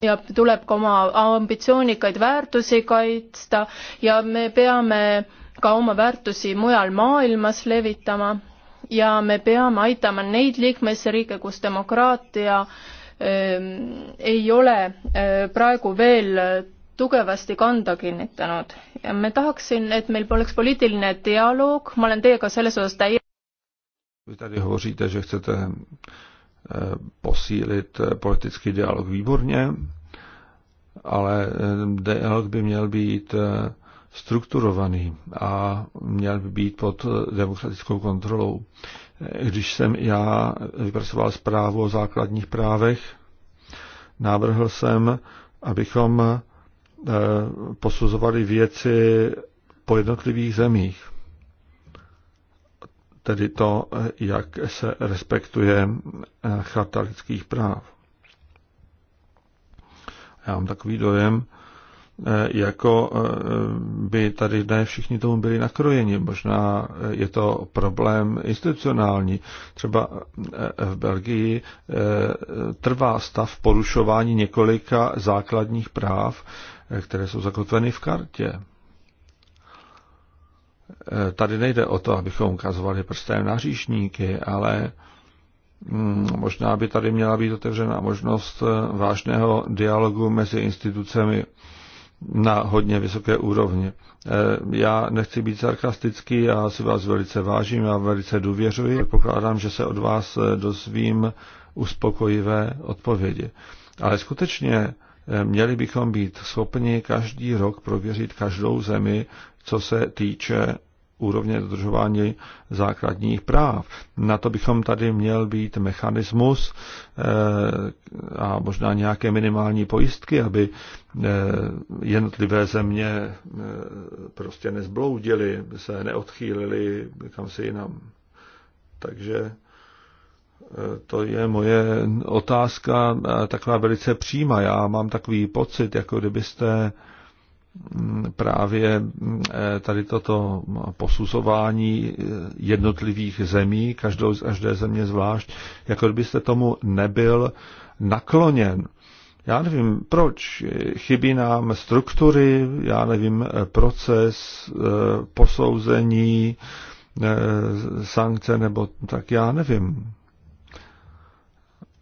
ja tuleb ka oma ambitsioonikaid väärtusi kaitsta ja me peame ka oma väärtusi mujal maailmas levitama ja me peame aitama neid liikmesriike, kus demokraatia ähm, ei ole äh, praegu veel tugevasti kanda kinnitanud. ja me tahaksin, et meil oleks poliitiline dialoog, ma olen teiega selles osas täie- Vy tady hovoříte, že chcete posílit politický dialog výborně, ale dialog by měl být strukturovaný a měl by být pod demokratickou kontrolou. Když jsem já vypracoval zprávu o základních právech, návrhl jsem, abychom eh, posuzovali věci po jednotlivých zemích tedy to, jak se respektuje eh, charta lidských práv. Já mám takový dojem, eh, jako eh, by tady ne všichni tomu byli nakrojeni. Možná je to problém institucionální. Třeba v Belgii trvá stav porušování několika základních práv, které jsou zakotveny v kartě. Eh, tady nejde o to, abychom ukazovali prstem na říšníky, ale mm, možná by tady měla být otevřena možnost eh, vážného dialogu mezi institucemi na hodně vysoké úrovni. Eh, já nechci být sarkastický, já si vás velice vážím, a velice důvěřuji. Pokládám, že se od vás dozvím uspokojivé odpovědi. Ale skutečně měli bychom být schopni každý rok prověřit každou zemi, co se týče úrovně dodržování základních práv. Na to bychom tady měl být mechanismus eh, a možná nějaké minimální pojistky, aby eh, jednotlivé země eh, prostě nezbloudily, se neodchýlily kam si jinam. Takže to je moje otázka taková velice přímá. Já mám takový pocit, jako kdybyste právě e, tady toto posuzování e, jednotlivých zemí, každou, každé země zvlášť, jako kdybyste tomu nebyl nakloněn. Já nevím proč, chybí nám struktury, já nevím proces e, posouzení, sankce nebo tak já nevím.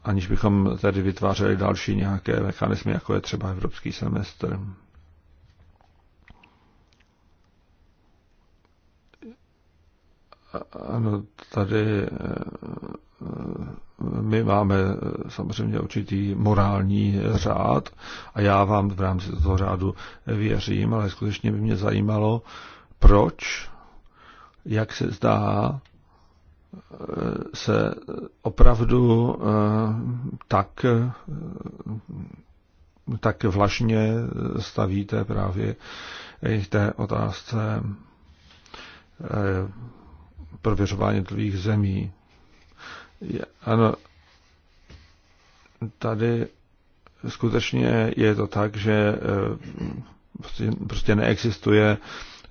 Aniž bychom tedy vytvářeli další nějaké mechanismy, jako je třeba evropský semestr. Ano, tady eh, my máme samozřejmě určitý morální řád a já vám v rámci toho řádu věřím, ale skutečně by mě zajímalo, proč, jak se zdá, eh, se opravdu eh, tak, tak vlažně stavíte právě i té otázce prověřování jednotlivých zemí. Je, ano, tady skutečně je to tak, že eh, prostě, prostě neexistuje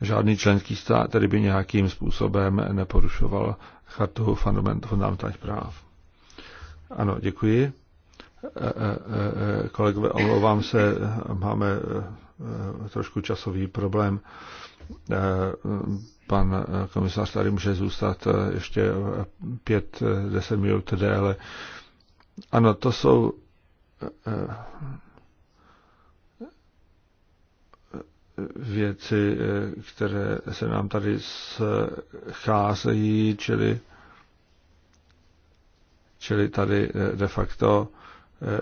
žádný členský stát, který by nějakým způsobem neporušoval chartu fundamentálních práv. Ano, děkuji. Eh, eh, kolegové, omlouvám se, máme trošku časový problém. Eh, pan eh, komisař tady může zůstat eh, ještě pět deset minut déle. Ano, to jsou věci, které se nám tady scházejí, čili, čili tady de facto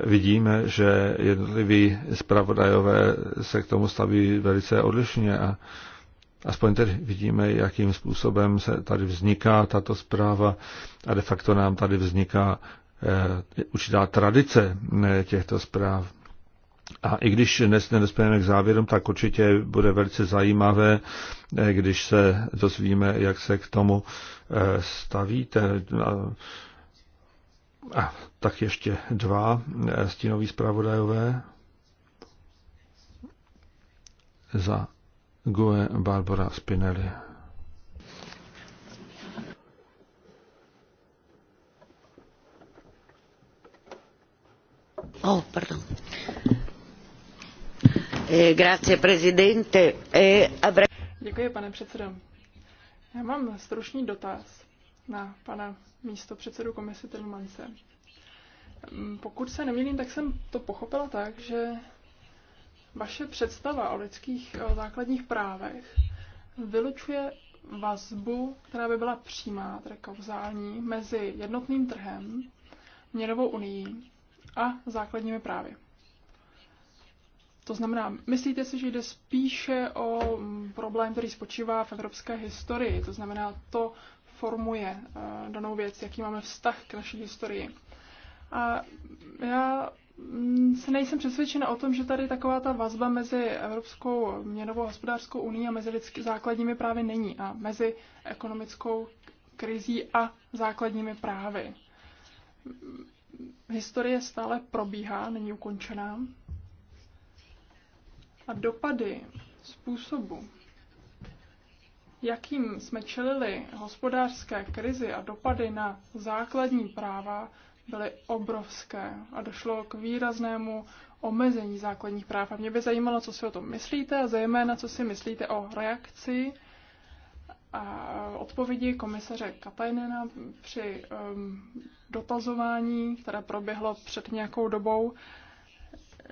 vidíme, že jednotliví zpravodajové se k tomu staví velice odlišně a Aspoň tedy vidíme, jakým způsobem se tady vzniká tato zpráva a de facto nám tady vzniká eh, určitá tradice eh, těchto zpráv. A i když dnes nedospějeme k závěrům, tak určitě bude velice zajímavé, eh, když se dozvíme, jak se k tomu stavíte. A, tak ještě dva stínoví zpravodajové za Goe Barbara Spinelli. Oh, pardon. Eh, eh, Děkuji, pane předsedo. Já mám stručný dotaz na pana místo předsedu komise Tilmance. Hm, pokud se nemýlím, tak jsem to pochopila tak, že vaše představa o lidských o základních právech vylučuje vazbu, která by byla přímá, tedy kauzální, mezi jednotným trhem, měnovou unii a základními právy. To znamená, myslíte si, že jde spíše o mm, problém, který spočívá v evropské historii? To znamená, to formuje eh, danou věc, jaký máme vztah k naší historii. A já Mm, se nejsem přesvědčena o tom, že tady taková ta vazba mezi Evropskou měnovou hospodářskou unii a mezi lidský, základními právy není a mezi ekonomickou krizí a základními právy. Historie stále probíhá, není ukončená. A dopady způsobu, jakým jsme čelili hospodářské krizi a dopady na základní práva, byly obrovské a došlo k výraznému omezení základních práv. A mě by zajímalo, co si o tom myslíte a zejména, co si myslíte o reakci a odpovědi komisaře Katajnena při um, dotazování, které proběhlo před nějakou dobou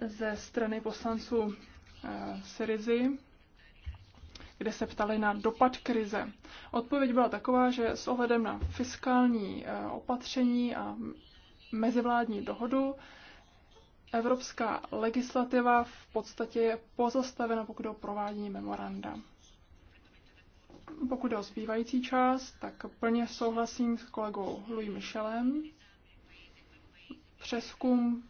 ze strany poslanců uh, Syrizy, kde se ptali na dopad krize. Odpověď byla taková, že s ohledem na fiskální uh, opatření a mezivládní dohodu. Evropská legislativa v podstatě je pozastavena, pokud o provádění memoranda. Pokud jde o zbývající část, tak plně souhlasím s kolegou Louis Michelem. Přeskum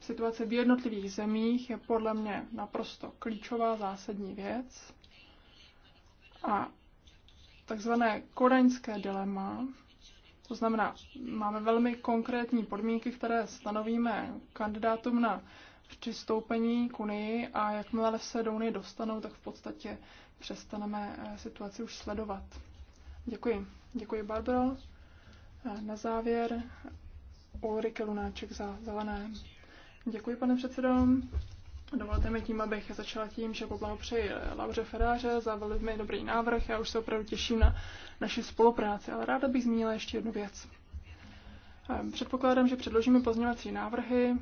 situace v jednotlivých zemích je podle mě naprosto klíčová zásadní věc. A takzvané koreňské dilema to znamená, máme velmi konkrétní podmínky, které stanovíme kandidátům na přistoupení k Unii a jakmile se do Unie dostanou, tak v podstatě přestaneme eh, situaci už sledovat. Děkuji. Děkuji, Barbaro. Eh, na závěr Ulrike Lunáček za zelené. Děkuji, pane předsedo. Dovolte mi tím, abych začala tím, že poblahopřeji eh, Lauře Feráře za velmi dobrý návrh. Já už se opravdu těším na naši spolupráci, ale ráda bych zmínila ještě jednu věc. Ehm, předpokládám, že předložíme pozměňovací návrhy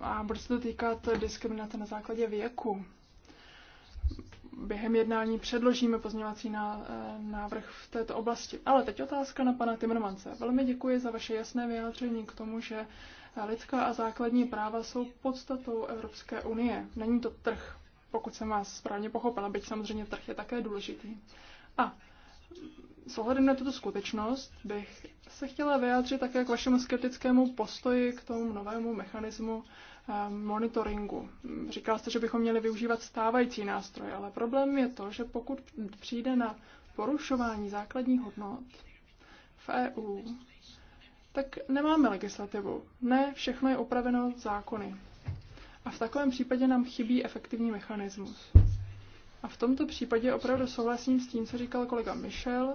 a bude se to týkat diskriminace na základě věku. Během jednání předložíme pozměňovací eh, návrh v této oblasti. Ale teď otázka na pana Timmermance. Velmi děkuji za vaše jasné vyjádření k tomu, že Lidská a základní práva jsou podstatou Evropské unie. Není to trh, pokud jsem vás správně pochopila, byť samozřejmě trh je také důležitý. A s ohledem na tuto skutečnost bych se chtěla vyjádřit také k vašemu skeptickému postoji k tomu novému mechanismu eh, monitoringu. Říkal jste, že bychom měli využívat stávající nástroje, ale problém je to, že pokud přijde na porušování základních hodnot v EU, tak nemáme legislativu. Ne, všechno je upraveno zákony. A v takovém případě nám chybí efektivní mechanismus. A v tomto případě opravdu souhlasím s tím, co říkal kolega Michel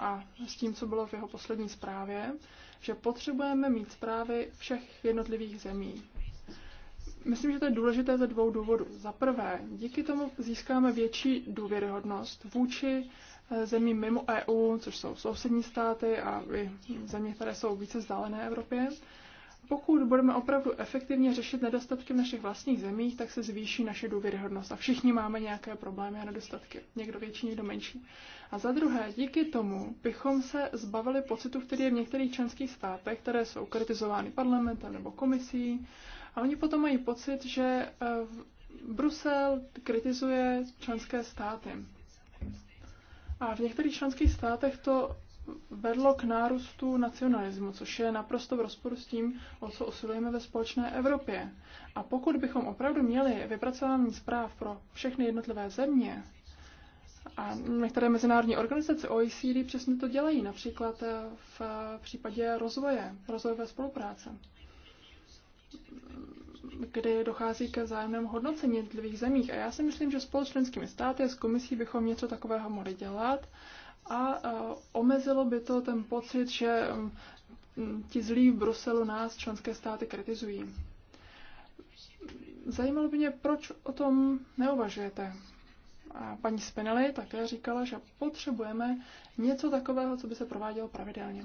a s tím, co bylo v jeho poslední zprávě, že potřebujeme mít zprávy všech jednotlivých zemí. Myslím, že to je důležité ze dvou důvodů. Za prvé, díky tomu získáme větší důvěryhodnost vůči zemí mimo EU, což jsou sousední státy a i země, které jsou více vzdálené Evropě. Pokud budeme opravdu efektivně řešit nedostatky v našich vlastních zemích, tak se zvýší naše důvěryhodnost a všichni máme nějaké problémy a nedostatky. Někdo větší, někdo menší. A za druhé, díky tomu bychom se zbavili pocitu, který je v některých členských státech, které jsou kritizovány parlamentem nebo komisí, a oni potom mají pocit, že eh, Brusel kritizuje členské státy. A v některých členských státech to vedlo k nárůstu nacionalismu, což je naprosto v rozporu s tím, o co usilujeme ve společné Evropě. A pokud bychom opravdu měli vypracování zpráv pro všechny jednotlivé země, a některé mezinárodní organizace OECD přesně to dělají, například eh, v případě rozvoje, rozvojové spolupráce kdy dochází ke vzájemnému hodnocení jednotlivých zemích. A já si myslím, že spolu s členskými státy a s komisí bychom něco takového mohli dělat a e, omezilo by to ten pocit, že ti zlí v Bruselu nás členské státy kritizují. Zajímalo by mě, proč o tom neuvažujete. A paní Spinelli také říkala, že potřebujeme něco takového, co by se provádělo pravidelně.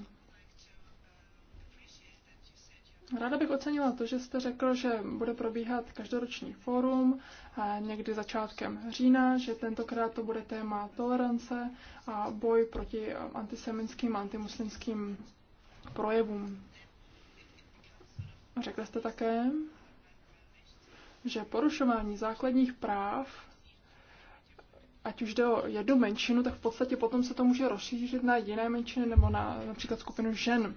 Ráda bych ocenila to, že jste řekl, že bude probíhat každoroční fórum eh, někdy začátkem října, že tentokrát to bude téma tolerance a boj proti eh, antisemitským a antimuslimským projevům. Řekl jste také, že porušování základních práv, ať už jde o jednu menšinu, tak v podstatě potom se to může rozšířit na jiné menšiny nebo na například skupinu žen.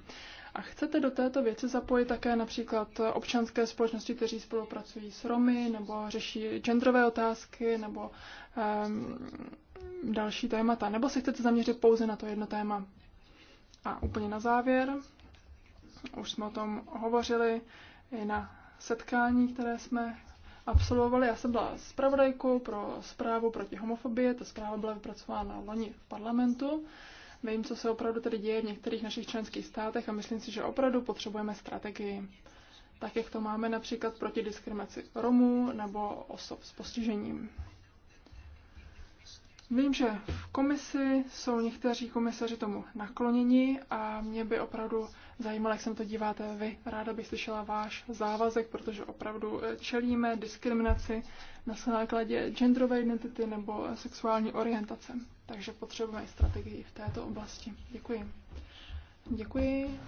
A chcete do této věci zapojit také například občanské společnosti, kteří spolupracují s Romy, nebo řeší genderové otázky, nebo um, další témata? Nebo se chcete zaměřit pouze na to jedno téma? A úplně na závěr, už jsme o tom hovořili i na setkání, které jsme absolvovali. Já jsem byla zpravodajkou pro zprávu proti homofobii, ta zpráva byla vypracována loni v parlamentu. Vím, co se opravdu tady děje v některých našich členských státech a myslím si, že opravdu potřebujeme strategii. Tak, jak to máme například proti diskriminaci Romů nebo osob s postižením. Vím, že v komisi jsou někteří komisaři tomu nakloněni a mě by opravdu zajímalo, jak se to díváte vy. Ráda bych slyšela váš závazek, protože opravdu eh, čelíme diskriminaci na základě genderové identity nebo sexuální orientace. Takže potřebujeme strategii v této oblasti. Děkuji. Děkuji.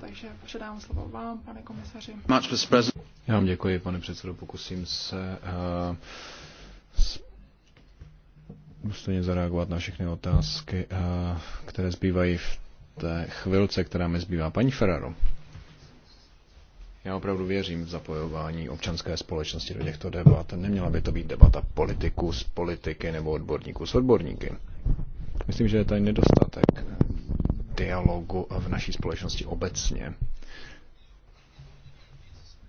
Takže předám slovo vám, pane komisaři. Já vám děkuji, pane předsedo. Pokusím se uh, důstojně zareagovat na všechny otázky, eh, které zbývají v té chvilce, která mi zbývá. Paní Ferraro, já opravdu věřím v zapojování občanské společnosti do těchto debat. Neměla by to být debata politiků s politiky nebo odborníků s odborníky. Myslím, že je tady nedostatek dialogu v naší společnosti obecně.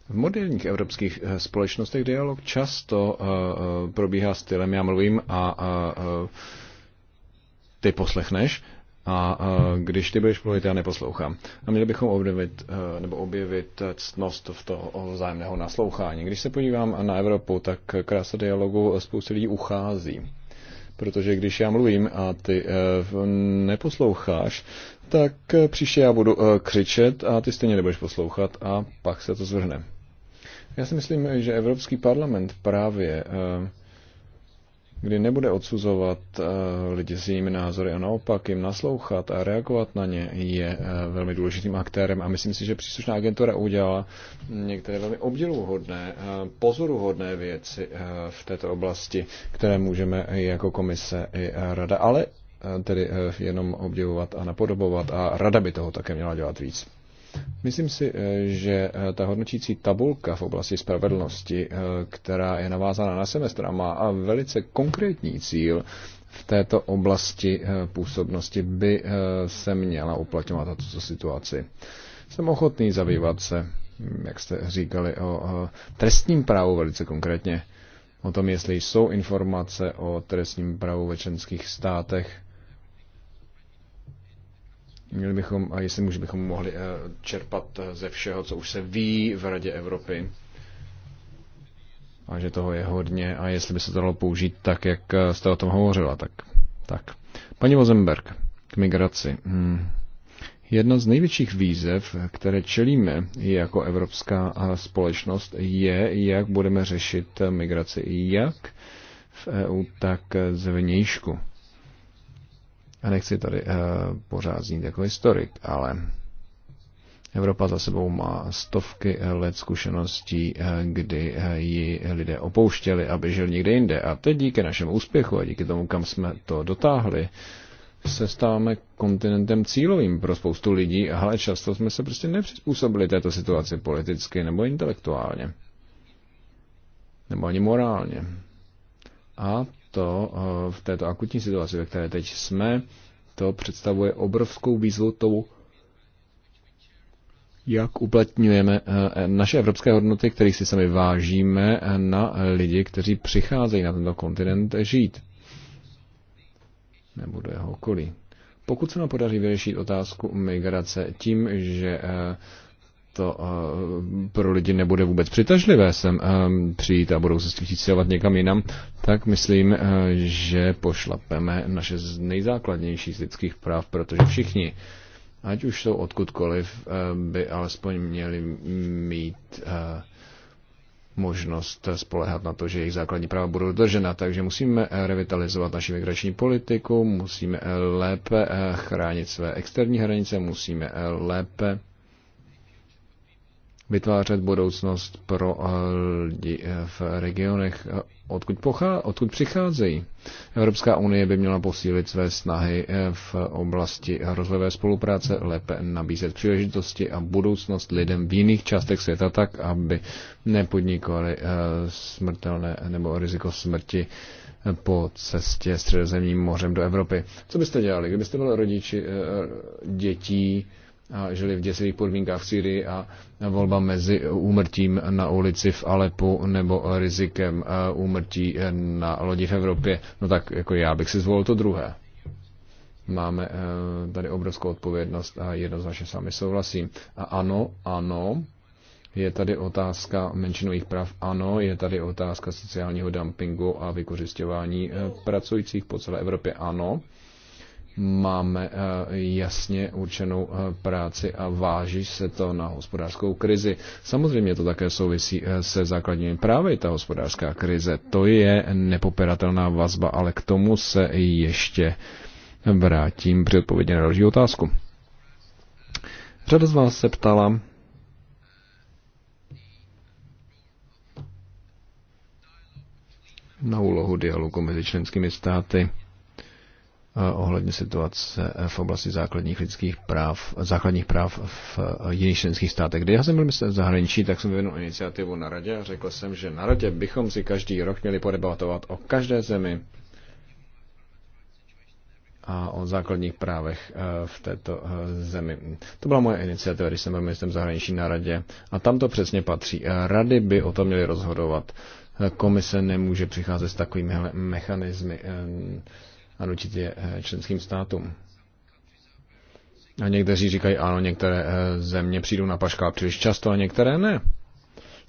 V moderních evropských eh, společnostech dialog často eh, eh, probíhá stylem já mluvím a ty poslechneš a když ty budeš mluvit, já neposlouchám. A měli bychom objevit, eh, nebo objevit ctnost v toho vzájemného naslouchání. Když se podívám na Evropu, tak krása dialogu spoustu lidí uchází. Protože když já mluvím a ty eh, neposloucháš, tak eh, příště já budu křičet a ty stejně nebudeš poslouchat a pak se to zvrhne. Já si myslím, že Evropský parlament právě kdy nebude odsuzovat eh, lidi s jinými názory a naopak jim naslouchat a reagovat na ně, je eh, velmi důležitým aktérem. A myslím si, že příslušná agentura udělala některé velmi obdivuhodné, eh, pozoruhodné věci v této oblasti, které můžeme i jako komise i rada, ale tedy jenom obdivovat a napodobovat a rada by toho také měla dělat víc. Myslím si, eh, že eh, ta hodnotící tabulka v oblasti spravedlnosti, eh, která je navázána na semestr a má velice konkrétní cíl, v této oblasti působnosti by se měla uplatňovat na tuto situaci. Jsem ochotný zabývat se, jak jste říkali, o trestním právu velice konkrétně. O tom, jestli jsou informace o trestním právu ve členských státech, Měli bychom, a jestli můžeme, bychom mohli eh, čerpat eh, ze všeho, co už se ví v Radě Evropy. A že toho je hodně. A jestli by se to dalo použít tak, jak eh, jste o tom hovořila, tak. tak. Paní Vozemberg, k migraci. Hmm. Jedna z největších výzev, které čelíme jako evropská společnost, je, jak budeme řešit migraci jak v EU, tak zvnějšku. Já nechci tady eh, pořád znít jako historik, ale Evropa za sebou má stovky eh, let zkušeností, eh, kdy ji lidé opouštěli, aby žil někde jinde. A teď díky našemu úspěchu a díky tomu, kam jsme to dotáhli, se stáváme kontinentem cílovým pro spoustu lidí, ale často jsme se prostě nepřizpůsobili této situaci politicky nebo intelektuálně. Nebo ani morálně. A to eh, v této akutní situaci, ve které teď jsme, to představuje obrovskou výzvu tou, jak uplatňujeme eh, naše evropské hodnoty, kterých si sami vážíme, eh, na lidi, kteří přicházejí na tento kontinent žít nebo do jeho okolí. Pokud se nám podaří vyřešit otázku migrace tím, že to eh, pro lidi nebude vůbec přitažlivé sem eh, přijít a budou se stěhovat někam jinam, tak myslím, eh, že pošlapeme naše nejzákladnější z lidských práv, protože všichni, ať už jsou odkudkoliv, by alespoň měli mít možnost spolehat na to, že jejich základní práva budou dodržena. Takže musíme revitalizovat naši migrační politiku, musíme lépe chránit své externí hranice, musíme lépe vytvářet budoucnost pro eh, lidi eh, v regionech, eh, odkud, pochá, odkud přicházejí. Evropská unie by měla posílit své snahy v oblasti rozvojové spolupráce, lépe nabízet příležitosti a budoucnost lidem v jiných částech světa tak, aby nepodnikovali smrtelné nebo riziko smrti po cestě středozemním mořem do Evropy. Co byste dělali, kdybyste byli rodiči dětí, a žili v děsivých podmínkách v Syrii a volba mezi úmrtím na ulici v Alepu nebo rizikem eh, úmrtí eh, na lodi v Evropě, no tak jako já bych si zvolil to druhé. Máme eh, tady obrovskou odpovědnost a jednoznačně sami souhlasím. A ano, ano, je tady otázka menšinových práv, ano, je tady otázka sociálního dumpingu a vykořišťování pracujících po celé Evropě, ano máme eh, jasně určenou eh, práci a váží se to na hospodářskou krizi. Samozřejmě to také souvisí eh, se základními právy, ta hospodářská krize. To je nepopiratelná vazba, ale k tomu se ještě vrátím při odpovědi na další otázku. Řada z vás se ptala, na úlohu dialogu mezi členskými státy Eh, ohledně situace eh, v oblasti základních lidských práv, základních práv v eh, jiných členských státech. Kdy já jsem byl minister v zahraničí, tak jsem vyvinul iniciativu na radě a řekl jsem, že na radě bychom si každý rok měli podebatovat o každé zemi a o základních právech v této zemi. To byla moje iniciativa, když jsem byl ministrem zahraničí na radě a tam to přesně patří. Rady by o tom měly rozhodovat. Komise nemůže přicházet s takovými mechanismy a nutit je eh, členským státům. A někteří říkají, ano, některé eh, země přijdou na paška příliš často a některé ne.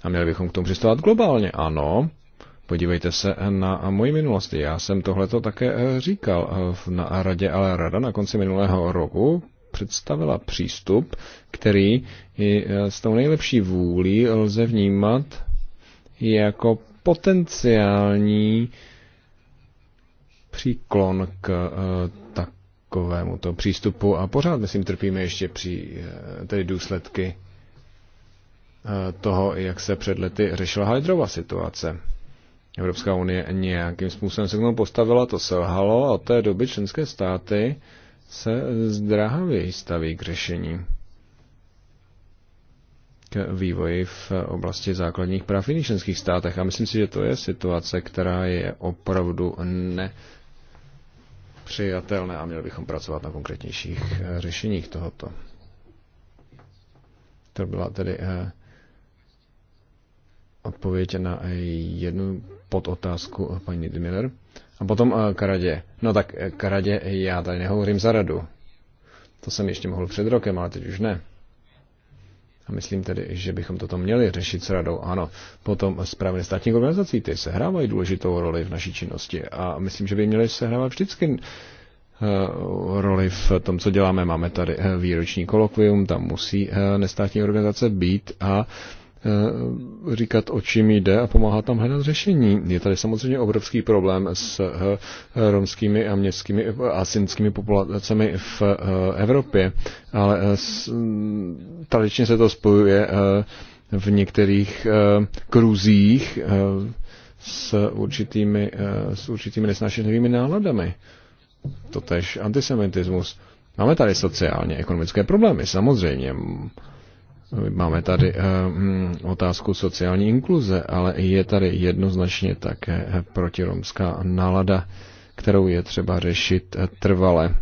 A měli bychom k tomu přistovat globálně. Ano, podívejte se na moji minulosti. Já jsem tohleto také eh, říkal na radě, ale rada na konci minulého roku představila přístup, který i s tou nejlepší vůlí lze vnímat jako potenciální příklon k eh, takovému to přístupu a pořád, myslím, trpíme ještě při eh, tedy důsledky eh, toho, jak se před lety řešila Hajdrova situace. Evropská unie nějakým způsobem se k tomu postavila, to selhalo a od té doby členské státy se zdráhavě staví k řešení k vývoji v oblasti základních práv v jiných členských státech. A myslím si, že to je situace, která je opravdu ne přijatelné a měli bychom pracovat na konkrétnějších eh, řešeních tohoto. To byla tedy eh, odpověď na eh, jednu podotázku paní Dmiller. A potom k radě. No tak k radě já tady nehovořím za radu. To jsem ještě mohl před rokem, ale teď už ne. A myslím tedy, že bychom toto měli řešit s radou. Ano, potom zprávy státních organizací, ty sehrávají důležitou roli v naší činnosti a myslím, že by měly sehrávat vždycky eh, roli v tom, co děláme. Máme tady eh, výroční kolokvium, tam musí eh, nestátní organizace být a Eh, říkat, o čím jde a pomáhat tam hledat řešení. Je tady samozřejmě obrovský problém s eh, romskými a městskými eh, a synskými populacemi v Evropě, ale mm, tradičně se to spojuje v některých kruzích s určitými, s určitými nesnašenlivými náladami. Totež antisemitismus. Máme tady sociálně ekonomické problémy, samozřejmě. Máme tady eh, hm, otázku sociální inkluze, ale je tady jednoznačně také eh, protiromská nálada, kterou je třeba řešit eh, trvale.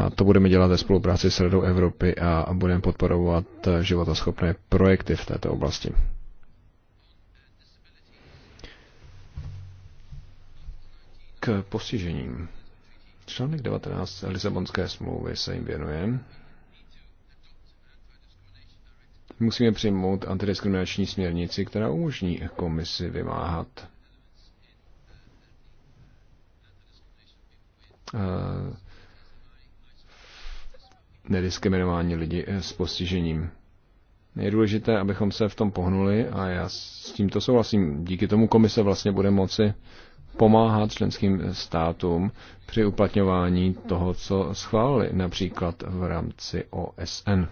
A to budeme dělat ve spolupráci s Radou Evropy a budeme podporovat životoschopné projekty v této oblasti. K postižením. Článek 19 Lisabonské smlouvy se jim věnuje musíme přijmout antidiskriminační směrnici, která umožní komisi vymáhat eh, nediskriminování lidí eh, s postižením. Je důležité, abychom se v tom pohnuli a já s tímto souhlasím. Díky tomu komise vlastně bude moci pomáhat členským státům při uplatňování toho, co schválili, například v rámci OSN.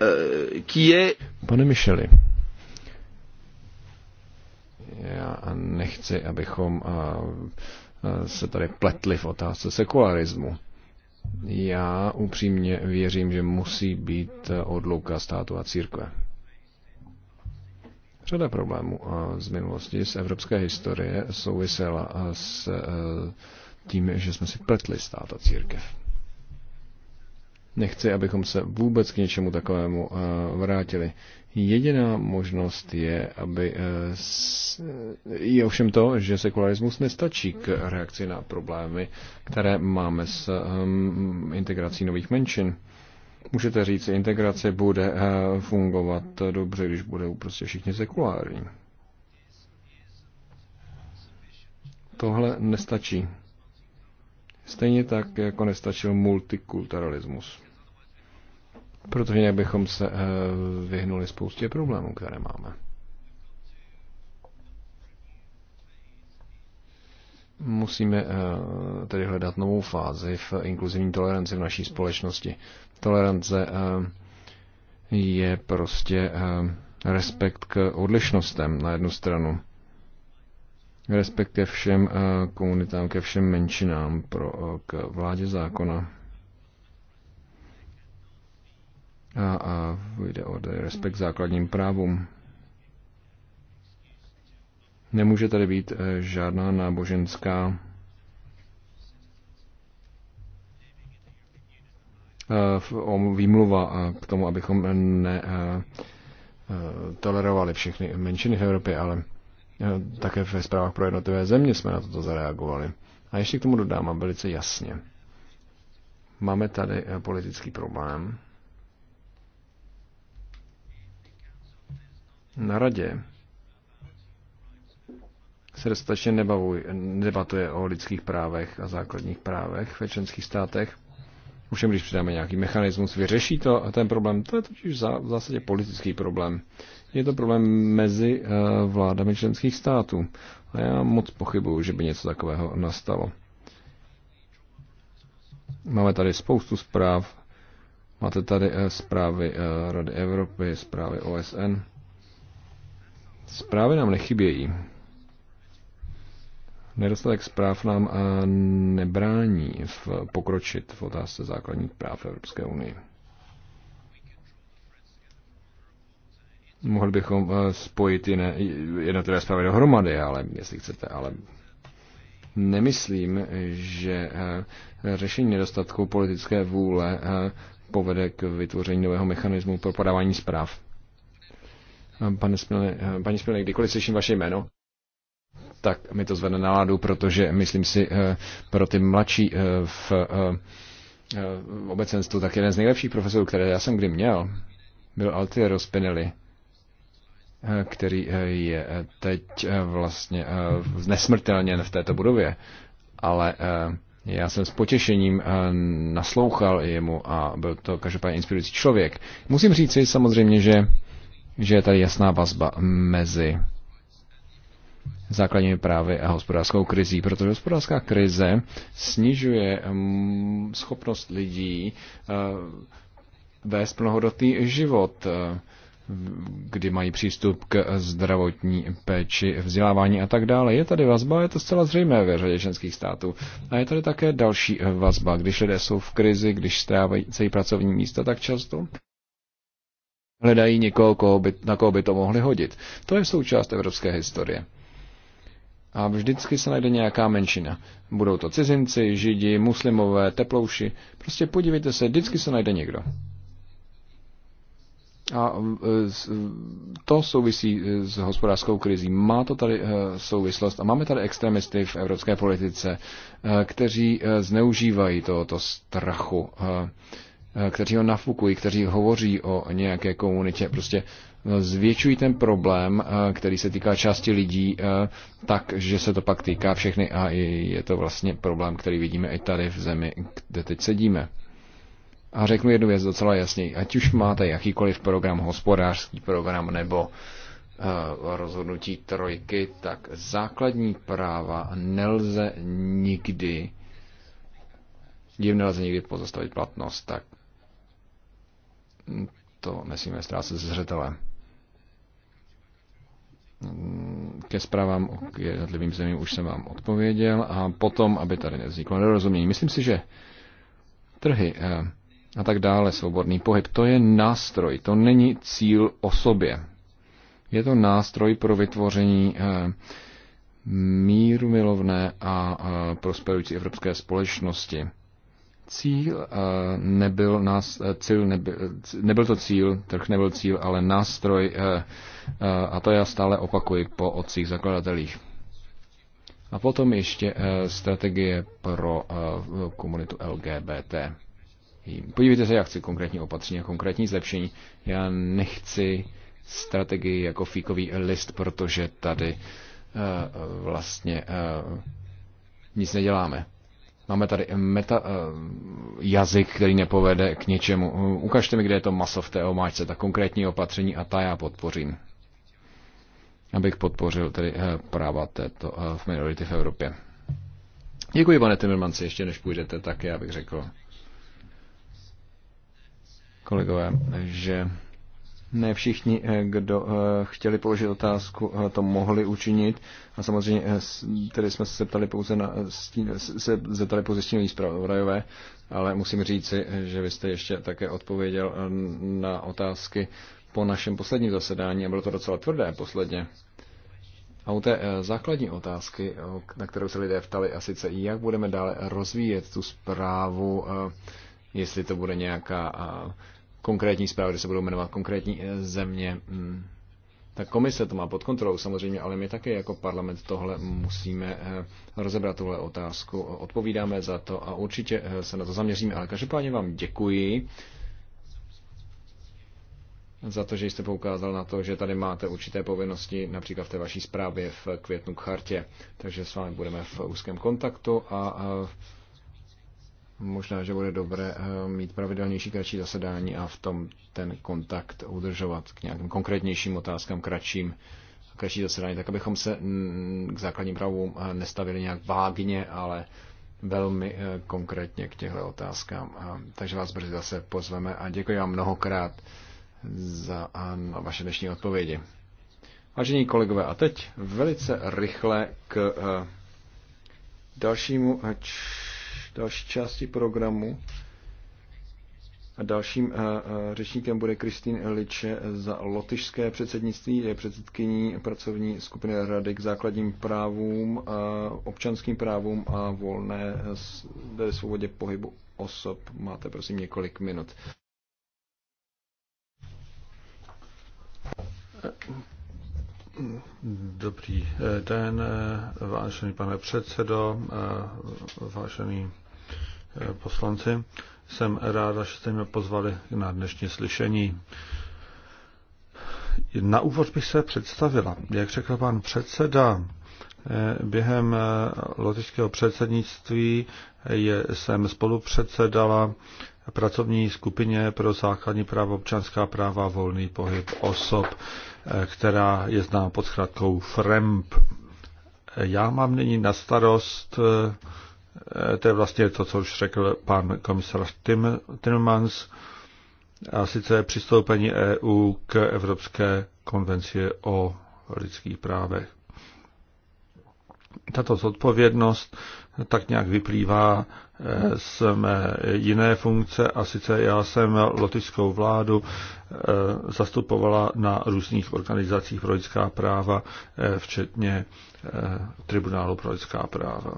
Eh, Pane Micheli, já nechci, abychom eh, eh, se tady pletli v otázce sekularismu. Já upřímně věřím, že musí být odlouka státu a církve. Řada problémů z minulosti, z evropské historie souvisela s tím, že jsme si pletli stát a církev. Nechci, abychom se vůbec k něčemu takovému eh, vrátili. Jediná možnost je, aby eh, je ovšem to, že sekularismus nestačí k reakci na problémy, které máme s ehm, integrací nových menšin. Můžete říct, integrace bude eh, fungovat dobře, když budou prostě všichni sekulární. Tohle nestačí. Stejně tak, jako nestačil multikulturalismus protože jinak bychom se eh, vyhnuli spoustě problémů, které máme. Musíme eh, tedy hledat novou fázi v inkluzivní toleranci v naší společnosti. Tolerance eh, je prostě respekt k odlišnostem na jednu stranu. Respekt ke všem komunitám, ke všem menšinám, pro, k vládě zákona. a, a jde o respekt základním právům. Nemůže tady být eh, žádná náboženská eh, výmluva eh, k tomu, abychom ne tolerovali všechny menšiny v Evropě, ale také ve zprávách pro jednotlivé země jsme na toto zareagovali. A ještě k tomu dodám a velice jasně. Máme tady politický problém, na radě se dostatečně debatuje o lidských právech a základních právech ve členských státech. Už když přidáme nějaký mechanismus, vyřeší to a ten problém, to je totiž v zásadě politický problém. Je to problém mezi eh, vládami členských států. A já moc pochybuju, že by něco takového nastalo. Máme tady spoustu zpráv. Máte tady eh, zprávy eh, Rady Evropy, zprávy OSN. Zprávy nám nechybějí. Nedostatek zpráv nám a eh, nebrání v pokročit v otázce základních práv Evropské unie. Mohli bychom eh, spojit jiné, jednotlivé zprávy dohromady, ale jestli chcete, ale nemyslím, že eh, řešení nedostatku politické vůle povede k vytvoření nového mechanismu pro podávání zpráv. Pane Smilny, paní Smilny, kdykoliv slyším vaše jméno, tak mi to zvedne náladu, protože myslím si, eh, pro ty mladší eh, v eh, obecenstvu, tak jeden z nejlepších profesorů, které já jsem kdy měl, byl Altiero Spinelli, který je teď vlastně nesmrtelně v této budově, ale já jsem s potěšením naslouchal jemu a byl to každopádně inspirující člověk. Musím říct si samozřejmě, že že je tady jasná vazba mezi základními právy a hospodářskou krizí, protože hospodářská krize snižuje mm, schopnost lidí eh, vést plnohodnotný život, eh, kdy mají přístup k zdravotní péči, vzdělávání a tak dále. Je tady vazba, je to zcela zřejmé ve řadě ženských států. A je tady také další vazba. Když lidé jsou v krizi, když strávají pracovní místa, tak často hledají někoho, koho by, na koho by to mohli hodit. To je součást evropské historie. A vždycky se najde nějaká menšina. Budou to cizinci, židi, muslimové, teplouši. Prostě podívejte se, vždycky se najde někdo. A e, e, to souvisí e, s hospodářskou krizí. Má to tady souvislost a máme tady extremisty v evropské politice, kteří zneužívají tohoto strachu Eh, kteří ho nafukují, kteří hovoří o nějaké komunitě, prostě eh, zvětšují ten problém, eh, který se týká části lidí, tak, že se to pak týká všechny a je to vlastně problém, který vidíme i tady v zemi, kde teď sedíme. A řeknu jednu věc docela jasně, ať už máte jakýkoliv program, hospodářský program nebo rozhodnutí trojky, tak základní práva nelze nikdy jim nelze nikdy pozastavit platnost, tak to nesmíme ztrácet ze zřetele. Ke zprávám k jednotlivým zemím už jsem vám odpověděl a potom, aby tady nevzniklo nedorozumění. Myslím si, že trhy eh, a tak dále, svobodný pohyb, to je nástroj, to není cíl o sobě. Je to nástroj pro vytvoření eh, míru milovné a eh, prosperující evropské společnosti cíl eh, nebyl, nás, eh, cíl nebyl, nebyl to cíl, trh nebyl cíl, ale nástroj eh, a to já stále opakuji po otcích zakladatelích. A potom ještě strategie pro komunitu LGBT. Podívejte se, jak chci konkrétní opatření a konkrétní zlepšení. Já nechci strategii jako fíkový list, protože tady vlastně nic neděláme. Máme tady meta, eh, jazyk, který nepovede k něčemu. Eh, ukažte mi, kde je to maso v té omáčce, ta konkrétní opatření a ta já podpořím. Abych podpořil tedy eh, práva této v minority v Evropě. Děkuji, pane Timmermanci, ještě než půjdete, tak já bych řekl kolegové, že ne všichni, eh, kdo eh, chtěli položit otázku, eh, to mohli učinit. A samozřejmě tedy jsme se ptali pouze na stín, se zeptali pouze stínový zpravodajové, ale musím říci, že vy jste ještě také odpověděl na otázky po našem posledním zasedání a bylo to docela tvrdé posledně. A u té základní otázky, na kterou se lidé ptali, a sice jak budeme dále rozvíjet tu zprávu, jestli to bude nějaká konkrétní zprávy, kde se budou jmenovat konkrétní eh, země. Mm, ta komise to má pod kontrolou samozřejmě, ale my také jako parlament tohle musíme eh, rozebrat, tuhle otázku. Odpovídáme za to a určitě eh, se na to zaměříme. Ale každopádně vám děkuji za to, že jste poukázal na to, že tady máte určité povinnosti, například v té vaší zprávě v květnu k chartě. Takže s vámi budeme v úzkém kontaktu a Možná, že bude dobré eh, mít pravidelnější, kratší zasedání a v tom ten kontakt udržovat k nějakým konkrétnějším otázkám, kratším, kratší zasedání, tak abychom se k základním pravům eh, nestavili nějak vágně, ale velmi eh, konkrétně k těchto otázkám. Takže vás brzy zase pozveme a děkuji vám mnohokrát za vaše dnešní odpovědi. Vážení kolegové, a teď velice rychle k dalšímu další části programu. A dalším eh, eh, řečníkem bude Kristýn Liče za lotyšské předsednictví, je předsedkyní pracovní skupiny Rady k základním právům, eh, občanským právům a volné svobodě pohybu osob. Máte prosím několik minut. Dobrý den, vážený pane předsedo, vážený poslanci. Jsem ráda, že jste mě pozvali na dnešní slyšení. Na úvod bych se představila. Jak řekl pan předseda, eh, během eh, lotyšského předsednictví eh, jsem spolupředsedala pracovní skupině pro základní právo, občanská práva a volný pohyb osob, která je známa pod zkratkou FREMP. Já mám nyní na starost Eh, to je vlastně to, co už řekl pan komisař Tim, Timmermans, a sice přistoupení EU k Evropské konvenci o lidských právech. Tato zodpovědnost tak nějak vyplývá eh, z mé jiné funkce a sice já jsem lotyšskou vládu eh, zastupovala na různých organizacích pro lidská práva, včetně Tribunálu pro lidská práva.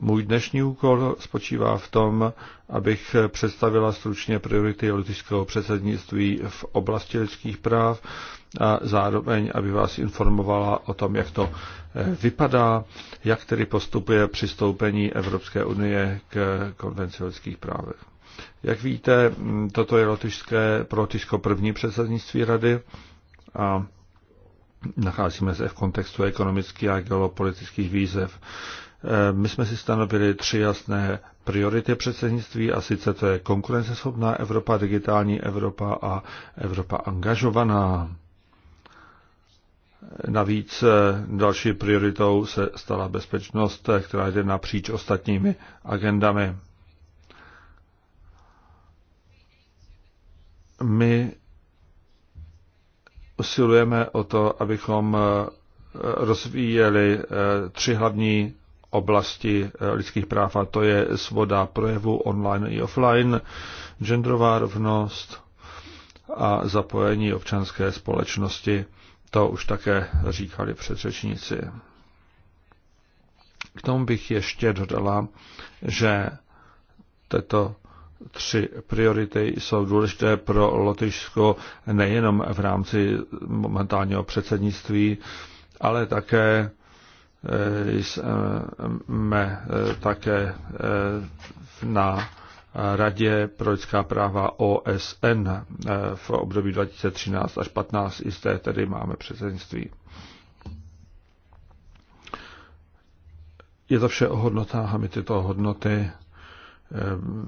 Můj dnešní úkol spočívá v tom, abych představila stručně priority lotyšského předsednictví v oblasti lidských práv a zároveň, aby vás informovala o tom, jak to eh, vypadá, jak tedy postupuje přistoupení Evropské unie k konvenci lidských právech. Jak víte, mm, toto je lotyšské, pro Lotyšsko první předsednictví rady a nacházíme se v kontextu ekonomických a geopolitických výzev. Eh, my jsme si stanovili tři jasné priority předsednictví a sice to je konkurenceschopná Evropa, digitální Evropa a Evropa angažovaná. Navíc eh, další prioritou se stala bezpečnost, eh, která jde napříč ostatními agendami. My usilujeme o to, abychom rozvíjeli tři hlavní oblasti eh, lidských práv, a to je svoda projevu online i offline, genderová rovnost a zapojení občanské společnosti. To už také říkali předřečníci. K tomu bych ještě dodala, že tyto tři priority jsou důležité pro Lotyšsko nejenom v rámci momentálního předsednictví, ale také jsme eh, také eh, na Radě pro lidská práva OSN eh, v období 2013 až 2015. I zde tedy máme předsednictví. Je to vše o hodnotách a my tyto hodnoty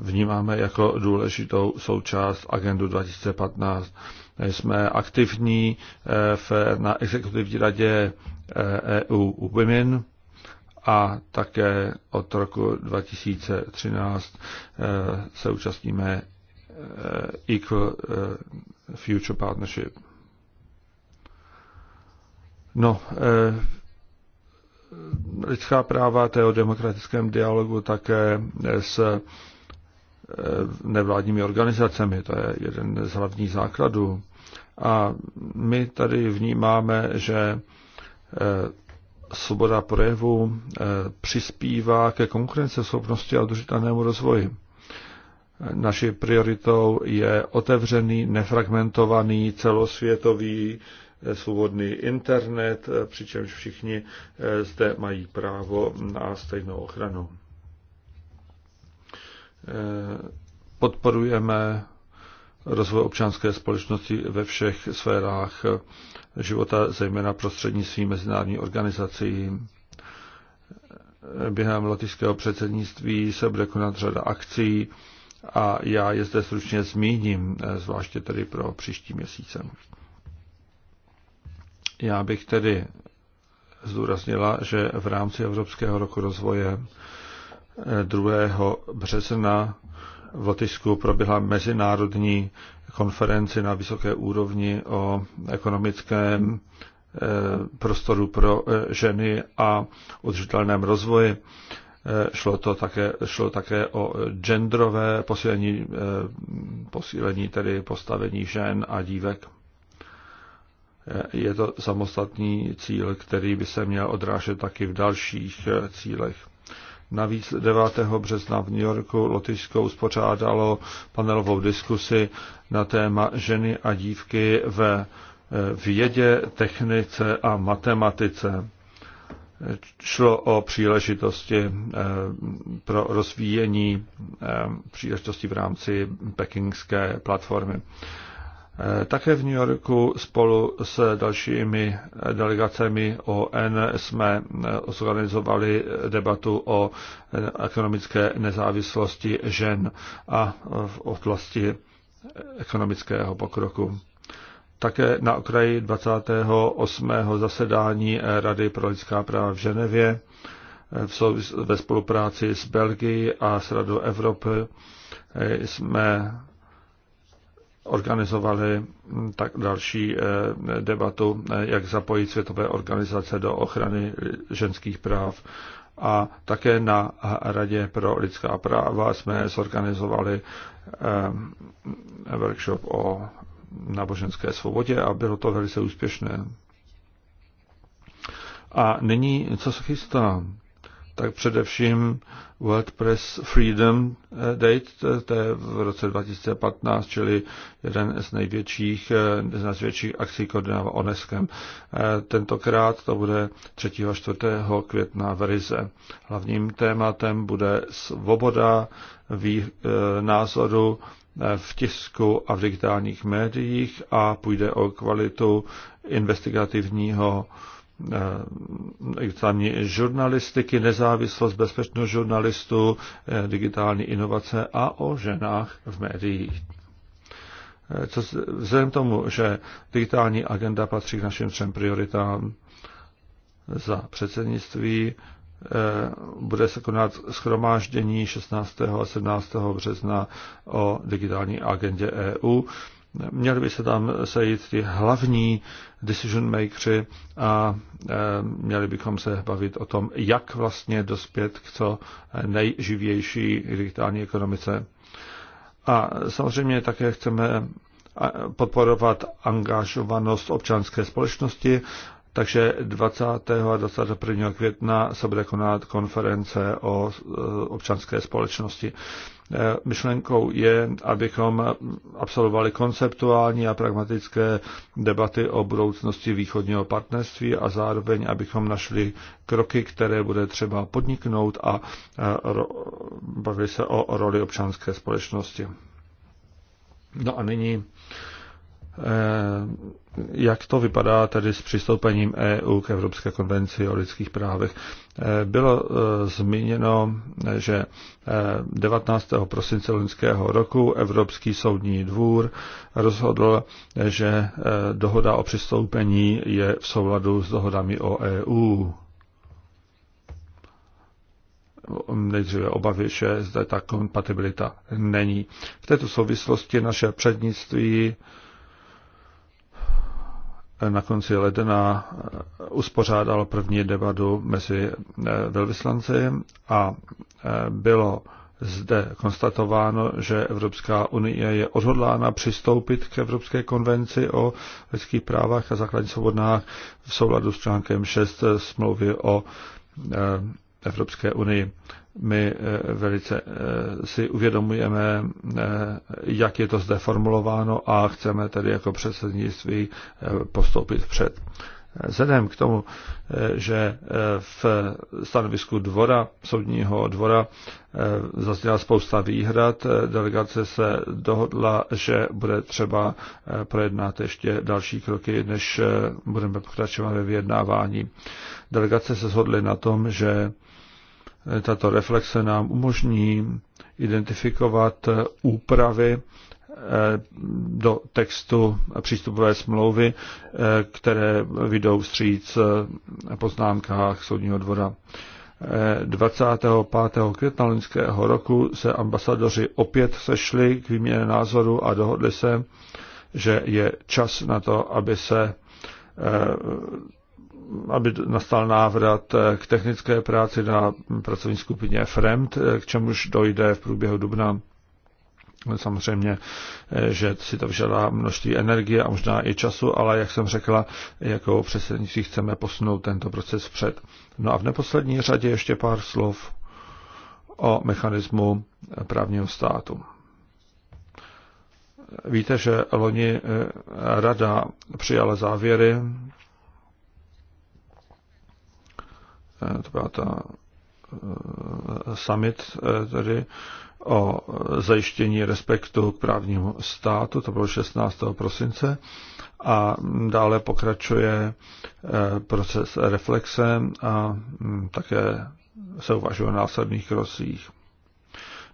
vnímáme jako důležitou součást agendu 2015. Jsme aktivní eh, v, na exekutivní radě EU eh, e Women a také od roku 2013 eh, se účastníme Equal Future Partnership. No, lidská práva, to je o demokratickém dialogu také s nevládními organizacemi. To je jeden z hlavních základů. A my tady vnímáme, že e, svoboda projevu e, přispívá ke konkurenceschopnosti a udržitelnému rozvoji. Naší prioritou je otevřený, nefragmentovaný, celosvětový, e, svobodný internet, přičemž všichni zde mají právo na stejnou ochranu. Podporujeme rozvoj občanské společnosti ve všech sférách života, zejména prostřednictvím mezinárodní organizací. Během lotyšského předsednictví se bude konat řada akcí a já je zde stručně zmíním, zvláště tedy pro příští měsíce. Já bych tedy zdůraznila, že v rámci Evropského roku rozvoje 2. března v Lotyšsku proběhla mezinárodní konferenci na vysoké úrovni o ekonomickém eh, prostoru pro eh, ženy a udržitelném rozvoji. Eh, šlo, to také, šlo také o genderové posílení, posílení tedy postavení žen a dívek. Je to samostatný cíl, který by se měl odrážet taky v dalších cílech. Navíc 9. března v New Yorku Lotyšsko uspořádalo panelovou diskusi na téma ženy a dívky ve eh, vědě, technice a matematice. Šlo o příležitosti eh, pro rozvíjení eh, příležitosti v rámci pekingské platformy. Eh, také v New Yorku spolu s dalšími eh, delegacemi ON jsme eh, zorganizovali debatu o ekonomické nezávislosti žen a v oblasti ekonomického pokroku. Také na okraji 28. zasedání Rady pro lidská práva v Ženevě ve spolupráci s Belgií a s Radou Evropy jsme organizovali mm, tak další eh, debatu, eh, jak zapojit světové organizace do ochrany ženských práv. A také na Radě pro lidská práva jsme zorganizovali eh, workshop o náboženské svobodě a bylo to velice úspěšné. A nyní, co se chystá? tak především World Press Freedom eh, Date, eh, to je v roce 2015, čili jeden z největších, eh, z největších akcí koordinává ONESkem. Tentokrát to bude 3. a 4. května v Rize. Hlavním tématem bude svoboda vý, názoru v tisku a v digitálních médiích a půjde o kvalitu investigativního digitální eh, žurnalistiky, nezávislost, bezpečnost žurnalistů, eh, digitální inovace a o ženách v médiích. Eh, co, vzhledem tomu, že digitální agenda patří k našim třem prioritám za předsednictví, bude se konat schromáždění 16. a 17. března o digitální agendě EU. Měli by se tam sejít ty hlavní decision makerři a e, měli bychom se bavit o tom, jak vlastně dospět k co nejživější digitální ekonomice. A samozřejmě také chceme podporovat angažovanost občanské společnosti takže 20. a 21. května se bude konat konference o e, občanské společnosti. E, myšlenkou je, abychom absolvovali konceptuální a pragmatické debaty o budoucnosti východního partnerství a zároveň, abychom našli kroky, které bude třeba podniknout a e, bavili se o roli občanské společnosti. No a nyní Eh, jak to vypadá tedy s přistoupením EU k Evropské konvenci o lidských právech. Eh, bylo eh, zmíněno, že 19. prosince loňského roku Evropský soudní dvůr rozhodl, že dohoda o přistoupení je v souladu s dohodami o EU nejdříve obavy, že zde ta kompatibilita není. V této souvislosti naše přednictví na konci ledna eh, uspořádal první debatu mezi eh, velvyslanci a eh, bylo zde konstatováno, že Evropská unie je odhodlána přistoupit k Evropské konvenci o lidských právách a základních svobodách v souladu s článkem 6 smlouvy o Evropské unii. My eh, velice eh, si uvědomujeme, eh, jak je to zde formulováno a chceme tedy jako předsednictví postoupit vpřed. Vzhledem k tomu, že v stanovisku dvora, soudního dvora, zazněla spousta výhrad, delegace se dohodla, že bude třeba projednat ještě další kroky, než budeme pokračovat ve vyjednávání. Delegace se shodly na tom, že tato reflexe nám umožní identifikovat úpravy eh, do textu přístupové smlouvy, eh, které vydou stříc eh, poznámkách soudního dvora. 25. května loňského roku se ambasadoři opět sešli k výměně názoru a dohodli se, že je čas na to, aby se aby nastal návrat eh, k technické práci na pracovní skupině FREMD, eh, k čemuž dojde v průběhu dubna. Samozřejmě, eh, že si to vyžadá množství energie a možná i času, ale jak jsem řekla, jako předsednictví chceme posunout tento proces vpřed. No a v neposlední řadě ještě pár slov o mechanismu právního státu. Víte, že loni rada přijala závěry Eh, to byla ta eh, summit eh, tedy o zajištění respektu k právnímu státu, to bylo 16. prosince, a dále pokračuje proces reflexe a hm, také se uvažuje o následných krocích.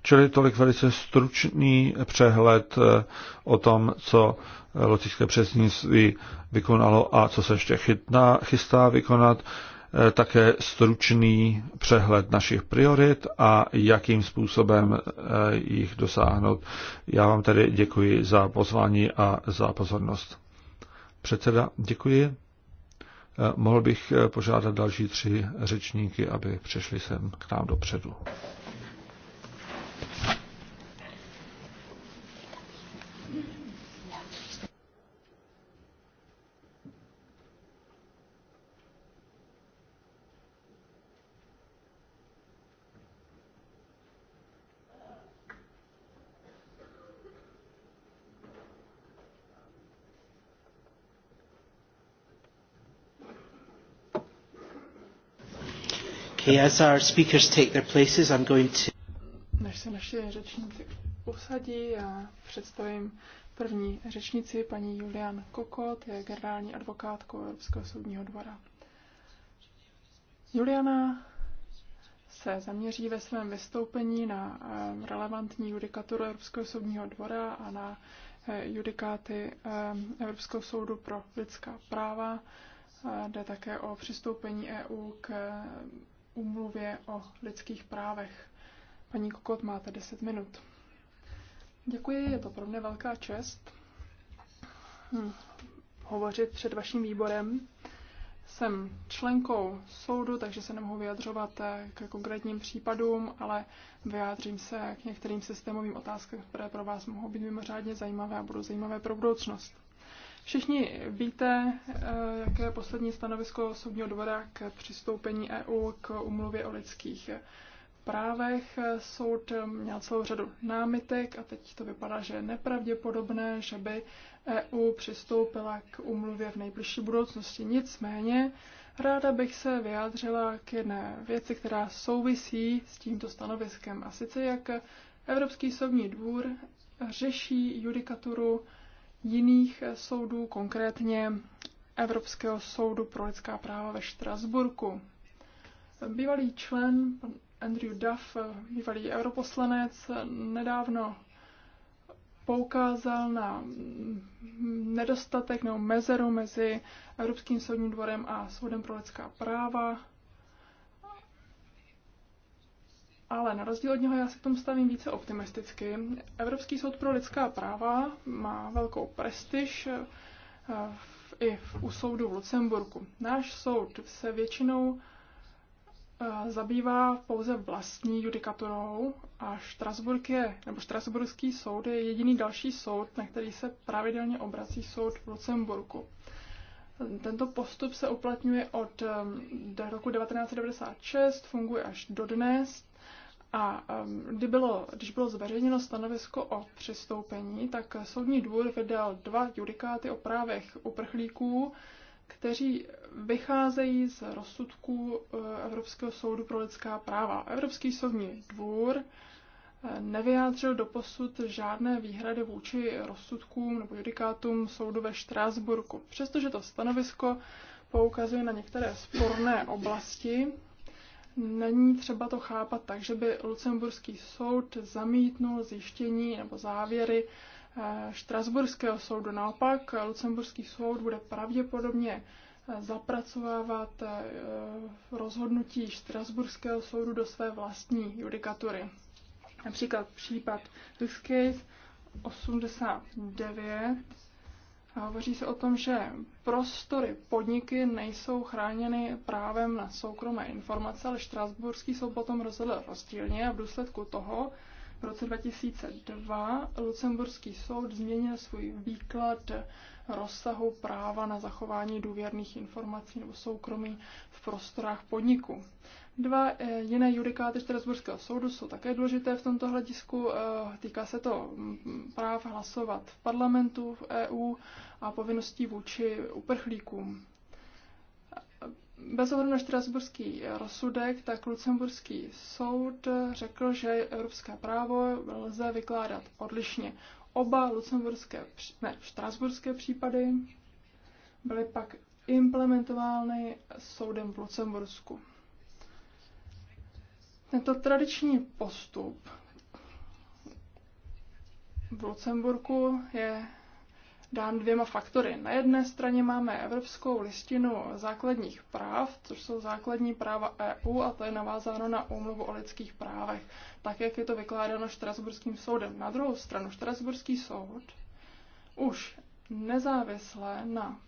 Čili tolik velice stručný přehled o tom, co lotické přesnictví vykonalo a co se ještě chytná, chystá vykonat. Eh, také stručný přehled našich priorit a jakým způsobem eh, jich dosáhnout. Já vám tedy děkuji za pozvání a za pozornost. Předseda, děkuji. Eh, mohl bych požádat další tři řečníky, aby přešli sem k nám dopředu. Okay, as our speakers take their places, I'm going to... Než se naši řečníci usadí, já představím první řečnici, paní Julian Kokot, je generální advokátkou Evropského soudního dvora. Juliana se zaměří ve svém vystoupení na eh, relevantní judikaturu Evropského soudního dvora a na eh, judikáty eh, Evropského soudu pro lidská práva. Jde také o přistoupení EU k úmluvě o lidských právech. Paní Kokot, máte 10 minut. Děkuji, je to pro mě velká čest hm, hovořit před vaším výborem. Jsem členkou soudu, takže se nemohu vyjadřovat eh, k konkrétním případům, ale vyjádřím se k některým systémovým otázkám, které pro vás mohou být mimořádně zajímavé a budou zajímavé pro budoucnost. Všichni víte, eh, jaké je poslední stanovisko soudního dvora k přistoupení EU k umluvě o lidských právech. Soud měl celou řadu námitek a teď to vypadá, že je nepravděpodobné, že by EU přistoupila k umluvě v nejbližší budoucnosti. Nicméně ráda bych se vyjádřila k jedné věci, která souvisí s tímto stanoviskem. A sice jak Evropský soudní dvůr řeší judikaturu jiných eh, soudů, konkrétně Evropského soudu pro lidská práva ve Štrasburku. Bývalý člen, pan Andrew Duff, eh, bývalý europoslanec, eh, nedávno poukázal na mm, nedostatek nebo mezeru mezi Evropským soudním dvorem a Soudem pro lidská práva Ale na rozdíl od něho já se k tomu stavím více optimisticky. Evropský soud pro lidská práva má velkou prestiž v, eh, i v, u soudu v Lucemburku. Náš soud se většinou eh, zabývá pouze vlastní judikaturou a Štrasburg je, nebo Štrasburský soud je jediný další soud, na který se pravidelně obrací soud v Lucemburku. Tento postup se uplatňuje od eh, roku 1996, funguje až dodnes a kdy bylo, když bylo zveřejněno stanovisko o přistoupení, tak Soudní dvůr vydal dva judikáty o právech uprchlíků, kteří vycházejí z rozsudků e, Evropského soudu pro lidská práva. Evropský soudní dvůr e, nevyjádřil do posud žádné výhrady vůči rozsudkům nebo judikátům soudu ve Štrásburku. Přestože to stanovisko poukazuje na některé sporné oblasti, není třeba to chápat tak, že by Lucemburský soud zamítnul zjištění nebo závěry eh, Štrasburského soudu. Naopak, Lucemburský soud bude pravděpodobně eh, zapracovávat eh, rozhodnutí Štrasburského soudu do své vlastní judikatury. Například případ Riskase 89 Hovoří se o tom, že prostory podniky nejsou chráněny právem na soukromé informace, ale Štrasburský soud potom rozhodl rozdílně a v důsledku toho v roce 2002 Lucemburský soud změnil svůj výklad rozsahu práva na zachování důvěrných informací nebo soukromí v prostorách podniku. Dva eh, jiné judikáty Štrasburského soudu jsou také důležité v tomto hledisku. Eh, týká se to mm, práv hlasovat v parlamentu v EU a povinností vůči uprchlíkům. Bez ohledu na štrasburský rozsudek, tak Lucemburský soud řekl, že evropské právo lze vykládat odlišně. Oba lucemburské, ne, štrasburské případy byly pak implementovány soudem v Lucembursku. Tento tradiční postup v Lucemburku je dán dvěma faktory. Na jedné straně máme Evropskou listinu základních práv, což jsou základní práva EU a to je navázáno na úmluvu o lidských právech, tak jak je to vykládáno Štrasburským soudem. Na druhou stranu Štrasburský soud už nezávisle na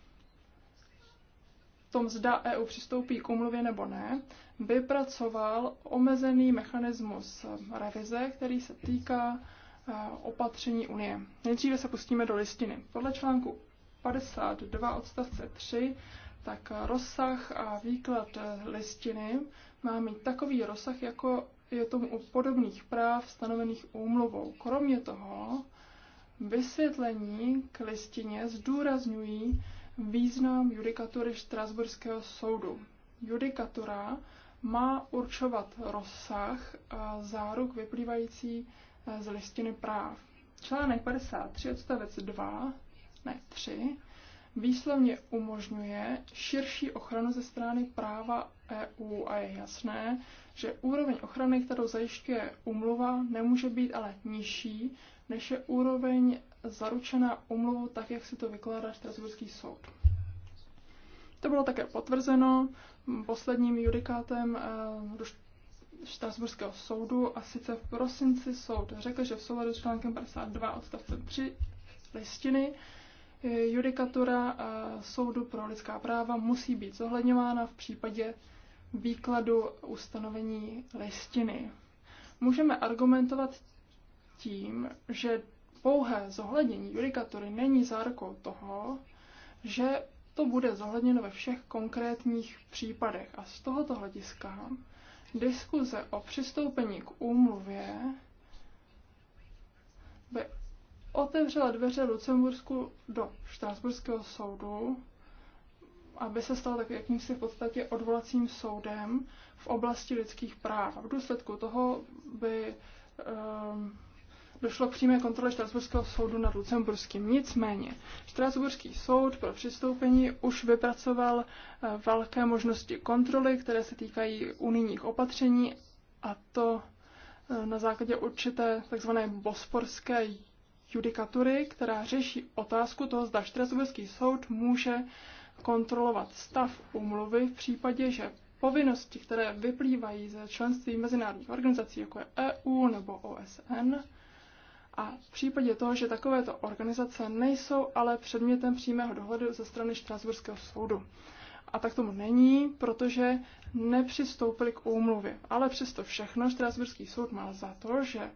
tom, zda EU přistoupí k umluvě nebo ne, vypracoval omezený mechanismus revize, který se týká eh, opatření Unie. Nejdříve se pustíme do listiny. Podle článku 52 odstavce 3, tak rozsah a výklad eh, listiny má mít takový rozsah, jako je tomu u podobných práv stanovených úmluvou. Kromě toho, vysvětlení k listině zdůrazňují, význam judikatury Štrasburského soudu. Judikatura má určovat rozsah záruk vyplývající eh, z listiny práv. Článek 53 odstavec 2, ne 3, výslovně umožňuje širší ochranu ze strany práva EU a je jasné, že úroveň ochrany, kterou zajišťuje umluva, nemůže být ale nižší než je úroveň zaručená umluvou, tak jak si to vykládá Štrasburský soud. To bylo také potvrzeno posledním judikátem eh, Štrasburského soudu a sice v prosinci soud řekl, že v souladu s článkem 52 odstavce 3 listiny eh, judikatura eh, soudu pro lidská práva musí být zohledňována v případě výkladu ustanovení listiny. Můžeme argumentovat tím, že pouhé zohlednění judikatury není zárukou toho, že to bude zohledněno ve všech konkrétních případech. A z tohoto hlediska diskuze o přistoupení k úmluvě by otevřela dveře Lucembursku do Štrasburského soudu, aby se stal tak jakýmsi v podstatě odvolacím soudem v oblasti lidských práv. A v důsledku toho by um, došlo k přímé kontrole Štrasburského soudu nad Lucemburským. Nicméně, Štrasburský soud pro přistoupení už vypracoval eh, velké možnosti kontroly, které se týkají unijních opatření a to eh, na základě určité tzv. bosporské judikatury, která řeší otázku toho, zda Štrasburský soud může kontrolovat stav umluvy v případě, že povinnosti, které vyplývají ze členství mezinárodních organizací, jako je EU nebo OSN, a v případě toho, že takovéto organizace nejsou ale předmětem přímého dohledu ze strany Štrasburského soudu. A tak tomu není, protože nepřistoupili k úmluvě. Ale přesto všechno Štrasburský soud má za to, že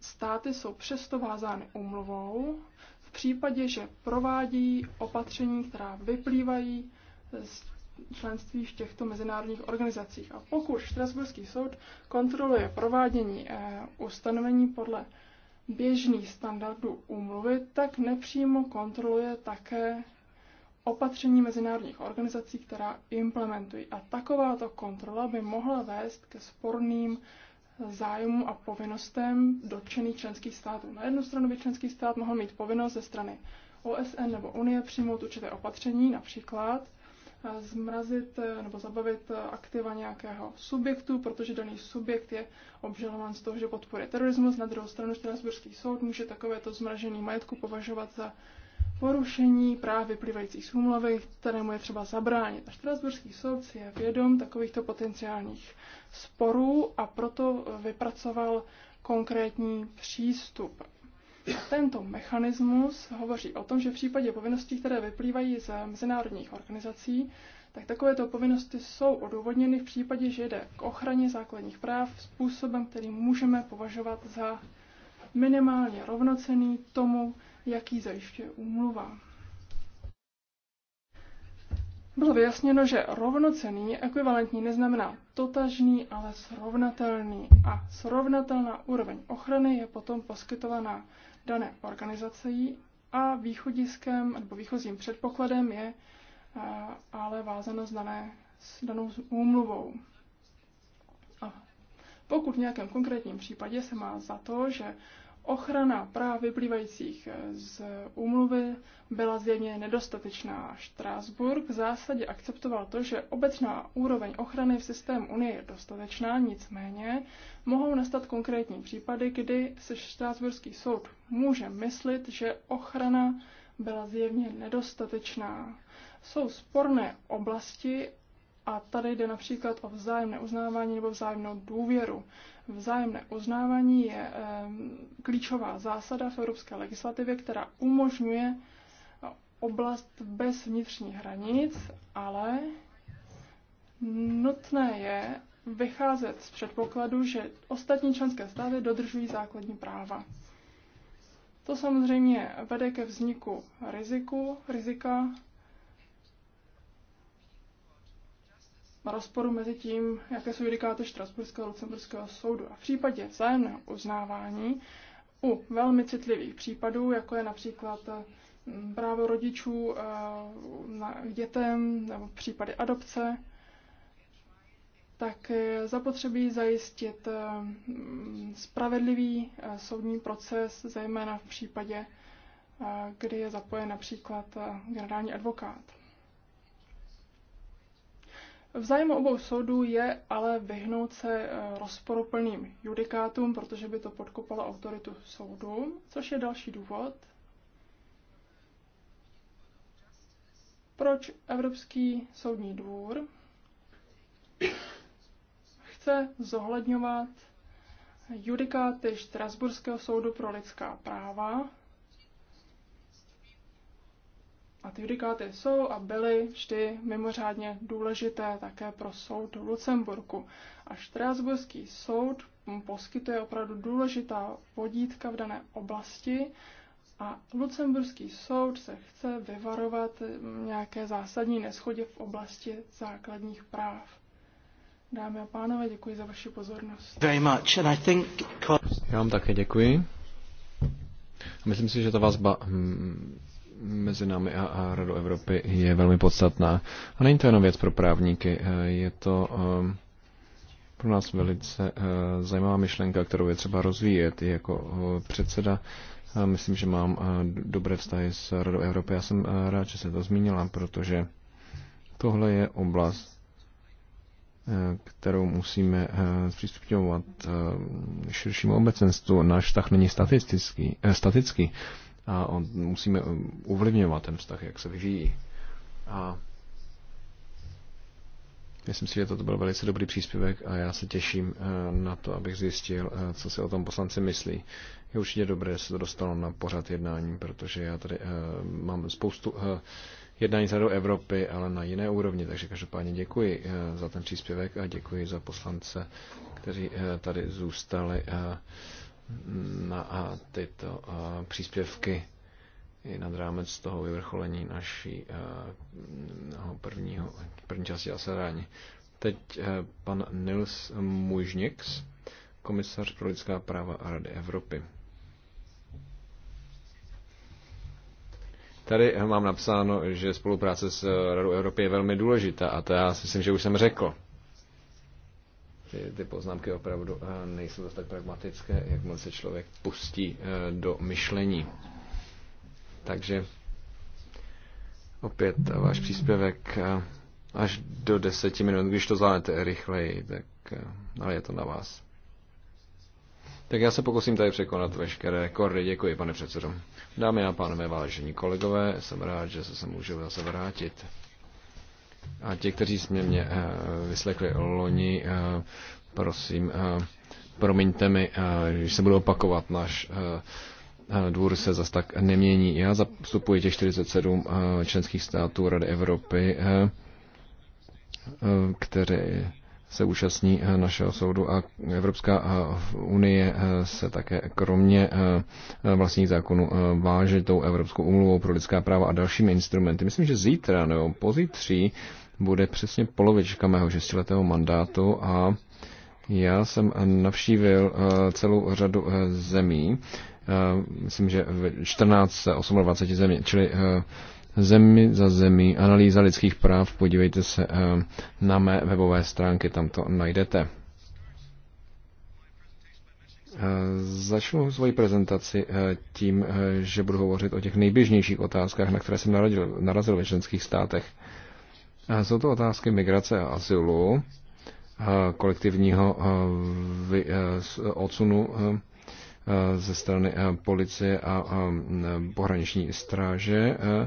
státy jsou přesto vázány úmluvou v případě, že provádí opatření, která vyplývají z členství v těchto mezinárodních organizacích. A pokud Štrasburský soud kontroluje provádění eh, ustanovení podle běžných standardů úmluvy, tak nepřímo kontroluje také opatření mezinárodních organizací, která implementují. A takováto kontrola by mohla vést ke sporným zájmu a povinnostem dotčených členských států. Na jednu stranu by členský stát mohl mít povinnost ze strany OSN nebo Unie přijmout určité opatření, například zmrazit eh, nebo zabavit eh, aktiva nějakého subjektu, protože daný subjekt je obžalován z toho, že podporuje terorismus. Na druhou stranu Štrasburský soud může takovéto zmražení majetku považovat za porušení práv vyplývajících z úmluvy, kterému je třeba zabránit. A Štrasburský soud si je vědom takovýchto potenciálních sporů a proto eh, vypracoval konkrétní přístup. Tento mechanismus hovoří o tom, že v případě povinností, které vyplývají z mezinárodních organizací, tak takovéto povinnosti jsou odůvodněny v případě, že jde k ochraně základních práv způsobem, který můžeme považovat za minimálně rovnocený tomu, jaký zajišťuje úmluva. Bylo vyjasněno, že rovnocený ekvivalentní neznamená totažný, ale srovnatelný. A srovnatelná úroveň ochrany je potom poskytovaná dané organizace a východiskem nebo výchozím předpokladem je eh, ale vázano dané s danou úmluvou. A pokud v nějakém konkrétním případě se má za to, že Ochrana práv vyplývajících eh, z úmluvy byla zjevně nedostatečná. Štrásburg v zásadě akceptoval to, že obecná úroveň ochrany v systému Unie je dostatečná, nicméně mohou nastat konkrétní případy, kdy se Štrásburský soud může myslit, že ochrana byla zjevně nedostatečná. Jsou sporné oblasti a tady jde například o vzájemné uznávání nebo vzájemnou důvěru. Vzájemné uznávání je e, klíčová zásada v evropské legislativě, která umožňuje oblast bez vnitřních hranic, ale nutné je vycházet z předpokladu, že ostatní členské státy dodržují základní práva. To samozřejmě vede ke vzniku riziku, rizika rozporu mezi tím, jaké jsou judikáty Štrasburského a Lucemburského soudu. A v případě vzájemného uznávání u velmi citlivých případů, jako je například eh, právo rodičů eh, k dětem nebo případy adopce, tak zapotřebí zajistit eh, spravedlivý soudní proces, zejména v případě, kdy je zapojen například generální advokát. V zájmu obou soudů je ale vyhnout se eh, rozporuplným judikátům, protože by to podkopalo autoritu soudu, což je další důvod, proč Evropský soudní dvůr chce zohledňovat judikáty Štrasburského soudu pro lidská práva a ty judikáty jsou a byly vždy mimořádně důležité také pro soud v Lucemburku. A Štrásburský soud poskytuje opravdu důležitá vodítka v dané oblasti a Lucemburský soud se chce vyvarovat mm, nějaké zásadní neschodě v oblasti základních práv. Dámy a pánové, děkuji za vaši pozornost. Very much. And I think... Já vám také děkuji. Myslím si, že to vás ba- mm, mezi námi a, a Radou Evropy je velmi podstatná. A není to jenom věc pro právníky, eh, je to ehm, pro nás velice eh, zajímavá myšlenka, kterou je třeba rozvíjet. I Jako eh, předseda myslím, že mám dobré vztahy s Radou Evropy. Já jsem rád, že se to zmínila, protože tohle je oblast, kterou musíme zpřístupňovat širšímu obecenstvu. Náš vztah není statistický, statický a musíme um, ovlivňovat ten vztah, jak se vyvíjí. A myslím si, že toto byl velice dobrý příspěvek a já se těším eh, na to, abych zjistil, eh, co si o tom poslanci myslí. Je určitě dobré, že se to dostalo na pořad jednání, protože já tady eh, mám spoustu jednání z Radou Evropy, ale na jiné úrovni. Takže každopádně děkuji za ten příspěvek a děkuji za poslance, kteří tady zůstali na tyto příspěvky i nad rámec toho vyvrcholení naší no, prvního, první části zasedání. Teď pan Nils Mužniks, komisař pro lidská práva a Rady Evropy. Tady mám napsáno, že spolupráce s Radou Evropy je velmi důležitá a to já si myslím, že už jsem řekl ty, ty poznámky opravdu eh, nejsou zase tak pragmatické, jakmile se člověk pustí eh, do myšlení. Takže opět váš příspěvek eh, až do deseti minut, když to zvládnete rychleji, tak ale je to na vás. Tak já se pokusím tady překonat veškeré kordy. Děkuji, pane předsedo. Dámy a pánové, vážení kolegové, jsem rád, že se sem můžu zase vrátit. A ti, kteří jsme mě eh, vyslechli loni, eh, prosím, eh, promiňte mi, že se budu opakovat, náš dvůr se zas tak nemění. Já zastupuji těch 47 členských států Rady Evropy, které se účastní eh, našeho soudu a Evropská eh, unie eh, se také kromě vlastních zákonů váže tou Evropskou umluvou pro lidská práva a dalšími instrumenty. Myslím, že zítra nebo pozítří bude přesně polovička mého šestiletého mandátu a já jsem navštívil celou řadu zemí, myslím, že 14 28 zemí, čili zemi za zemi, analýza lidských práv, podívejte se eh, na mé webové stránky, tam to najdete. Eh, začnu svoji prezentaci eh, tím, že budu hovořit o těch nejběžnějších otázkách, na které jsem narazil, narazil ve členských státech. Jsou to otázky migrace a azylu, kolektivního odsunu Eh, ze strany eh, policie a pohraniční stráže eh,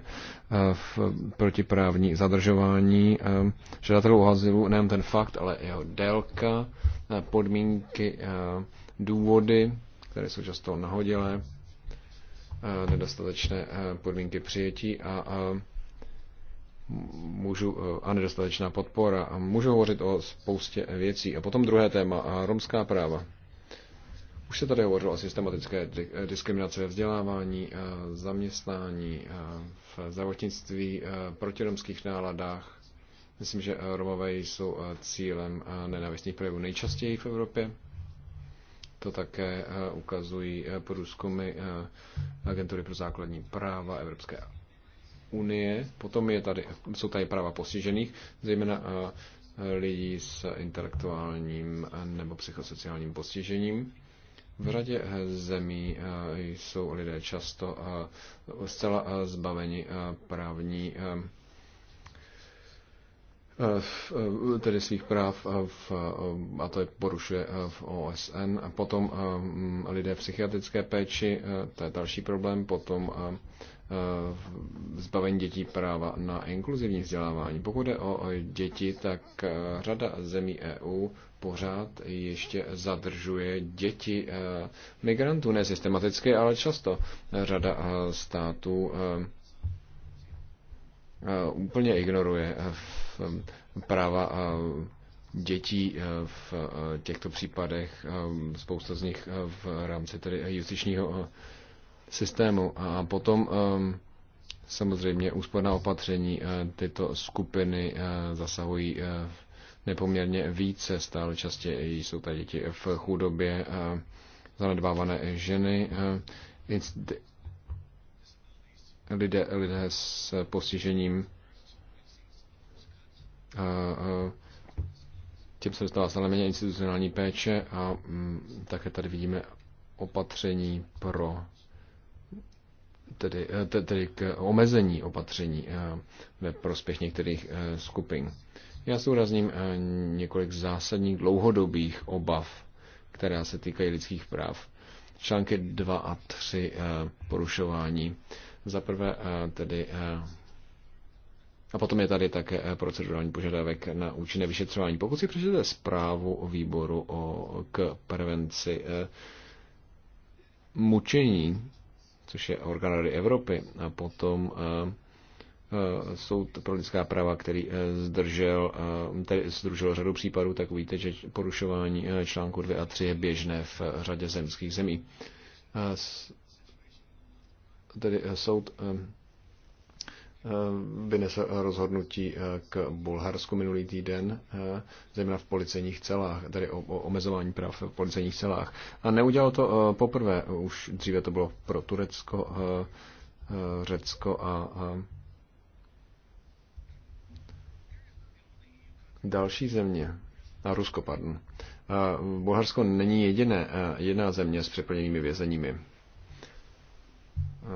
v protiprávní zadržování žadatelů azylu, nejen ten fakt, ale jeho délka, podmínky, důvody, které jsou často nahodilé, nedostatečné podmínky přijetí a můžu, a nedostatečná podpora. Můžu hovořit o spoustě věcí. A potom druhé téma, romská práva. Už se tady hovořilo o systematické eh, diskriminaci ve vzdělávání, eh, zaměstnání, eh, v zdravotnictví, protiromských náladách. Myslím, že Romové jsou cílem nenávistných projevů nejčastěji v Evropě. To také ukazují průzkumy Agentury pro základní práva Evropské unie. Potom je tady, jsou tady práva postižených, zejména lidí s intelektuálním nebo psychosociálním postižením. V řadě eh, zemí eh, jsou lidé často eh, zcela zbaveni právní tedy svých práv, v, a to je porušuje v OSN. A potom lidé v psychiatrické péči, to je další problém, potom zbavení dětí práva na inkluzivní vzdělávání. Pokud jde o děti, tak řada zemí EU pořád ještě zadržuje děti eh, migrantů. Ne systematicky, ale často řada eh, států eh, úplně ignoruje práva dětí v těchto případech, spousta z nich v rámci tedy justičního systému. A potom samozřejmě úsporná opatření tyto skupiny zasahují v nepoměrně více. Stále častěji jsou tady děti v chudobě, eh, zanedbávané ženy, eh, lidé, lidé s postižením eh, těm se dostává stále méně institucionální péče a mm, také tady vidíme opatření pro tedy, tedy k omezení opatření ve prospěch některých skupin. Já zúrazním eh, několik zásadních dlouhodobých obav, která se týkají lidských práv. Články 2 a 3 eh, porušování. Za prvé eh, tedy a potom je tady také procedurální požadavek na účinné vyšetřování. Pokud si přečtete zprávu výboru o, k prevenci mučení, což je orgán Rady Evropy, a potom Eh, soud pro lidská práva, který eh, zdržel, eh, tedy združil řadu případů, tak víte, že porušování článku 2 a 3 je běžné v řadě zemských zemí. Tedy soud vynesl rozhodnutí k Bulharsku minulý týden, zejména v policejních celách, tedy o, omezování práv v policejních celách. A neudělal to poprvé, už dříve to bylo pro Turecko, Řecko a Další země, a Rusko, pardon. Bulharsko není jediné, jediná země s přeplněnými vězeními.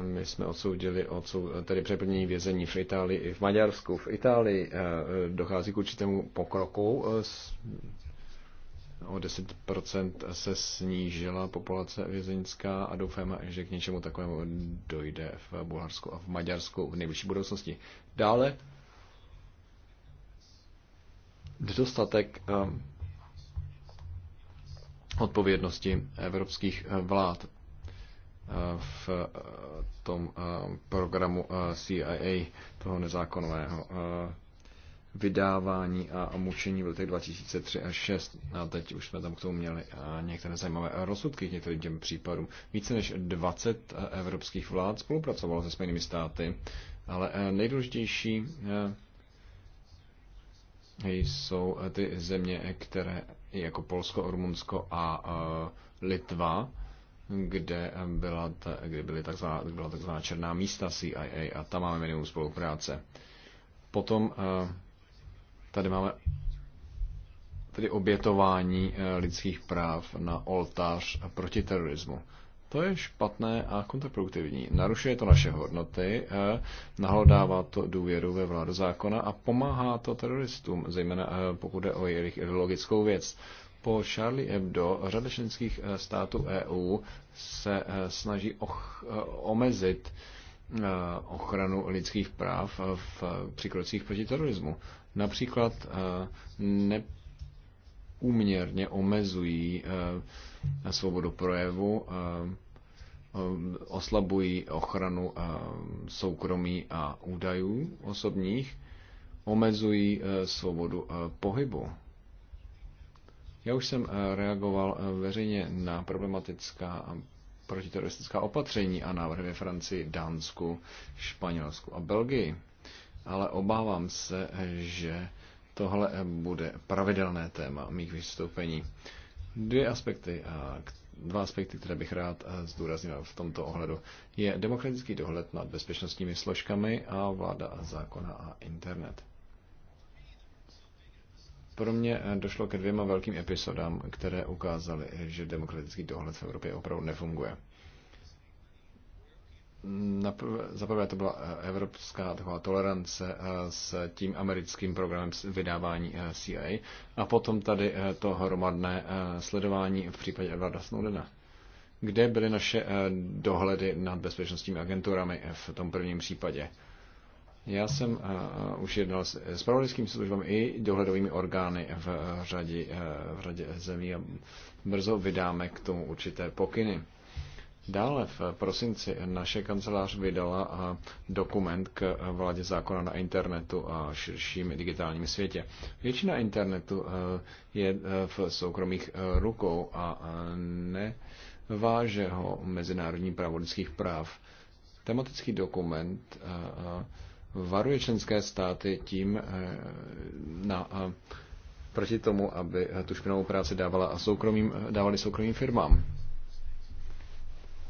My jsme odsoudili odsou, tedy přeplnění vězení v Itálii i v Maďarsku. V Itálii dochází k určitému pokroku. O 10% se snížila populace vězeňská a doufáme, že k něčemu takovému dojde v Bulharsku a v Maďarsku v nejbližší budoucnosti. Dále nedostatek ehm, odpovědnosti evropských eh, vlád eh, v eh, tom ehm, programu CIA, toho nezákonného vydávání a mučení v letech 2003 až 6. A teď už jsme tam k tomu měli některé zajímavé rozsudky k některým těm případům. Více než 20 evropských vlád spolupracovalo se Spojenými státy, ale nejdůležitější jsou eh, ty země, eh, které jako Polsko, Rumunsko a eh, Litva, kde, byla ta, kde byly takzvaná, byla takzvaná černá místa CIA a tam máme minimum spolupráce. Potom tady máme tedy obětování lidských práv na oltář proti terorismu. To je špatné a kontraproduktivní. Narušuje to naše hodnoty, eh, nahlodává to důvěru ve vládu zákona a pomáhá to teroristům, zejména eh, pokud jde o jejich ideologickou věc. Po Charlie Hebdo řada členských eh, států EU se snaží och, omezit ochranu lidských práv v přikrocích proti terorismu. Například neúměrně omezují svobodu projevu, eh, oslabují ochranu eh, soukromí a údajů osobních, omezují eh, svobodu pohybu. Já už jsem reagoval veřejně na problematická protiteroristická opatření a návrhy ve Francii, Dánsku, Španělsku a Belgii. Ale obávám se, že tohle bude pravidelné téma mých vystoupení. Dvě aspekty, dva aspekty, které bych rád zdůraznil v tomto ohledu, je demokratický dohled nad bezpečnostními složkami a vláda zákona a internet. Pro mě došlo ke dvěma velkým epizodám, které ukázaly, že demokratický dohled v Evropě opravdu nefunguje za prvé to byla eh, evropská taková tolerance eh, s tím americkým programem vydávání eh, CIA a potom tady to hromadné sledování v případě Edwarda Snowdena. Kde byly naše dohledy nad bezpečnostními agenturami v tom prvním případě? Já jsem už jednal s spravodajskými službami i dohledovými orgány v řadě, v řadě zemí a brzo vydáme k tomu určité pokyny. Dále v prosinci naše kancelář vydala dokument k vládě zákona na internetu a širším digitálním světě. Většina internetu eh, je eh, v soukromých eh, rukou a neváže ho mezinárodní právo lidských práv. Tematický dokument varuje členské státy tím na proti tomu, aby tu špinavou práci dávala a soukromým, dávali soukromým firmám.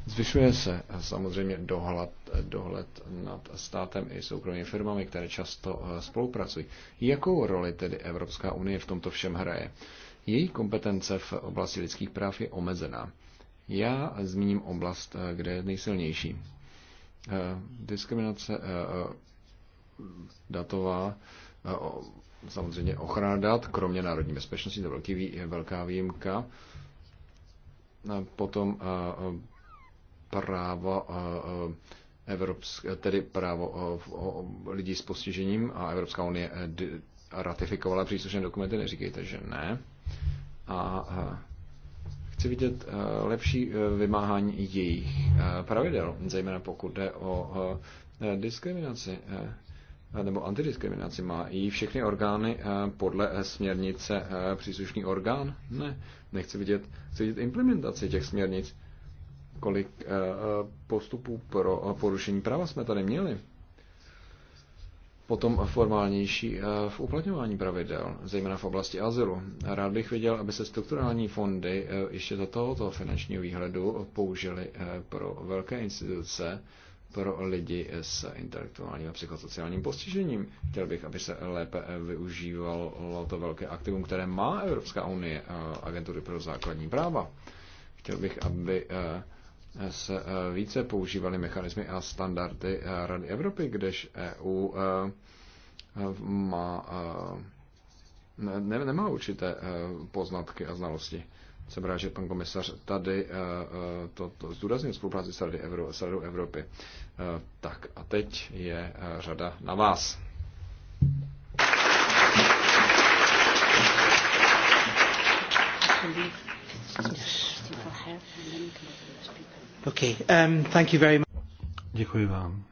Zvyšuje se samozřejmě dohled, dohled nad státem i soukromými firmami, které často eh, spolupracují. Jakou roli tedy Evropská unie v tomto všem hraje? Její kompetence v oblasti lidských práv je omezená. Já zmíním oblast, eh, kde je nejsilnější. Eh, diskriminace datová, samozřejmě ochrana dat, kromě národní bezpečnosti, to je velký, velká výjimka. Potom právo eh, eh, Evropské, tedy právo eh, lidí s postižením a Evropská unie ratifikovala příslušné dokumenty, neříkejte, že ne. A chci vidět lepší vymáhání jejich pravidel, zejména pokud jde o diskriminaci nebo antidiskriminaci. Má i všechny orgány podle směrnice příslušný orgán? Ne, nechci vidět, chci vidět implementaci těch směrnic kolik eh, postupů pro eh, porušení práva jsme tady měli. Potom formálnější eh, v uplatňování pravidel, zejména v oblasti azylu. Rád bych viděl, aby se strukturální fondy ještě za tohoto finančního výhledu použily pro velké instituce, pro lidi s intelektuálním a psychosociálním postižením. Chtěl bych, aby se lépe využívalo to velké aktivum, které má Evropská unie, agentury pro základní práva. Chtěl bych, aby se eh, více používaly mechanismy a standardy eh, Rady Evropy, kdež EU eh, má, ne, nemá určité poznatky a znalosti. Jsem rád, že pan komisař tady to, to zdůraznil spolupráci s, Rady Evropy, Evropy. Tak a teď je řada na vás. Thank you. Okay, um, thank you very much. Děkuji vám.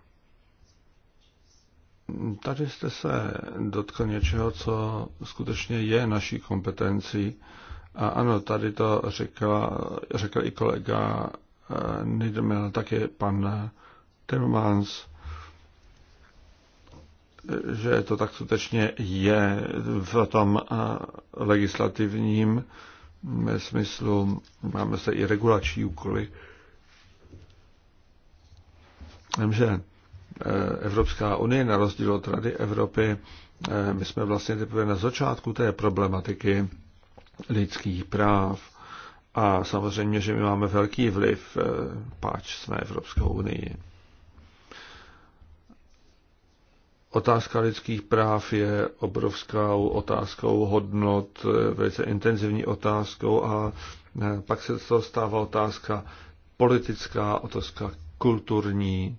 Tady jste se dotkl něčeho, co skutečně je naší kompetencí. A ano, tady to řekla, řekl i kolega eh, Nidmel, taky pan Timmermans, že to tak skutečně je v tom eh, legislativním ve smyslu, máme se i regulační úkoly. Vím, že eh, Evropská unie, na rozdíl od Rady Evropy, eh, my jsme vlastně teprve na začátku té problematiky lidských práv a samozřejmě, že my máme velký vliv, eh, páč jsme Evropskou unii. Otázka lidských práv je obrovskou otázkou hodnot, velice intenzivní otázkou a e, pak se z toho stává otázka politická, otázka kulturní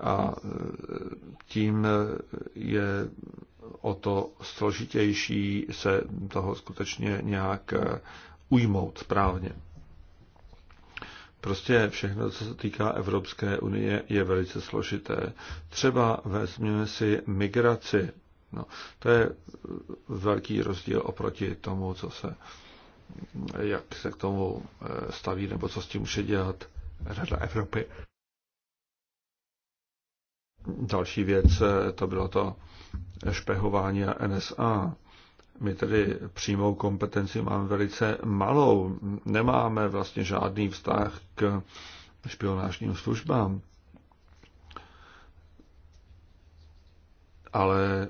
a e, tím je o to složitější se toho skutečně nějak e, ujmout správně. Prostě všechno, co se týká Evropské unie, je velice složité. Třeba vezměme si migraci. No, to je velký rozdíl oproti tomu, co se, jak se k tomu eh, staví, nebo co s tím může dělat Rada Evropy. Další věc, eh, to bylo to špehování a NSA. My tedy přímou kompetenci máme velice malou. Nemáme vlastně žádný vztah k špionážním službám. Ale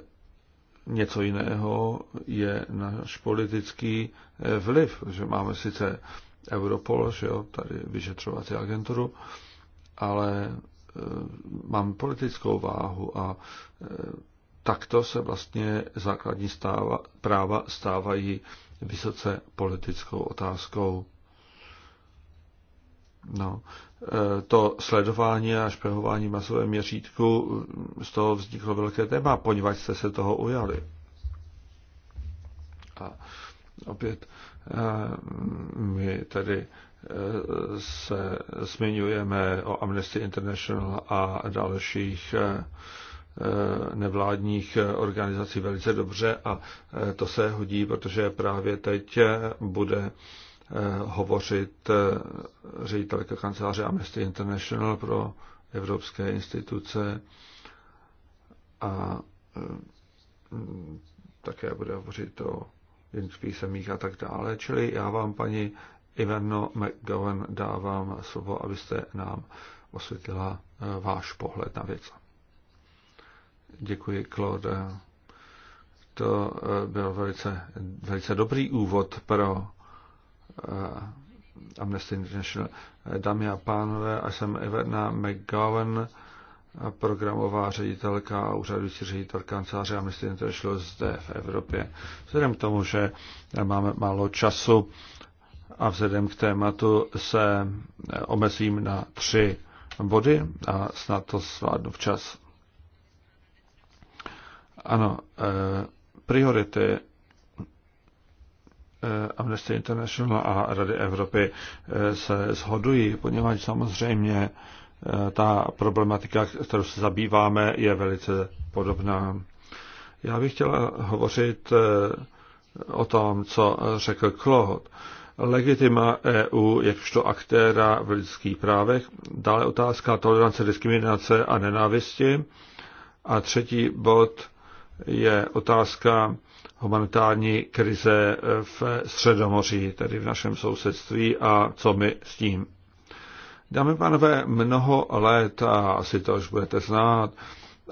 něco jiného je náš politický eh, vliv, že máme sice Europol, že jo, tady vyšetřovací agenturu, ale eh, mám politickou váhu a eh, takto se vlastně základní stáva, práva stávají vysoce politickou otázkou. No, e, to sledování a špehování masové měřítku, z toho vzniklo velké téma, poněvadž jste se toho ujali. A opět e, my tedy e, se zmiňujeme o Amnesty International a dalších Eh, nevládních organizací velice dobře a eh, to se hodí, protože právě teď eh, bude hovořit ředitelka kanceláře Amnesty International pro evropské instituce a také bude hovořit o jinských semích a tak dále. Čili já vám, paní Ivano McGowan, dávám slovo, abyste nám osvětlila váš pohled na věc. Děkuji, Claude. To eh, byl velice, velice dobrý úvod pro eh, Amnesty International. Dámy a pánové, já jsem Everna McGowan, programová ředitelka a úřadující ředitel kanceláře Amnesty International zde v Evropě. Vzhledem k tomu, že máme málo času a vzhledem k tématu se omezím na tři body a snad to zvládnu včas. Ano, eh, priority eh, Amnesty International a Rady Evropy eh, se shodují, poněvadž samozřejmě ta problematika, kterou se zabýváme, je velice podobná. Já bych chtěla hovořit o tom, co řekl Claude. Legitima EU jakožto aktéra v lidských právech, dále otázka tolerance, diskriminace a nenávisti a třetí bod je otázka humanitární krize v Středomoří, tedy v našem sousedství a co my s tím. Dámy a pánové, mnoho let, a asi to už budete znát,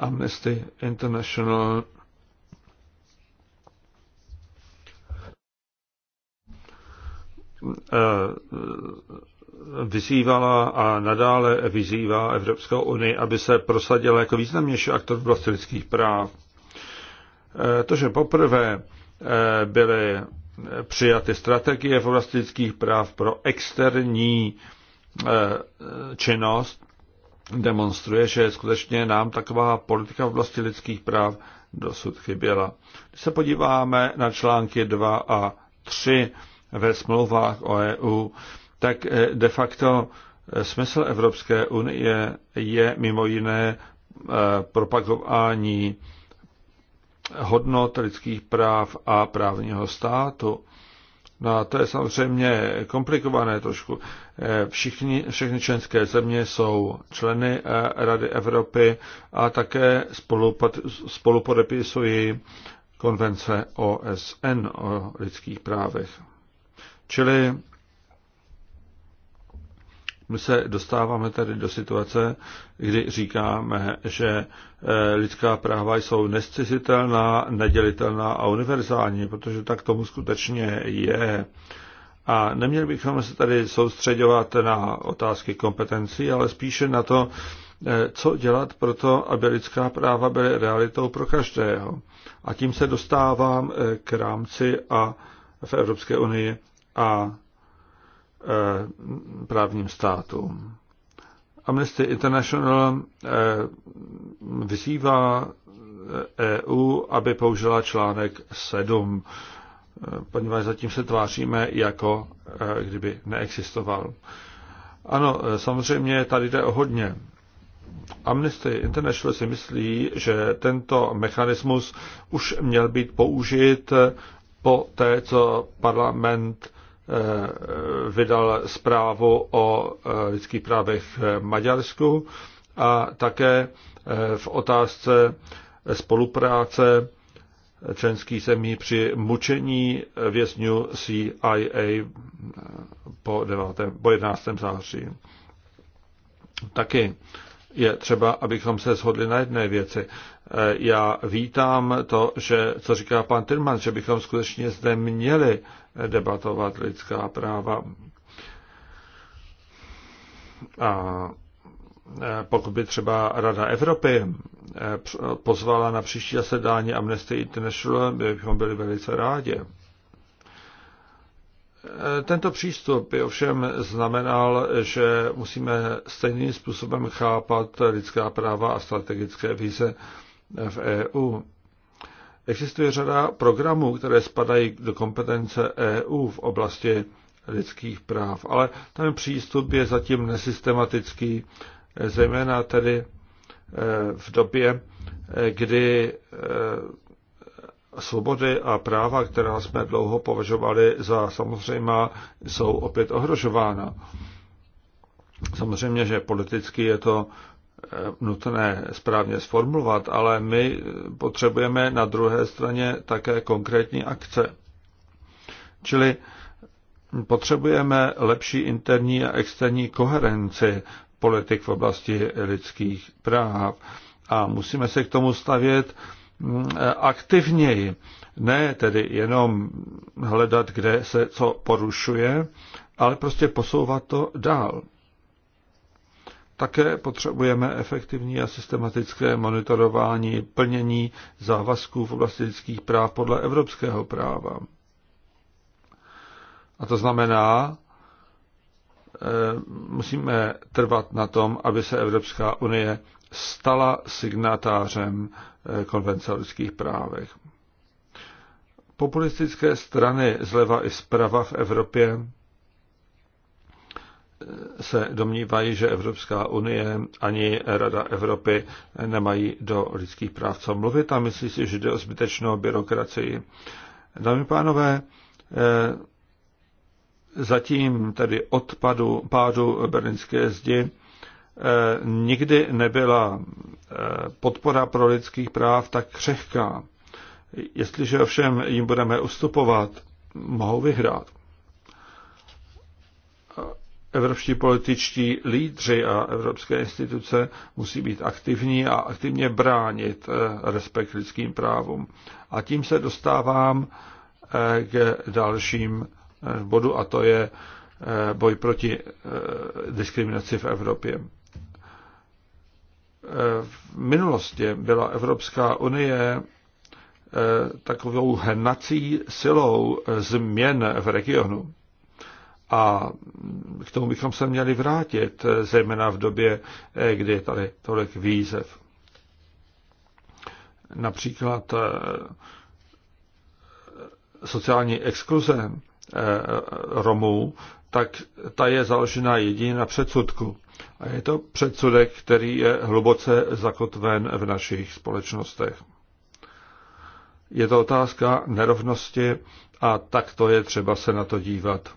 Amnesty International eh, vyzývala a nadále vyzývá Evropskou unii, aby se prosadila jako významnější aktor v oblasti lidských práv Eh, to, že poprvé eh, byly přijaty strategie v oblasti lidských práv pro externí eh, činnost, demonstruje, že skutečně nám taková politika v oblasti lidských práv dosud chyběla. Když se podíváme na články 2 a 3 ve smlouvách o EU, tak de facto smysl Evropské unie je mimo jiné propagování hodnot lidských práv a právního státu. No a to je samozřejmě komplikované trošku. Eh, Všichni, všechny členské země jsou členy eh, Rady Evropy a také spolupodepisují konvence OSN o lidských právech. Čili my se dostáváme tady do situace, kdy říkáme, že e, lidská práva jsou nescizitelná, nedělitelná a univerzální, protože tak tomu skutečně je. A neměli bychom se tady soustředovat na otázky kompetencí, ale spíše na to, e, co dělat pro to, aby lidská práva byly realitou pro každého. A tím se dostávám e, k rámci a v Evropské unii a Eh, právním státům. Amnesty International eh, vyzývá EU, eh, e aby použila článek 7, poněvadž zatím se tváříme, jako kdyby neexistoval. Ano, samozřejmě tady jde o hodně. Amnesty International si myslí, že tento mechanismus už měl být použit po té, co parlament Eh, vydal zprávu o eh, lidských právech v Maďarsku a také eh, v otázce spolupráce členských zemí při mučení vězňů CIA po, 9, po 11. září. Taky je třeba, abychom se shodli na jedné věci. Eh, já vítám to, že, co říká pan Tirman, že bychom skutečně zde měli eh, debatovat lidská práva. A eh, pokud by třeba Rada Evropy pozvala na příští zasedání Amnesty International, by bychom byli velice rádi. Tento přístup by ovšem znamenal, že musíme stejným způsobem chápat lidská práva a strategické vize v EU. Existuje řada programů, které spadají do kompetence EU v oblasti lidských práv, ale ten přístup je zatím nesystematický, zejména tedy e, v době, e, kdy e, svobody a práva, která jsme dlouho považovali za samozřejmá, jsou opět ohrožována. Samozřejmě, že politicky je to nutné správně sformulovat, ale my potřebujeme na druhé straně také konkrétní akce. Čili potřebujeme lepší interní a externí koherenci politik v oblasti lidských práv a musíme se k tomu stavět mm, aktivněji. Ne tedy jenom hledat, kde se co porušuje, ale prostě posouvat to dál. Také potřebujeme efektivní a systematické monitorování plnění závazků v oblasti lidských práv podle evropského práva. A to znamená, eh, musíme trvat na tom, aby se Evropská unie stala signatářem eh, konvence o lidských právech. Populistické strany zleva i zprava v Evropě se domnívají, že Evropská unie ani Rada Evropy nemají do lidských práv co mluvit a myslí si, že jde o zbytečnou byrokracii. Dámy pánové, eh, zatím tedy odpadu pádu berlínské zdi eh, nikdy nebyla eh, podpora pro lidských práv tak křehká. Jestliže ovšem jim budeme ustupovat, mohou vyhrát. Evropští političtí lídři a evropské instituce musí být aktivní a aktivně bránit eh, respekt lidským právům. A tím se dostávám eh, k dalším eh, bodu a to je boj proti diskriminaci v Evropě. V minulosti byla Evropská unie takovou hnací silou změn v regionu. A k tomu bychom se měli vrátit, zejména v době, eh, kdy je tady tolik výzev. Například eh, sociální exkluze eh, Romů, tak ta je založena jedině na předsudku. A je to předsudek, který je hluboce zakotven v našich společnostech. Je to otázka nerovnosti a tak to je třeba se na to dívat.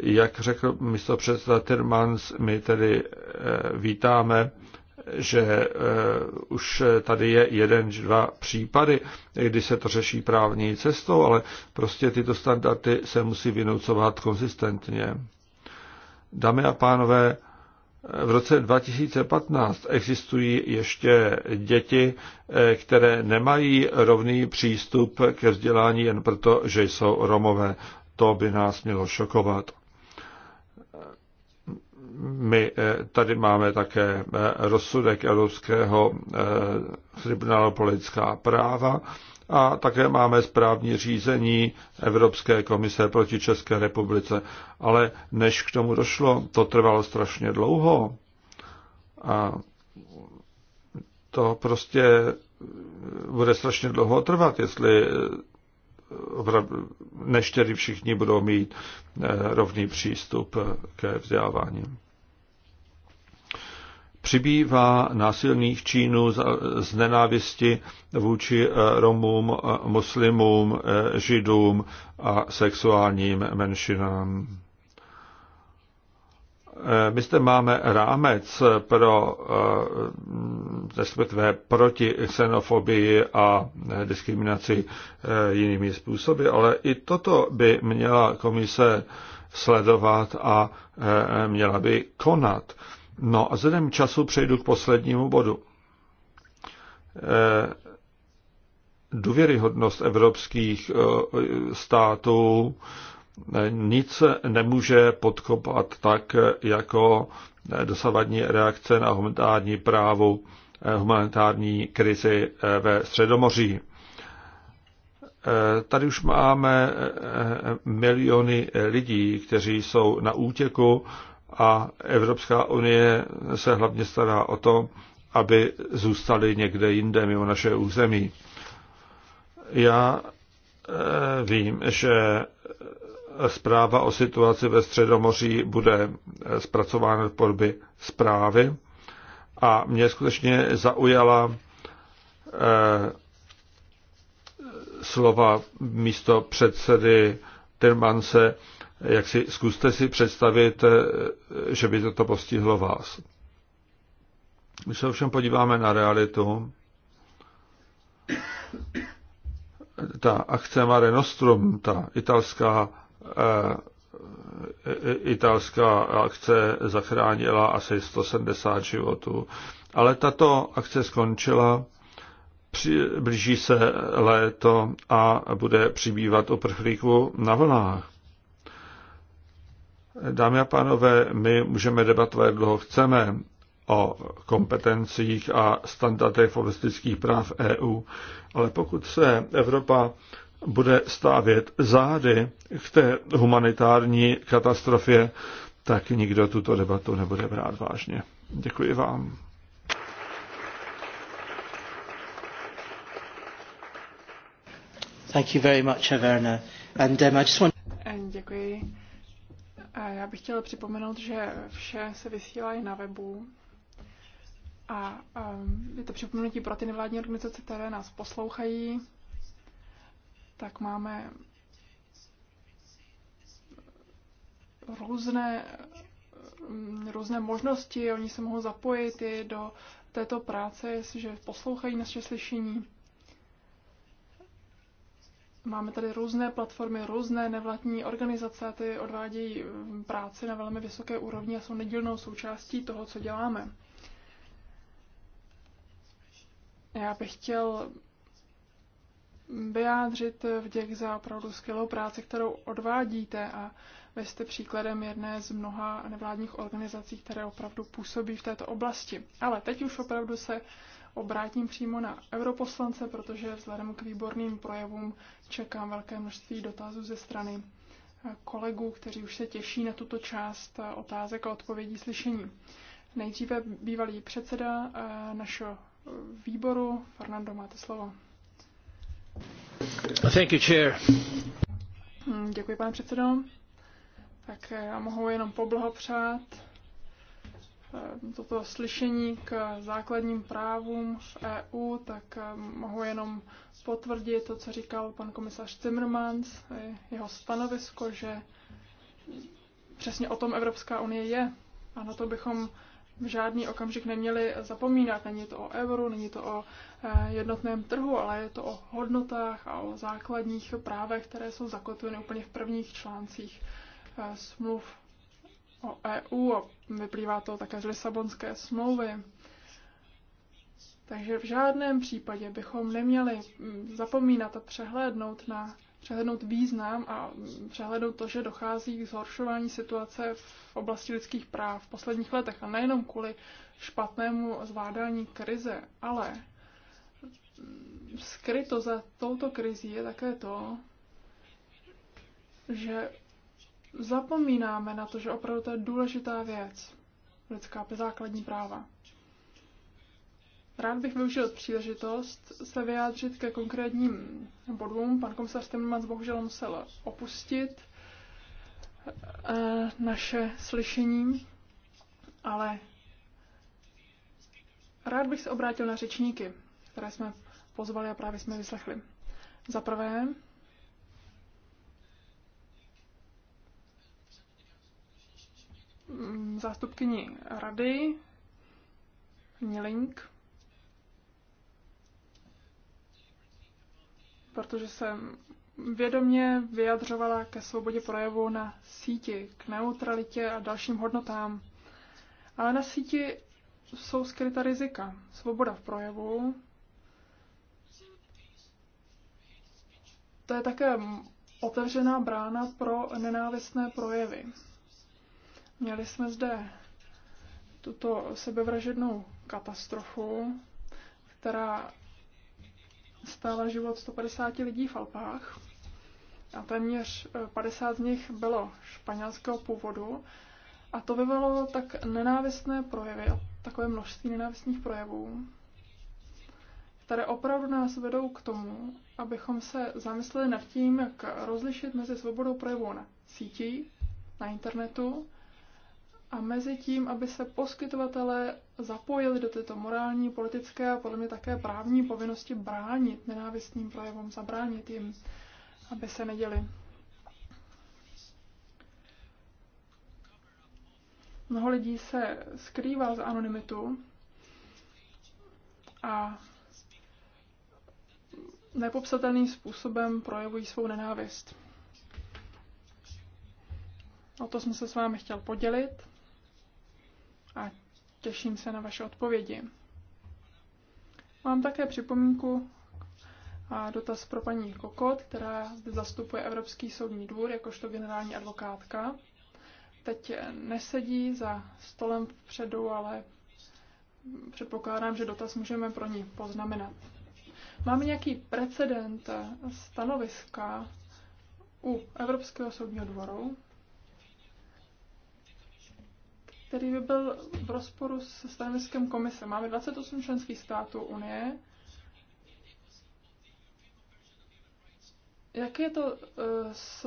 Jak řekl místo předseda Tirmans, my tedy eh, vítáme, že eh, už tady je jeden, dva případy, kdy se to řeší právní cestou, ale prostě tyto standardy se musí vynoucovat konzistentně. Dámy a pánové, v roce 2015 existují ještě děti, eh, které nemají rovný přístup ke vzdělání jen proto, že jsou Romové to by nás mělo šokovat. My eh, tady máme také eh, rozsudek Evropského eh, tribunálu pro lidská práva a také máme správní řízení Evropské komise proti České republice. Ale než k tomu došlo, to trvalo strašně dlouho. A to prostě bude strašně dlouho trvat, jestli než tedy všichni budou mít eh, rovný přístup eh, ke vzdělávání. Přibývá násilných činů z nenávisti vůči eh, Romům, muslimům, židům a sexuálním menšinám. Eh, my zde máme rámec pro eh, respektive proti xenofobii a eh, diskriminaci jinými způsoby, ale i toto by měla komise sledovat a měla by konat. No a vzhledem času přejdu k poslednímu bodu. Důvěryhodnost evropských států nic nemůže podkopat tak, jako dosavadní reakce na humanitární právu, eh, humanitární krizi eh, ve Středomoří. Eh, tady už máme miliony lidí, kteří jsou na útěku a Evropská unie se hlavně stará o to, aby zůstali někde jinde mimo naše území. Já vím, že zpráva o situaci ve Středomoří bude eh, zpracována v podobě zprávy. A mě skutečně zaujala eh, slova místo předsedy Tirmance, jak si zkuste si představit, eh, že by toto postihlo vás. My se ovšem podíváme na realitu, ta akce Mare Nostrum, ta italská Eh, italská akce zachránila asi 170 životů. Ale tato akce skončila, při, blíží se léto a bude přibývat uprchlíků na vlnách. Dámy a pánové, my můžeme debatovat dlouho chceme o kompetencích a standardech holistických práv EU, ale pokud se Evropa bude stávět zády k té humanitární katastrofě, tak nikdo tuto debatu nebude brát vážně. Děkuji vám. Thank you very much, Averna. And um, I just want... Děkuji. A já bych chtěla připomenout, že vše se vysílá i na webu. A um, je to připomenutí pro ty nevládní organizace, které nás poslouchají tak máme různé, mm, různé možnosti, oni se mohou zapojit i do této práce, jestliže poslouchají naše slyšení. Máme tady různé platformy, různé nevlatní organizace, ty odvádějí mm, práci na velmi vysoké úrovni a jsou nedílnou součástí toho, co děláme. Já bych chtěl vyjádřit vděk za opravdu skvělou práci, kterou odvádíte a vy jste příkladem jedné z mnoha nevládních organizací, které opravdu působí v této oblasti. Ale teď už opravdu se obrátím přímo na europoslance, protože vzhledem k výborným projevům čekám velké množství dotazů ze strany kolegů, kteří už se těší na tuto část otázek a odpovědí slyšení. Nejdříve bývalý předseda eh, našeho výboru, Fernando, máte slovo. Thank you, chair. Hmm, děkuji, pane předsedo. Tak eh, já mohu jenom poblahopřát eh, toto slyšení k základním právům v EU, tak eh, mohu jenom potvrdit to, co říkal pan komisař Timmermans, jeho stanovisko, že přesně o tom Evropská unie je. A na to bychom v žádný okamžik neměli zapomínat. Není to o euru, není to o eh, jednotném trhu, ale je to o hodnotách a o základních právech, které jsou zakotveny úplně v prvních článcích eh, smluv o EU a vyplývá to také z Lisabonské smlouvy. Takže v žádném případě bychom neměli mm, zapomínat a přehlédnout na přehlednout význam a přehlednout to, že dochází k zhoršování situace v oblasti lidských práv v posledních letech a nejenom kvůli špatnému zvládání krize, ale skryto za touto krizí je také to, že zapomínáme na to, že opravdu to je důležitá věc, lidská základní práva. Rád bych využil příležitost se vyjádřit ke konkrétním bodům. Pan komisař Timmermans bohužel musel opustit eh, naše slyšení, ale rád bych se obrátil na řečníky, které jsme pozvali a právě jsme vyslechli. Za prvé, mm, zástupkyni rady Nilink, protože jsem vědomě vyjadřovala ke svobodě projevu na síti, k neutralitě a dalším hodnotám. Ale na síti jsou skryta rizika. Svoboda v projevu. To je také otevřená brána pro nenávistné projevy. Měli jsme zde tuto sebevražednou katastrofu, která stála život 150 lidí v Alpách a téměř 50 eh, z nich bylo španělského původu a to vyvolalo tak nenávistné projevy a takové množství nenávistných projevů, které opravdu nás vedou k tomu, abychom se zamysleli nad tím, jak rozlišit mezi svobodou projevu na sítí, na internetu a mezi tím, aby se poskytovatelé zapojili do této morální, politické a podle mě také právní povinnosti bránit nenávistným projevům, zabránit jim, aby se neděli. Mnoho lidí se skrývá za anonymitu a nepopsatelným způsobem projevují svou nenávist. O to jsem se s vámi chtěl podělit a těším se na vaše odpovědi. Mám také připomínku a dotaz pro paní Kokot, která zde zastupuje Evropský soudní dvůr jakožto generální advokátka. Teď nesedí za stolem vpředu, ale předpokládám, že dotaz můžeme pro ní poznamenat. Máme nějaký precedent stanoviska u Evropského soudního dvoru, který by byl v rozporu se stanoviskem komise. Máme 28 členských států Unie. Jak je to eh, s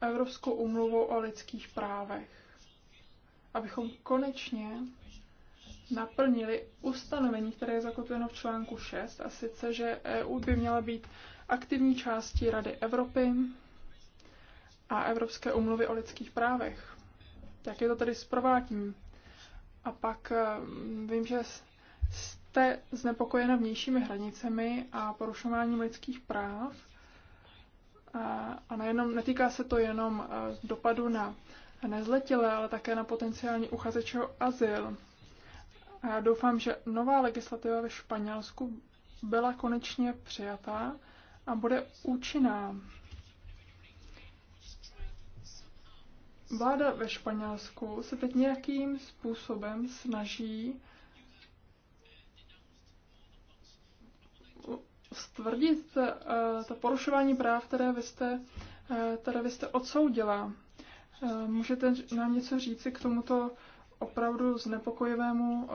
Evropskou umluvou o lidských právech? Abychom konečně naplnili ustanovení, které je zakotveno v článku 6, a sice, že EU by měla být aktivní částí Rady Evropy a Evropské umluvy o lidských právech. Tak je to tady s A pak eh, vím, že jste znepokojena vnějšími hranicemi a porušováním lidských práv. A nejenom, netýká se to jenom eh, dopadu na nezletilé, ale také na potenciální uchazeče o azyl. A já doufám, že nová legislativa ve Španělsku byla konečně přijatá a bude účinná. Vláda ve Španělsku se teď nějakým způsobem snaží stvrdit eh, to porušování práv, které vy jste, eh, které vy jste odsoudila. Eh, můžete nám něco říci k tomuto opravdu znepokojivému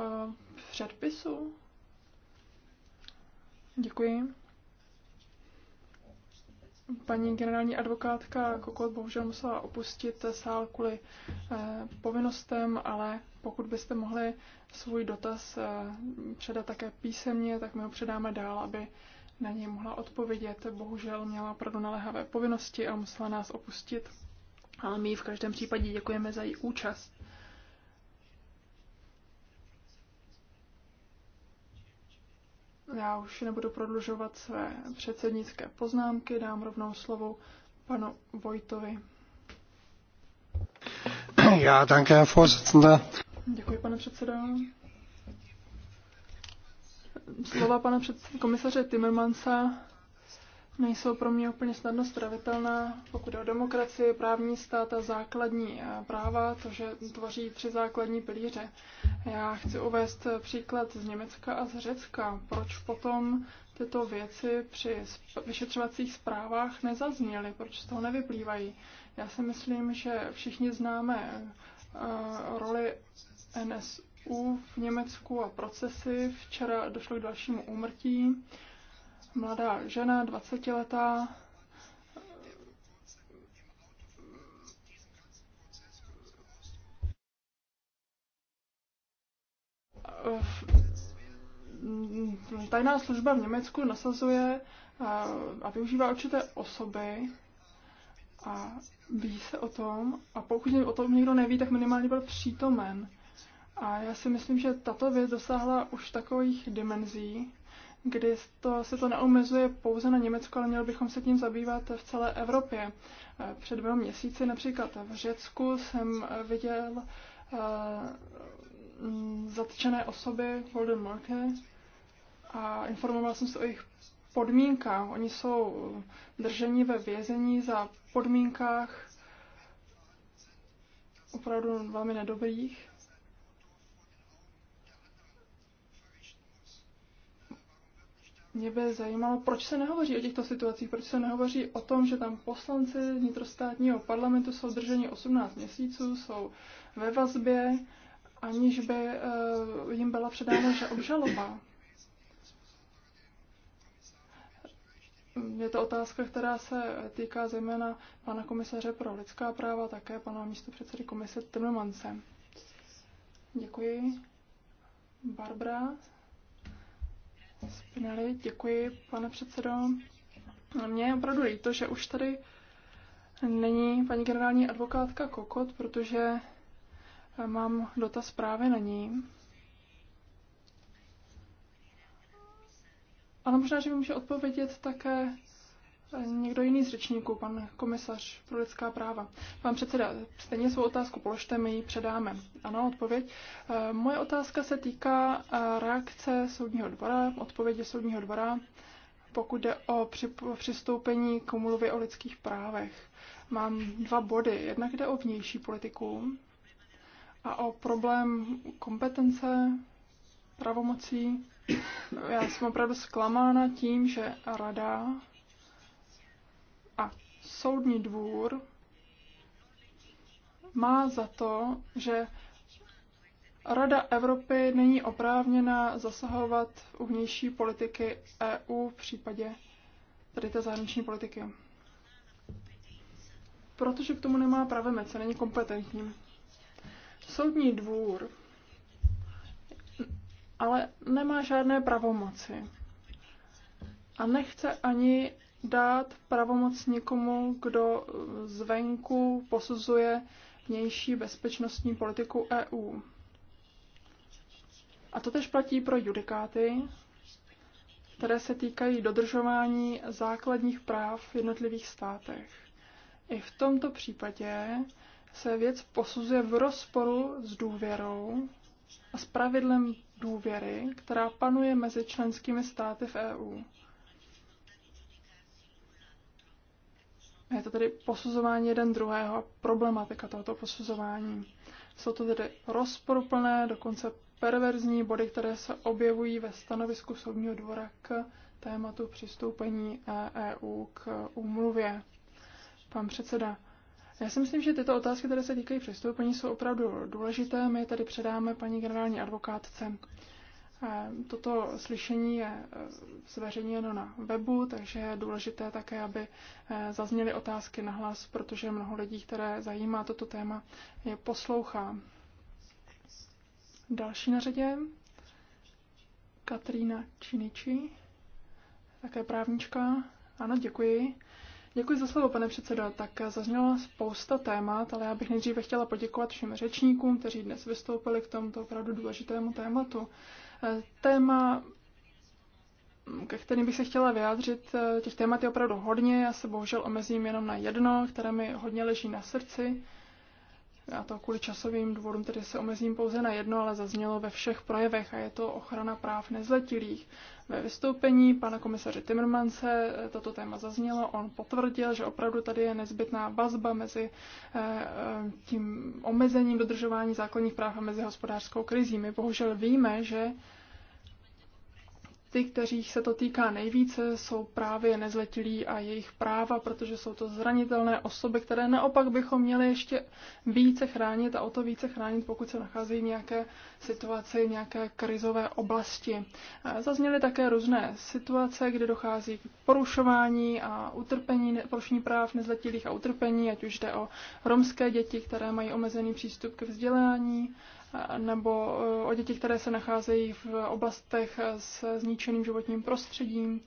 předpisu? Děkuji. Paní generální advokátka Kokot bohužel musela opustit sál kvůli eh, povinnostem, ale pokud byste mohli svůj dotaz eh, předat také písemně, tak my ho předáme dál, aby na něj mohla odpovědět. Bohužel měla opravdu naléhavé povinnosti a musela nás opustit, ale my v každém případě děkujeme za její účast. Já už nebudu prodlužovat své předsednické poznámky, dám rovnou slovo panu Vojtovi. Já také, Vorsitzende. Děkuji, pane předsedo. Slova pana před... komisaře Timmermansa nejsou pro mě úplně snadno stravitelná, pokud je o demokracii, právní stát a základní eh, práva, to, že tvoří tři základní pilíře. Já chci uvést eh, příklad z Německa a z Řecka. Proč potom tyto věci při vyšetřovacích zprávách nezazněly? Proč z toho nevyplývají? Já si myslím, že všichni známe eh, roli NSU v Německu a procesy. Včera došlo k dalšímu úmrtí mladá žena, 20-letá, tajná služba v Německu nasazuje a využívá určité osoby a ví se o tom a pokud o tom nikdo neví, tak minimálně byl přítomen. A já si myslím, že tato věc dosáhla už takových dimenzí, kdy to, se to neomezuje pouze na Německo, ale měli bychom se tím zabývat v celé Evropě. Před dvěma měsíci například v Řecku jsem viděl eh, mm, zatčené osoby Golden Marke a informoval jsem se o jejich podmínkách. Oni jsou drženi ve vězení za podmínkách opravdu velmi nedobrých. Mě by zajímalo, proč se nehovoří o těchto situacích, proč se nehovoří o tom, že tam poslanci vnitrostátního parlamentu jsou drženi 18 měsíců, jsou ve vazbě, aniž by eh, jim byla předána že obžaloba. Je to otázka, která se týká zejména pana komisaře pro lidská práva, také pana místopředsedy komise Timmermanse. Děkuji. Barbara. Spinelli, děkuji, pane předsedo. Mně je opravdu líto, že už tady není paní generální advokátka Kokot, protože eh, mám dotaz právě na ní. Ale možná, že mi může odpovědět také Někdo jiný z řečníků, pan komisař pro lidská práva. Pan předseda, stejně svou otázku položte, my ji předáme. Ano, odpověď. Eh, moje otázka se týká eh, reakce soudního dvora, odpovědi soudního dvora, pokud jde o přistoupení k umluvě o lidských právech. Mám dva body. Jednak jde o vnější politiku a o problém kompetence, pravomocí. Já jsem opravdu zklamána tím, že rada soudní dvůr má za to, že Rada Evropy není oprávněna zasahovat u vnější politiky EU v případě tedy té zahraniční politiky. Protože k tomu nemá pravomoc, není kompetentní. Soudní dvůr ale nemá žádné pravomoci a nechce ani dát pravomoc někomu, kdo zvenku posuzuje vnější bezpečnostní politiku EU. A to tež platí pro judikáty, které se týkají dodržování základních práv v jednotlivých státech. I v tomto případě se věc posuzuje v rozporu s důvěrou a s pravidlem důvěry, která panuje mezi členskými státy v EU. Je to tedy posuzování jeden druhého a problematika tohoto posuzování. Jsou to tedy rozporuplné, dokonce perverzní body, které se objevují ve stanovisku Soudního dvora k tématu přistoupení EU eh, e k úmluvě. Pan předseda, já si myslím, že tyto otázky, které se týkají přistoupení, jsou opravdu důležité. My je tady předáme paní generální advokátce. Eh, toto slyšení je eh, zveřejněno na webu, takže je důležité také, aby eh, zazněly otázky na hlas, protože mnoho lidí, které zajímá toto téma, je poslouchá. Další na řadě Katrína Činiči, také právnička. Ano, děkuji. Děkuji za slovo, pane předsedo. Tak zazněla spousta témat, ale já bych nejdříve chtěla poděkovat všem řečníkům, kteří dnes vystoupili k tomuto opravdu důležitému tématu. Téma, ke kterým bych se chtěla vyjádřit, eh, těch témat je opravdu hodně, já se bohužel omezím jenom na jedno, které mi hodně leží na srdci. Já to kvůli časovým důvodům tedy se omezím pouze na jedno, ale zaznělo ve všech projevech a je to ochrana práv nezletilých. Ve vystoupení pana komisaře Timmermanse toto téma zaznělo. On potvrdil, že opravdu tady je nezbytná vazba mezi eh, eh, tím omezením dodržování základních práv a mezi hospodářskou krizí. My bohužel víme, že ty, kterých se to týká nejvíce, jsou právě nezletilí a jejich práva, protože jsou to zranitelné osoby, které naopak bychom měli ještě více chránit a o to více chránit, pokud se nacházejí v nějaké situaci, nějaké krizové oblasti. Zazněly také různé situace, kdy dochází k porušování a utrpení, porušení práv nezletilých a utrpení, ať už jde o romské děti, které mají omezený přístup k vzdělání, nebo eh, o děti, které se nacházejí v oblastech s zničeným životním prostředím,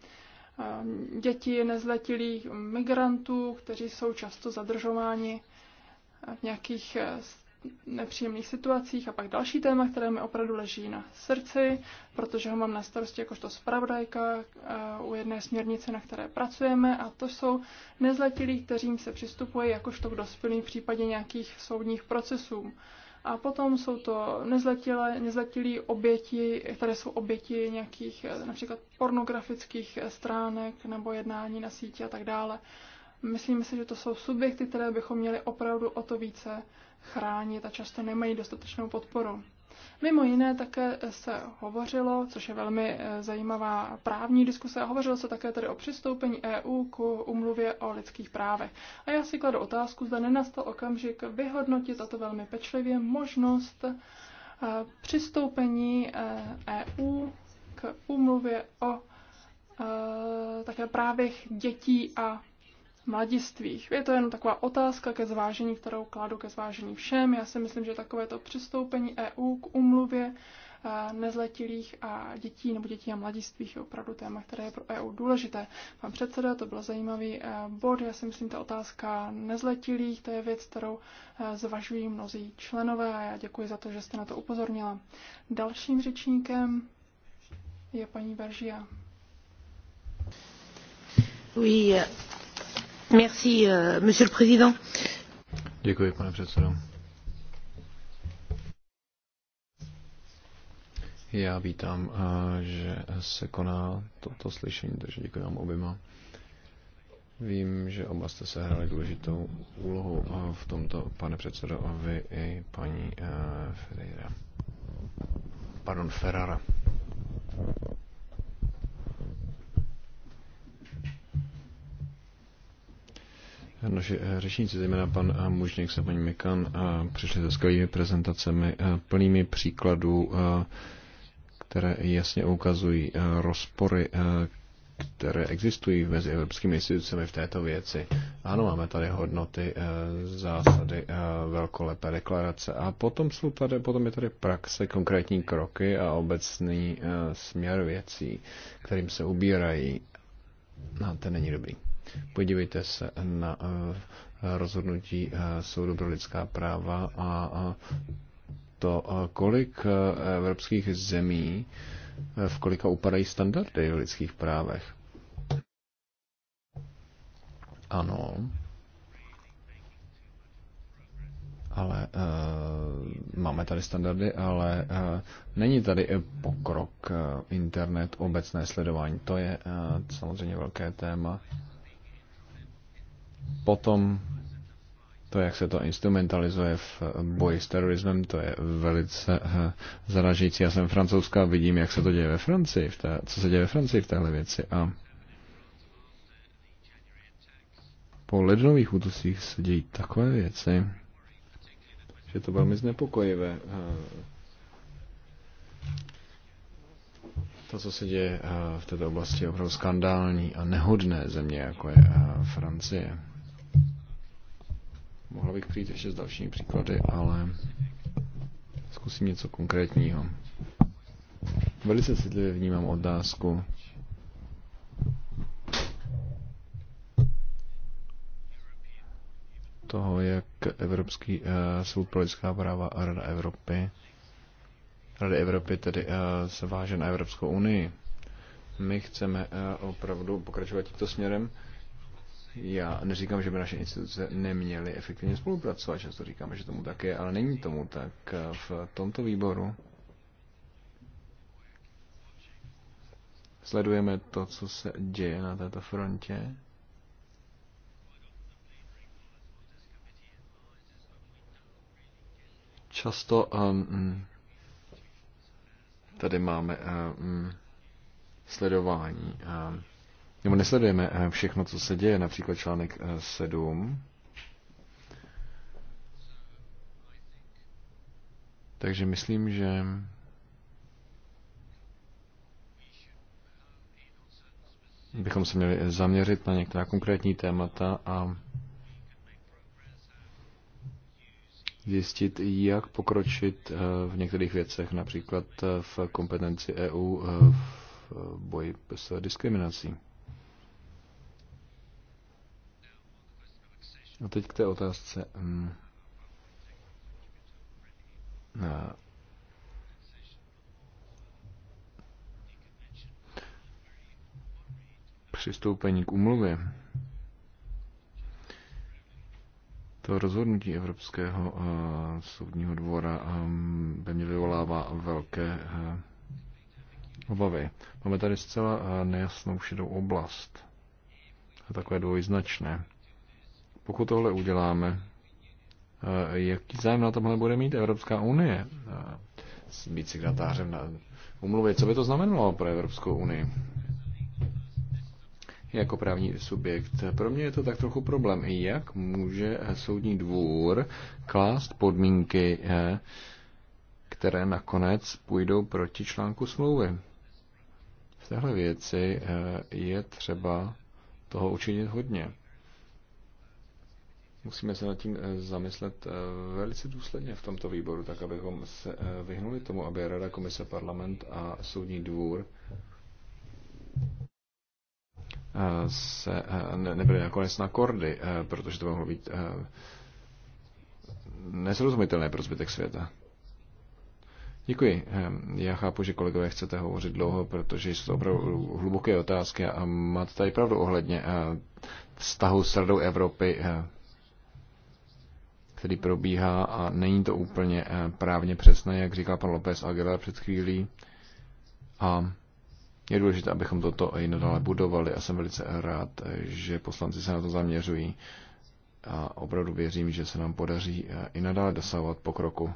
děti nezletilých migrantů, kteří jsou často zadržováni v nějakých eh, nepříjemných situacích. A pak další téma, které mi opravdu leží na srdci, protože ho mám na starosti jakožto zpravodajka eh, u jedné směrnice, na které pracujeme, a to jsou nezletilí, kteřím se přistupuje jakožto k dospělým v případě nějakých soudních procesů. A potom jsou to nezletilé, nezletilí oběti, které jsou oběti nějakých eh, například pornografických eh, stránek nebo jednání na síti a tak dále. Myslím si, že to jsou subjekty, které bychom měli opravdu o to více chránit a často nemají dostatečnou podporu. Mimo jiné také se hovořilo, což je velmi eh, zajímavá právní diskuse, a hovořilo se také tady o přistoupení EU k umluvě o lidských právech. A já si kladu otázku, zda nenastal okamžik vyhodnotit, a to velmi pečlivě, možnost eh, přistoupení EU eh, e k umluvě o také právech dětí a mladistvých. Je to jenom taková otázka ke zvážení, kterou kladu ke zvážení všem. Já si myslím, že takové to přistoupení EU k umluvě eh, nezletilých a dětí nebo dětí a mladistvých je opravdu téma, které je pro EU důležité. Pan předseda, to byl zajímavý eh, bod. Já si myslím, ta otázka nezletilých, to je věc, kterou eh, zvažují mnozí členové a já děkuji za to, že jste na to upozornila. Dalším řečníkem je paní Veržia. Oui, Euh, monsieur le président. Děkuji, pane předsedající Já vítám, eh, že se koná toto slyšení, takže děkuji vám oběma. Vím, že oba jste sehráli hrali důležitou úlohu eh, v tomto, pane předsedo, a vy i paní eh, Ferreira. Pardon, Ferrara. Naši eh, řečníci, zejména pan eh, Mužník se paní Mikan, eh, přišli se skvělými prezentacemi, plnými příkladů, které jasně ukazují rozpory, které existují mezi evropskými institucemi v této věci. Ano, máme tady hodnoty, zásady, velkolepé deklarace a potom, jsou tady, potom je tady praxe, konkrétní kroky a obecný směr věcí, kterým se ubírají. No, ten není dobrý. Podívejte se na eh, rozhodnutí eh, Soudu pro lidská práva a to, eh, kolik evropských zemí, v kolika upadají standardy v lidských právech. Ano. Ale e, máme tady standardy, ale e, není tady pokrok, e, internet, obecné sledování. To je e, samozřejmě velké téma potom to, jak se to instrumentalizuje v boji s terorismem, to je velice eh, zaražící. Já jsem francouzská, vidím, jak se to děje ve Francii, v té, co se děje ve Francii v téhle věci. A po lednových útocích se dějí takové věci, že to velmi znepokojivé. Eh, to, co se děje eh, v této oblasti, je opravdu skandální a nehodné země, jako je Francie. Mohla bych přijít ještě s dalšími příklady, ale zkusím něco konkrétního. Velice citlivě vnímám otázku. toho, jak Evropský uh, soud pro lidská práva a Rada Evropy Rady Evropy tedy uh, se váže na Evropskou unii. My chceme uh, opravdu pokračovat tímto směrem. Já neříkám, že by naše instituce neměly efektivně spolupracovat, často říkáme, že tomu tak je, ale není tomu tak. V tomto výboru sledujeme to, co se děje na této frontě. Často um, tady máme um, sledování um, nebo nesledujeme eh, všechno, co se děje, například článek 7. Eh, Takže myslím, že bychom se měli zaměřit na některá konkrétní témata a zjistit, jak pokročit eh, v některých věcech, například v kompetenci EU v boji s diskriminací. A teď k té otázce. Mm, na přistoupení k umluvě. To rozhodnutí Evropského uh, soudního dvora um, by mě vyvolává velké uh, obavy. Máme tady zcela uh, nejasnou šedou oblast. A takové dvojznačné. Pokud tohle uděláme, eh, jaký zájem na tomhle bude mít Evropská unie? Eh, být signatářem na umluvě, co by to znamenalo pro Evropskou unii? jako právní subjekt. Pro mě je to tak trochu problém, jak může soudní dvůr klást podmínky, eh, které nakonec půjdou proti článku smlouvy. V téhle věci je třeba toho učinit hodně. Musíme se nad tím eh, zamyslet eh, velice důsledně v tomto výboru, tak abychom se eh, vyhnuli tomu, aby Rada, Komise, Parlament a Soudní dvůr se nebyly nakonec na kordy, protože to mohlo být nesrozumitelné pro zbytek světa. Děkuji. Já chápu, že kolegové chcete hovořit dlouho, protože jsou to opravdu hluboké otázky a máte tady pravdu ohledně vztahu s Radou Evropy který probíhá a není to úplně eh, právně přesné, jak říkal pan López Aguilar před chvílí. A je důležité, abychom toto i nadále budovali a jsem velice rád, že poslanci se na to zaměřují a opravdu věřím, že se nám podaří eh, i nadále dosahovat pokroku.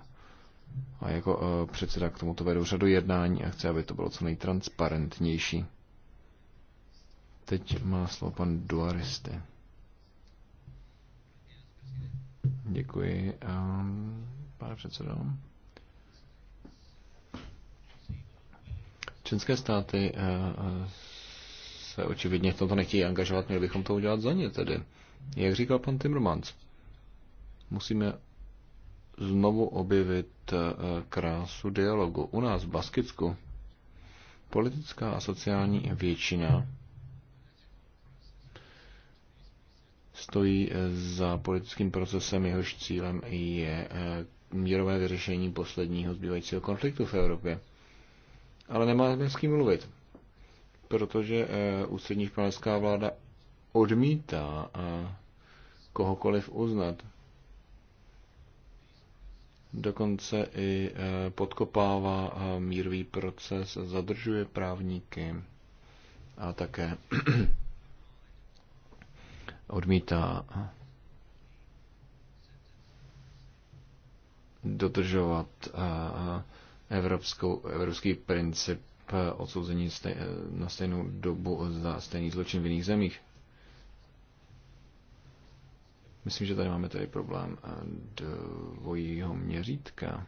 A jako eh, předseda k tomuto vedu řadu jednání a chci, aby to bylo co nejtransparentnější. Teď má slovo pan Duariste. Děkuji, ehm, pane předsedo. Členské státy eh, eh, se očividně v tomto nechtějí angažovat, měli bychom to udělat za ně tedy. Jak říkal pan Timmermans, musíme znovu objevit eh, krásu dialogu. U nás v Baskicku politická a sociální většina stojí eh, za politickým procesem, jehož cílem je eh, mírové vyřešení posledního zbývajícího konfliktu v Evropě. Ale nemáme s kým mluvit, protože eh, ústřední španělská vláda odmítá kohokoliv uznat. Dokonce i podkopává mírový proces, zadržuje právníky a také odmítá dodržovat eh, eh, evropskou, evropský princip eh, odsouzení stej, na stejnou dobu za stejný zločin v jiných zemích. Myslím, že tady máme tady problém dvojího měřítka.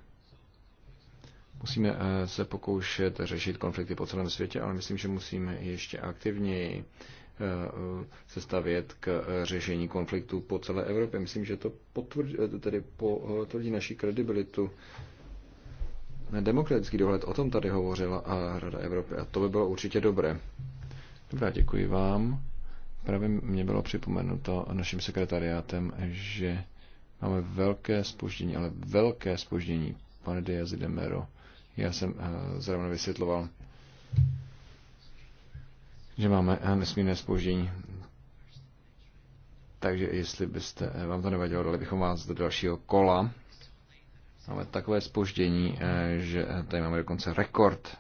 Musíme se pokoušet řešit konflikty po celém světě, ale myslím, že musíme ještě aktivněji Eh, se stavět k eh, řešení konfliktů po celé Evropě. Myslím, že to potvrdí, eh, tedy potvrdí naši kredibilitu. Demokratický dohled, o tom tady hovořila a Rada Evropy a to by bylo určitě dobré. Dobrá, děkuji vám. Právě mě bylo připomenuto naším sekretariátem, že máme velké spoždění, ale velké spoždění, pane Diaz de Mero. Já jsem zrovna vysvětloval že máme eh, nesmírné spoždění. Takže jestli byste, eh, vám to nevadilo, dali bychom vás do dalšího kola. Máme takové spoždění, eh, že tady máme dokonce rekord.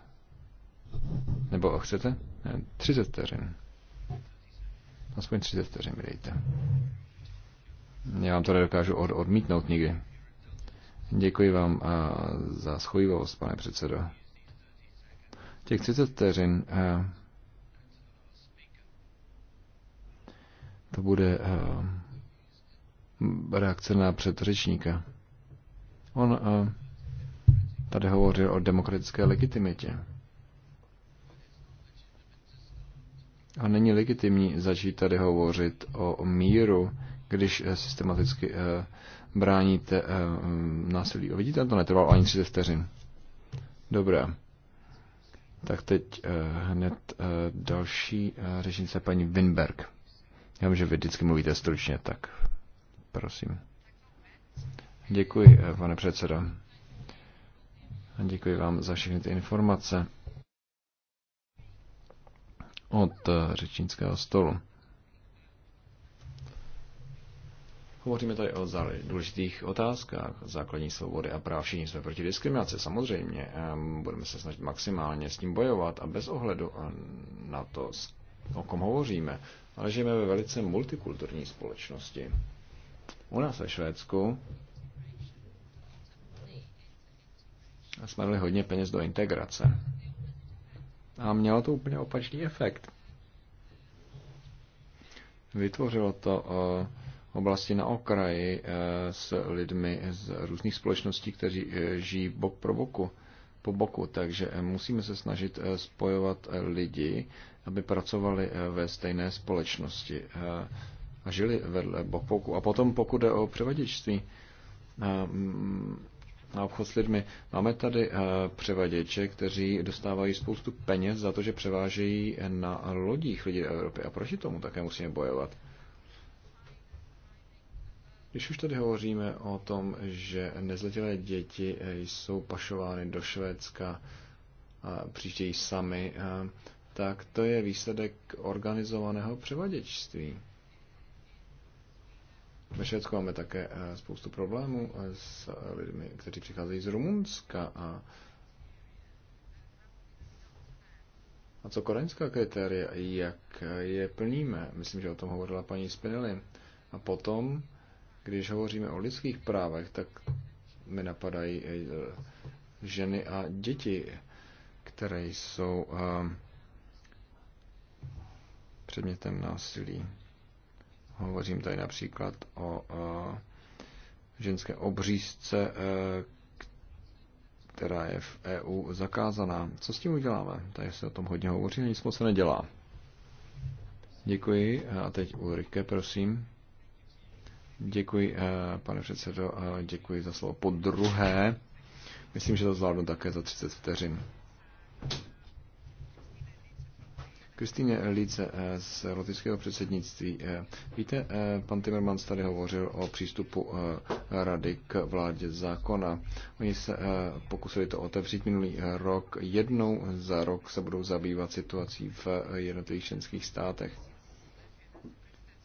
Nebo chcete? 30 vteřin. Aspoň 30 vteřin mi dejte. Já vám to nedokážu od, odmítnout nikdy. Děkuji vám a za schojivost, pane předsedo. Těch 30 vteřin. A To bude eh, reakce na předřečníka. On eh, tady hovořil o demokratické legitimitě. A není legitimní začít tady hovořit o míru, když eh, systematicky bráníte násilí. A vidíte, to netrvalo ani 30 vteřin. Dobrá. Tak teď hned další řečnice paní Winberg. Já vím, že vy vždycky mluvíte stručně, tak prosím. Děkuji, eh, pane předsedo. A děkuji vám za všechny ty informace od eh, řečnického stolu. Hovoříme tady o důležitých otázkách základní svobody a práv. Všichni jsme proti diskriminaci, samozřejmě. Eh, budeme se snažit maximálně s tím bojovat a bez ohledu na to, o kom hovoříme, ale žijeme ve velice multikulturní společnosti. U nás ve Švédsku jsme měli hodně peněz do integrace. A mělo to úplně opačný efekt. Vytvořilo to eh, oblasti na okraji eh, s lidmi z různých společností, kteří eh, žijí bok pro boku, po boku. Takže musíme se snažit spojovat lidi aby pracovali eh, ve stejné společnosti eh, a žili vedle boku. A potom, pokud jde o převaděčství eh, mm, a obchod s lidmi, máme tady převaděče, kteří dostávají spoustu peněz za to, že převážejí na lodích lidi v Evropy. A proti tomu také musíme bojovat. Když už tady hovoříme o tom, že nezletilé děti jsou pašovány do Švédska, přijíždějí sami, tak to je výsledek organizovaného převaděčství. Ve Švédsku máme také eh, spoustu problémů eh, s eh, lidmi, kteří přicházejí z Rumunska a A co koreňská kritéria, jak je plníme? Myslím, že o tom hovořila paní Spinelli. A potom, když hovoříme o lidských právech, tak mi napadají ženy a děti, které jsou předmětem násilí. Hovořím tady například o, ženské obřízce, e, která je v EU zakázaná. Co s tím uděláme? Tady se o tom hodně hovoří, nic moc se nedělá. Děkuji. A teď Ulrike, prosím. Děkuji, e, pane předsedo, děkuji za slovo. Po druhé, myslím, že to zvládnu také za 30 vteřin. Kristýně Lidze eh, z lotyšského předsednictví. Eh, víte, eh, pan Timmermans tady hovořil o přístupu rady k vládě zákona. Oni se pokusili to otevřít minulý rok. Jednou za rok se budou zabývat situací v jednotlivých členských státech.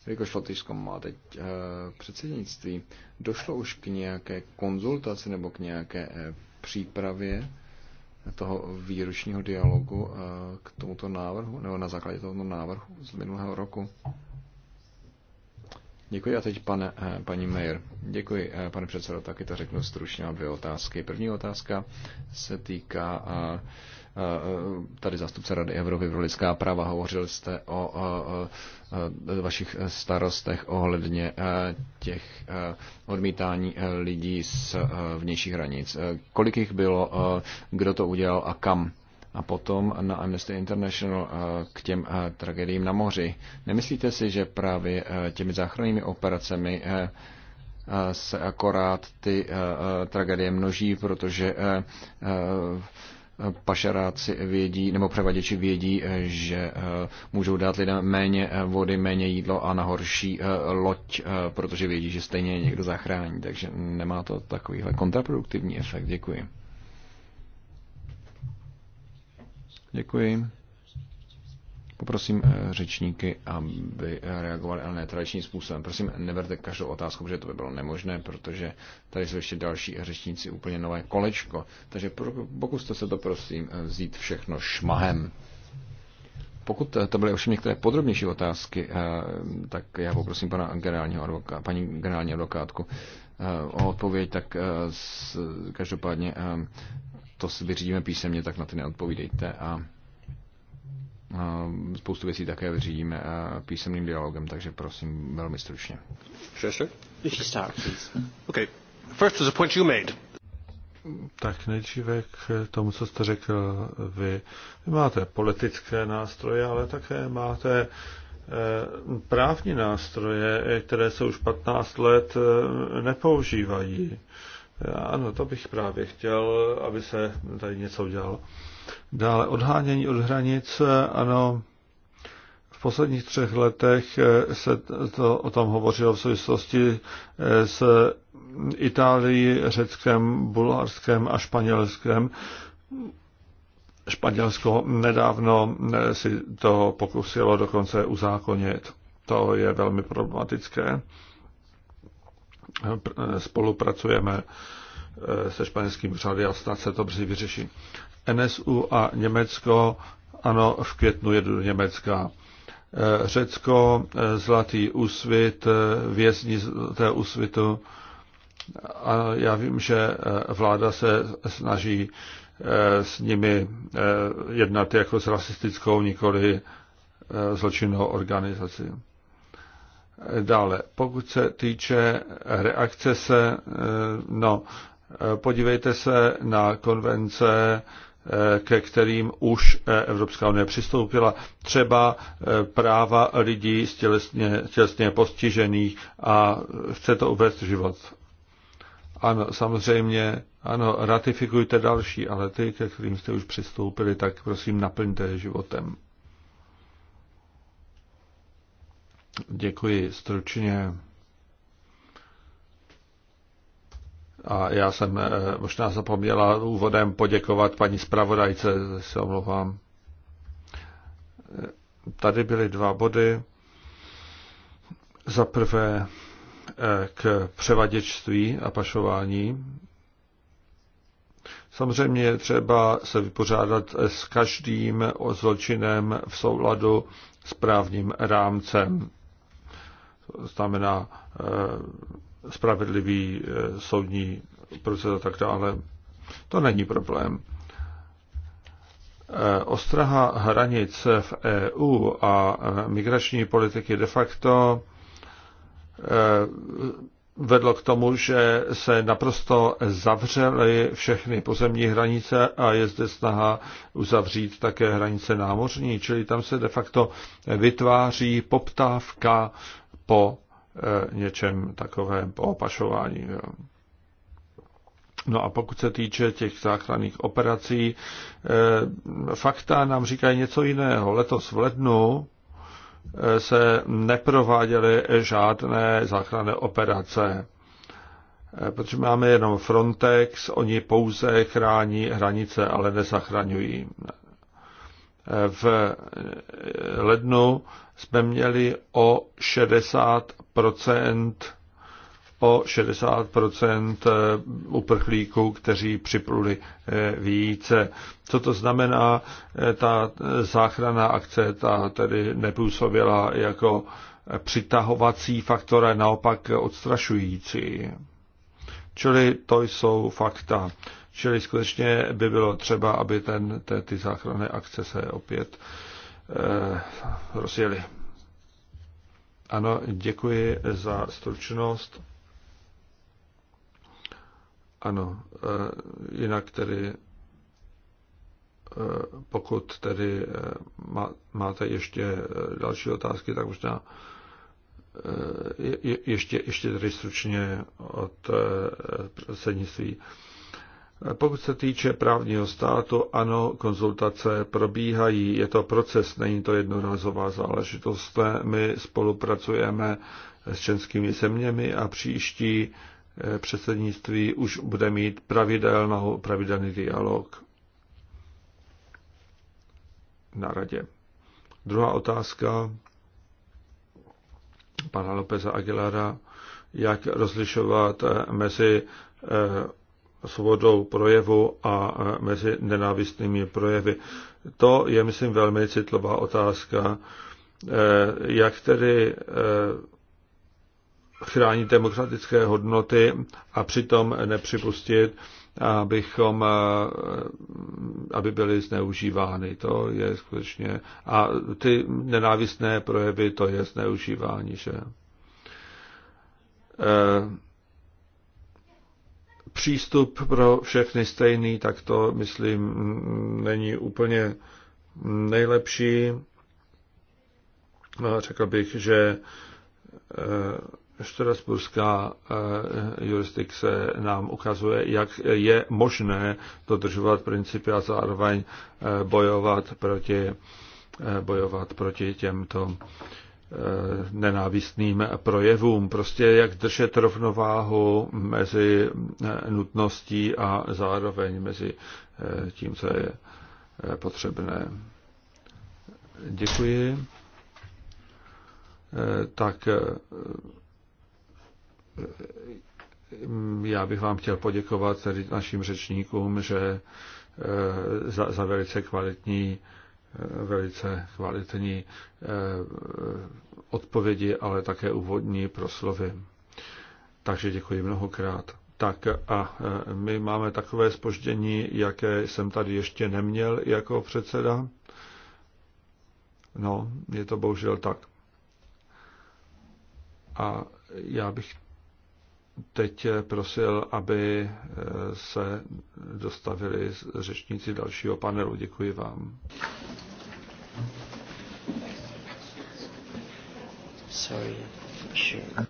Jelikož Lotyšsko má teď předsednictví, došlo už k nějaké konzultaci nebo k nějaké přípravě toho výročního dialogu eh, k tomuto návrhu, nebo na základě tohoto návrhu z minulého roku. Děkuji a teď pane, eh, paní Mayer. Děkuji, eh, pane předsedo, taky to řeknu stručně. Mám dvě otázky. První otázka se týká Eh, eh, tady zástupce Rady Evropy pro lidská práva, hovořil jste o, o vašich starostech ohledně eh, těch odmítání lidí z vnějších hranic. Kolik jich bylo, kdo to udělal a kam? a potom na Amnesty International k těm tragédiím na moři. Nemyslíte si, že právě těmi záchrannými operacemi se akorát ty tragédie množí, protože pašeráci vědí, nebo převaděči vědí, eh, že eh, můžou dát lidem méně eh, vody, méně jídlo a na horší loď, protože vědí, že stejně je někdo zachrání, takže nemá to takovýhle kontraproduktivní efekt. Děkuji. Děkuji. Poprosím eh, řečníky, aby eh, reagovali ale netradičním způsobem. Prosím, neberte každou otázku, protože to by bylo nemožné, protože tady jsou ještě další řečníci, úplně nové kolečko. Takže pokuste se to, prosím, eh, vzít všechno šmahem. Pokud to byly ovšem některé podrobnější otázky, tak já poprosím pana generálního advoká, paní generální advokátku o odpověď, tak každopádně to si vyřídíme písemně, tak na ty neodpovídejte a Eh, spoustu věcí také vyřídíme eh, písemným dialogem, takže prosím velmi stručně. please. Okay. First was a point you made. Tak nejdříve k tomu, co jste řekl vy. Vy máte politické nástroje, ale také máte eh, právní nástroje, které se už 15 let nepoužívají. Ano, to bych právě chtěl, aby se tady něco udělalo. Dále odhánění od hranic, ano, v posledních třech letech eh, se to, o tom hovořilo v souvislosti eh, s Itálií, Řeckem, Bulharskem a Španělskem. Španělsko nedávno eh, si to pokusilo dokonce uzákonit. To je velmi problematické. Spolupracujeme se španělským řady a snad se to brzy vyřeší. NSU a Německo, ano, v květnu jedu do Německa. Eh, Řecko, eh, Zlatý úsvit, eh, vězni té úsvitu. A já vím, že vláda se snaží s nimi jednat jako s rasistickou, nikoli zločinnou organizací. Dále, pokud se týče reakce se, no, podívejte se na konvence Eh, ke kterým už eh, Evropská unie přistoupila, třeba eh, práva lidí z tělesně, tělesně postižených a chce to uvést život. Ano, samozřejmě, ano, ratifikujte další, ale ty, ke kterým jste už přistoupili, tak prosím naplňte je životem. Děkuji stručně. A já jsem eh, možná zapomněla úvodem poděkovat paní zpravodajce, se omlouvám. Eh, tady byly dva body. Za prvé eh, k převaděčství a pašování. Samozřejmě je třeba se vypořádat s každým zločinem v souladu s právním rámcem. To znamená spravedlivý eh, soudní proces a tak dále. To není problém. Eh, ostraha hranic v EU a eh, migrační politiky de facto vedlo k tomu, že se naprosto zavřely všechny pozemní hranice a je zde snaha uzavřít také hranice námořní, čili tam se de facto vytváří poptávka po Eh, něčem takovém poopašování. No a pokud se týče těch záchranných operací, eh, fakta nám říkají něco jiného. Letos v lednu eh, se neprováděly žádné záchranné operace, protože máme jenom Frontex, oni pouze chrání hranice, ale nezachraňují v lednu jsme měli o 60 o 60 uprchlíků, kteří připluli eh, více. Co to znamená, eh, ta záchranná akce ta tedy nepůsobila jako přitahovací faktor, naopak odstrašující. Čili to jsou fakta. Čili skutečně by bylo třeba, aby ten, te, ty záchranné akce se opět eh, rozjeli. Ano, děkuji za stručnost. Ano, eh, jinak tedy eh, pokud tedy eh, máte ještě eh, další otázky, tak možná je, ještě, ještě tedy stručně od předsednictví. Pokud se týče právního státu, ano, konzultace probíhají, je to proces, není to jednorázová záležitost. My spolupracujeme s českými zeměmi a příští eh, předsednictví už bude mít pravidelnou, pravidelný dialog na radě. Druhá otázka pana Lopeza Aguilara, jak rozlišovat eh, mezi eh, svobodou projevu a mezi nenávistnými projevy. To je, myslím, velmi citlivá otázka, e, jak tedy e, chránit demokratické hodnoty a přitom nepřipustit, abychom, e, aby byly zneužívány. To je skutečně, a ty nenávistné projevy, to je zneužívání, že přístup pro všechny stejný, tak to, myslím, není úplně nejlepší. No, řekl bych, že eh, štrasburská eh, jurisdikce nám ukazuje, jak je možné dodržovat principy a zároveň eh, bojovat proti, bojovat proti těmto Eh, nenávistným projevům. Prostě jak držet rovnováhu mezi eh, nutností a zároveň mezi eh, tím, co je potřebné. Děkuji. Tak já bych vám chtěl poděkovat tedy našim řečníkům, že za, za velice kvalitní Eh, velice kvalitní eh, odpovědi, ale také úvodní proslovy. Takže děkuji mnohokrát. Tak a eh, my máme takové spoždění, jaké jsem tady ještě neměl jako předseda. No, je to bohužel tak. A já bych teď eh, prosil, aby eh, se dostavili řečníci dalšího panelu. Děkuji vám. Sorry, sure.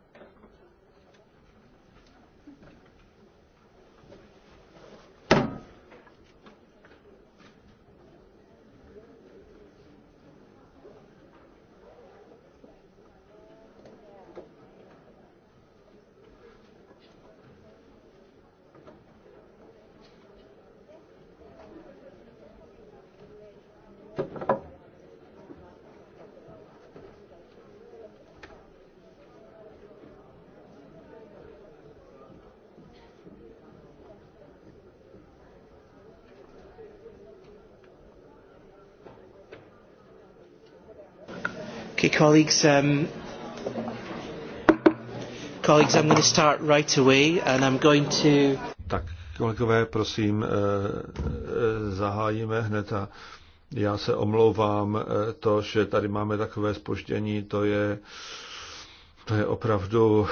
Colleagues, um, colleagues, I'm going to start right away and I'm going to... Tak, kolegové, prosím, eh, eh, zahájíme hned a já se omlouvám eh, to, že tady máme takové spoždění, to je to je opravdu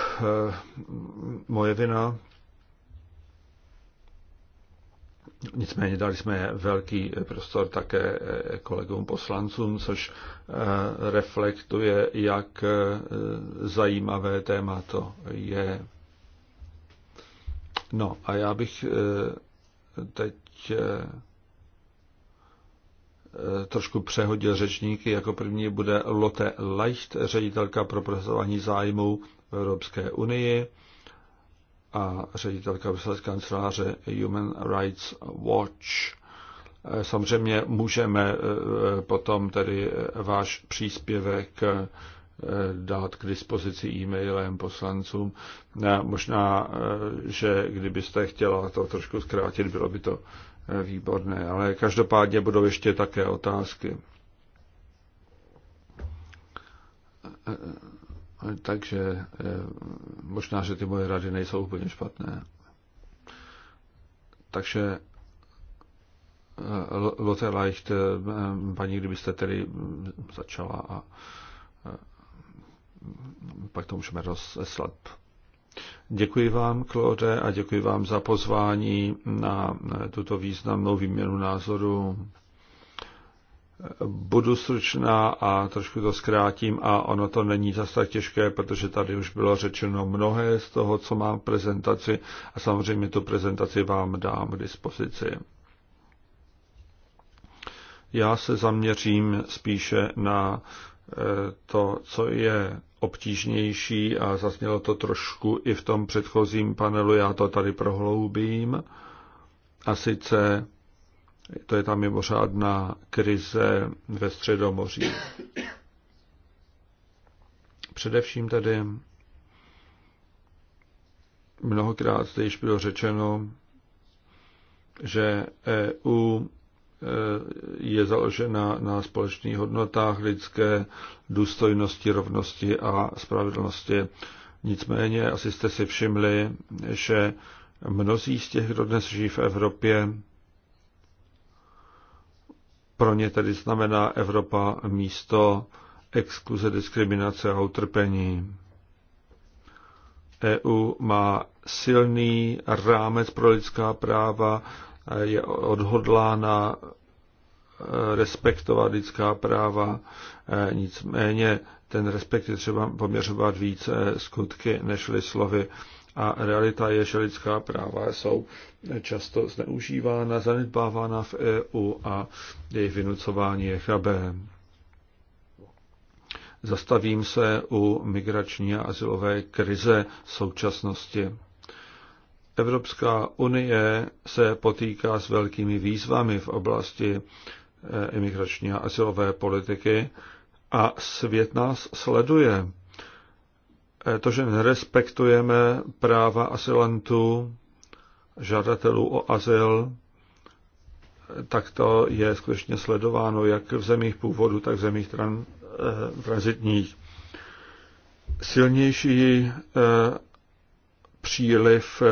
moje vina. Nicméně dali jsme velký prostor také eh, kolegům poslancům, což eh, reflektuje, jak eh, zajímavé téma to je. No a já bych teď trošku přehodil řečníky. Jako první bude Lotte Leicht, ředitelka pro prosazování zájmů v Evropské unii a ředitelka vyslané kanceláře Human Rights Watch. Eh, samozřejmě můžeme eh, potom tedy eh, váš příspěvek dát k dispozici e-mailem poslancům. Možná, že kdybyste chtěla to trošku zkrátit, bylo by to výborné, ale každopádně budou ještě také otázky. Eh, takže eh, možná, že ty moje rady nejsou úplně špatné. Takže eh, Lotte Leicht, paní, kdybyste tedy začala a pak to můžeme rozeslat. Děkuji vám, Claude, a děkuji vám za pozvání na tuto významnou výměnu názorů. Budu stručná a trošku to zkrátím a ono to není zase tak těžké, protože tady už bylo řečeno mnohé z toho, co mám v prezentaci a samozřejmě tu prezentaci vám dám k dispozici. Já se zaměřím spíše na eh, to, co je obtížnější a zaznělo to trošku i v tom předchozím panelu, já to tady prohloubím. A sice to je ta mimořádná krize ve Středomoří. Především tedy mnohokrát zde již bylo řečeno, že EU e, je založena na společných hodnotách lidské důstojnosti, rovnosti a spravedlnosti. Nicméně asi jste si všimli, že mnozí z těch, kdo dnes žijí v Evropě, pro ně tedy znamená Evropa místo exkluze, diskriminace a utrpení. EU má silný rámec pro lidská práva, je odhodlána eh, respektovat lidská práva, eh, nicméně ten respekt je třeba poměřovat více eh, skutky než slovy. A realita je, že lidská práva jsou často zneužívána, zanedbávána v EU a jejich vynucování je chabé. Zastavím se u migrační a asilové krize současnosti. Evropská unie se potýká s velkými výzvami v oblasti eh, imigrační a asilové politiky a svět nás sleduje. Eh, to, že nerespektujeme práva asilantů, žadatelů o azyl, eh, tak to je skutečně sledováno jak v zemích původu, tak v zemích tran, eh, transitních. Silnější příliv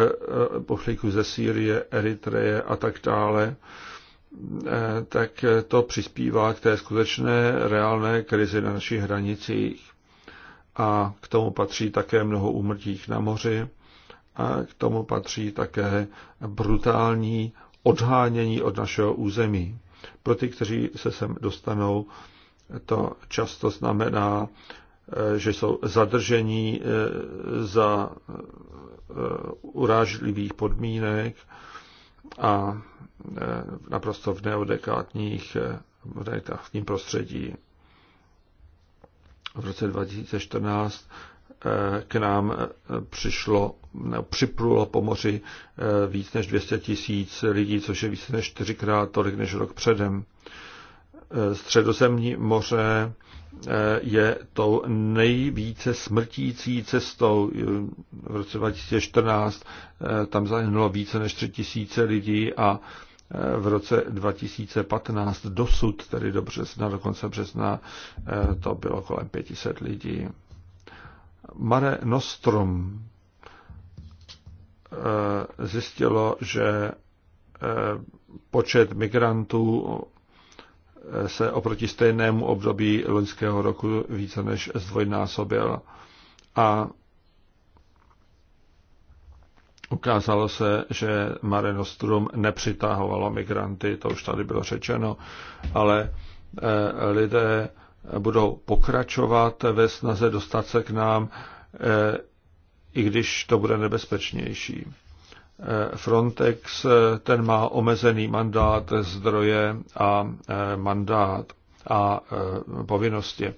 uprchlíků ze Sýrie, Eritreje a tak dále, tak to přispívá k té skutečné reálné krizi na našich hranicích a k tomu patří také mnoho úmrtích na moři a k tomu patří také brutální odhánění od našeho území. Pro ty, kteří se sem dostanou, to často znamená, eh, že jsou zadržení eh, za eh, urážlivých podmínek a naprosto v neodekátních v neodekátním prostředí v roce 2014 eh, k nám eh, přišlo, no, připlulo po moři eh, víc než 200 tisíc lidí, což je více než čtyřikrát tolik než rok předem. Středozemní moře je tou nejvíce smrtící cestou. V roce 2014 tam zahynulo více než 3 tisíce lidí a Eh, v roce 2015 dosud, tedy do března, do konce března, eh, to bylo kolem 500 lidí. Mare Nostrum eh, zjistilo, že počet migrantů se oproti stejnému období loňského roku více než zdvojnásobil a Ukázalo se, že Mare Nostrum nepřitahovalo migranty, to už tady bylo řečeno, ale eh, lidé budou pokračovat ve snaze dostat se k nám, eh, i když to bude nebezpečnější. Eh, Frontex, ten má omezený mandát, zdroje a mandát a povinnosti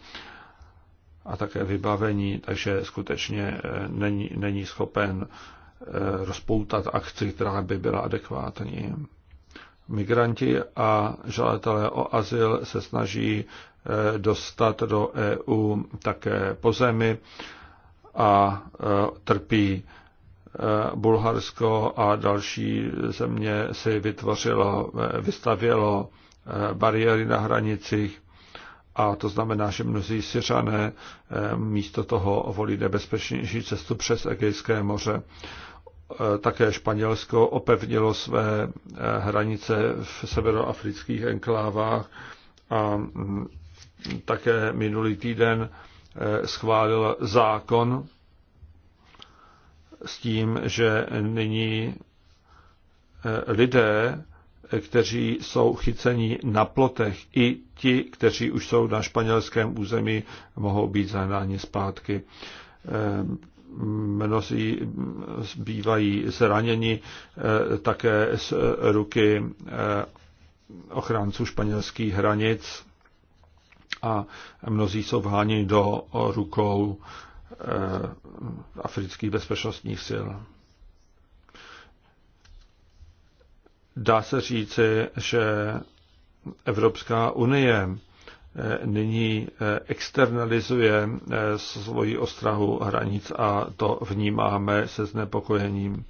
a také vybavení, takže skutečně není, není schopen Eh, rozpoutat akci, která by byla adekvátní. Migranti a žadatelé o azyl se snaží eh, dostat do EU také po zemi a eh, trpí. Bulharsko a další země si vytvořilo, vystavělo bariéry na hranicích a to znamená, že mnozí Syřané místo toho volí nebezpečnější cestu přes Egejské moře. Eh, také Španělsko opevnilo své eh, hranice v severoafrických enklávách a mm, také minulý týden eh, schválil zákon s tím, že nyní lidé, kteří jsou chyceni na plotech, i ti, kteří už jsou na španělském území, mohou být zahnáni zpátky mnozí bývají zraněni eh, také z ruky eh, ochránců španělských hranic a mnozí jsou vháněni do rukou eh, afrických bezpečnostních sil. Dá se říci, že Evropská unie Eh, nyní eh, externalizuje eh, svoji ostrahu hranic a to vnímáme se znepokojením.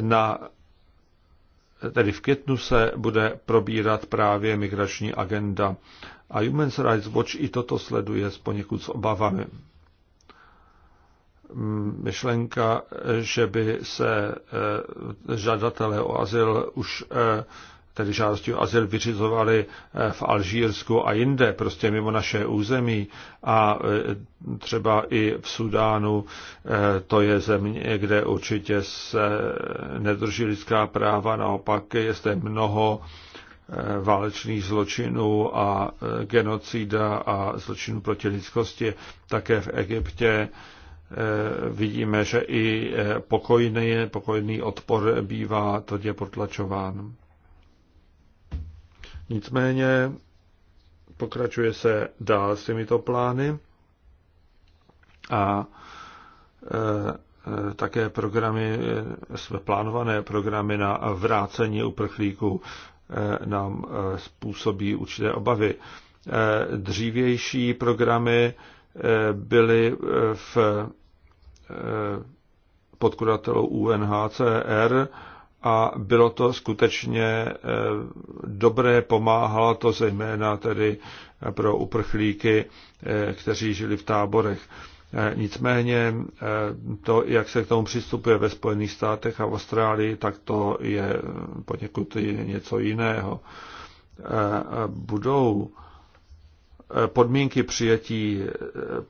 Na, tedy v květnu se bude probírat právě migrační agenda a Human Rights Watch i toto sleduje s poněkud s obavami. Mm, myšlenka, že by se žadatelé o azyl už tedy žádosti o azyl vyřizovali eh, v Alžírsku a jinde, prostě mimo naše území a eh, třeba i v Sudánu, eh, to je země, kde určitě se nedrží lidská práva, naopak je zde mnoho válečných zločinů a genocída a zločinů proti lidskosti. Také v Egyptě vidíme, že i pokojný, pokojný odpor bývá tvrdě potlačován. Nicméně pokračuje se dál s těmito plány a e, e, také programy, e, své plánované programy na vrácení uprchlíků nám způsobí určité obavy. Dřívější programy byly v podkuratelou UNHCR a bylo to skutečně eh, dobré, pomáhalo to zejména tedy eh, pro uprchlíky, eh, kteří žili v táborech. Nicméně to, jak se k tomu přistupuje ve Spojených státech a v Austrálii, tak to je poněkud něco jiného. Budou podmínky přijetí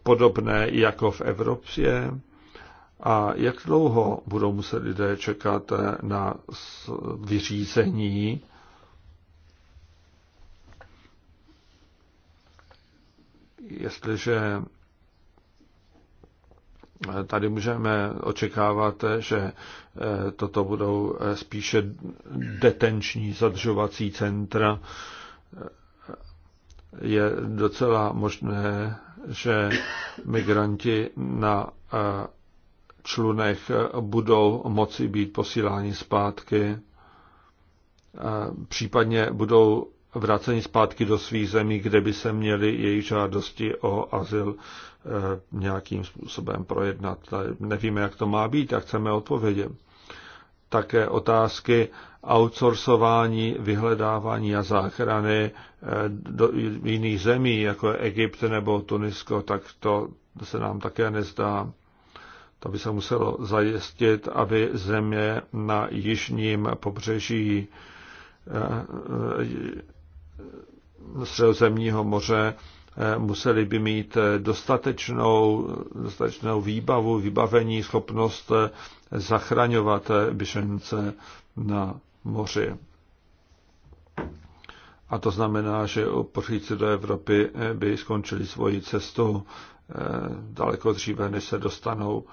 podobné jako v Evropě? A jak dlouho budou muset lidé čekat na vyřízení? Jestliže tady můžeme očekávat, že e, toto budou e, spíše detenční zadržovací centra, e, je docela možné, že migranti na člunech eh, budou moci být posíláni zpátky, eh, případně budou vraceni zpátky do svých zemí, kde by se měli jejich žádosti o azyl eh, nějakým způsobem projednat. Nevíme, jak to má být a chceme odpovědět. Také otázky outsourcování, vyhledávání a záchrany do jiných zemí, jako je Egypt nebo Tunisko, tak to se nám také nezdá to by se muselo zajistit, aby země na jižním pobřeží eh, eh, Středozemního moře eh, museli by mít dostatečnou, dostatečnou výbavu, vybavení, schopnost zachraňovat byšence na moři. A to znamená, že uprchlíci do Evropy by skončili svoji cestu Eh, daleko dříve, než se dostanou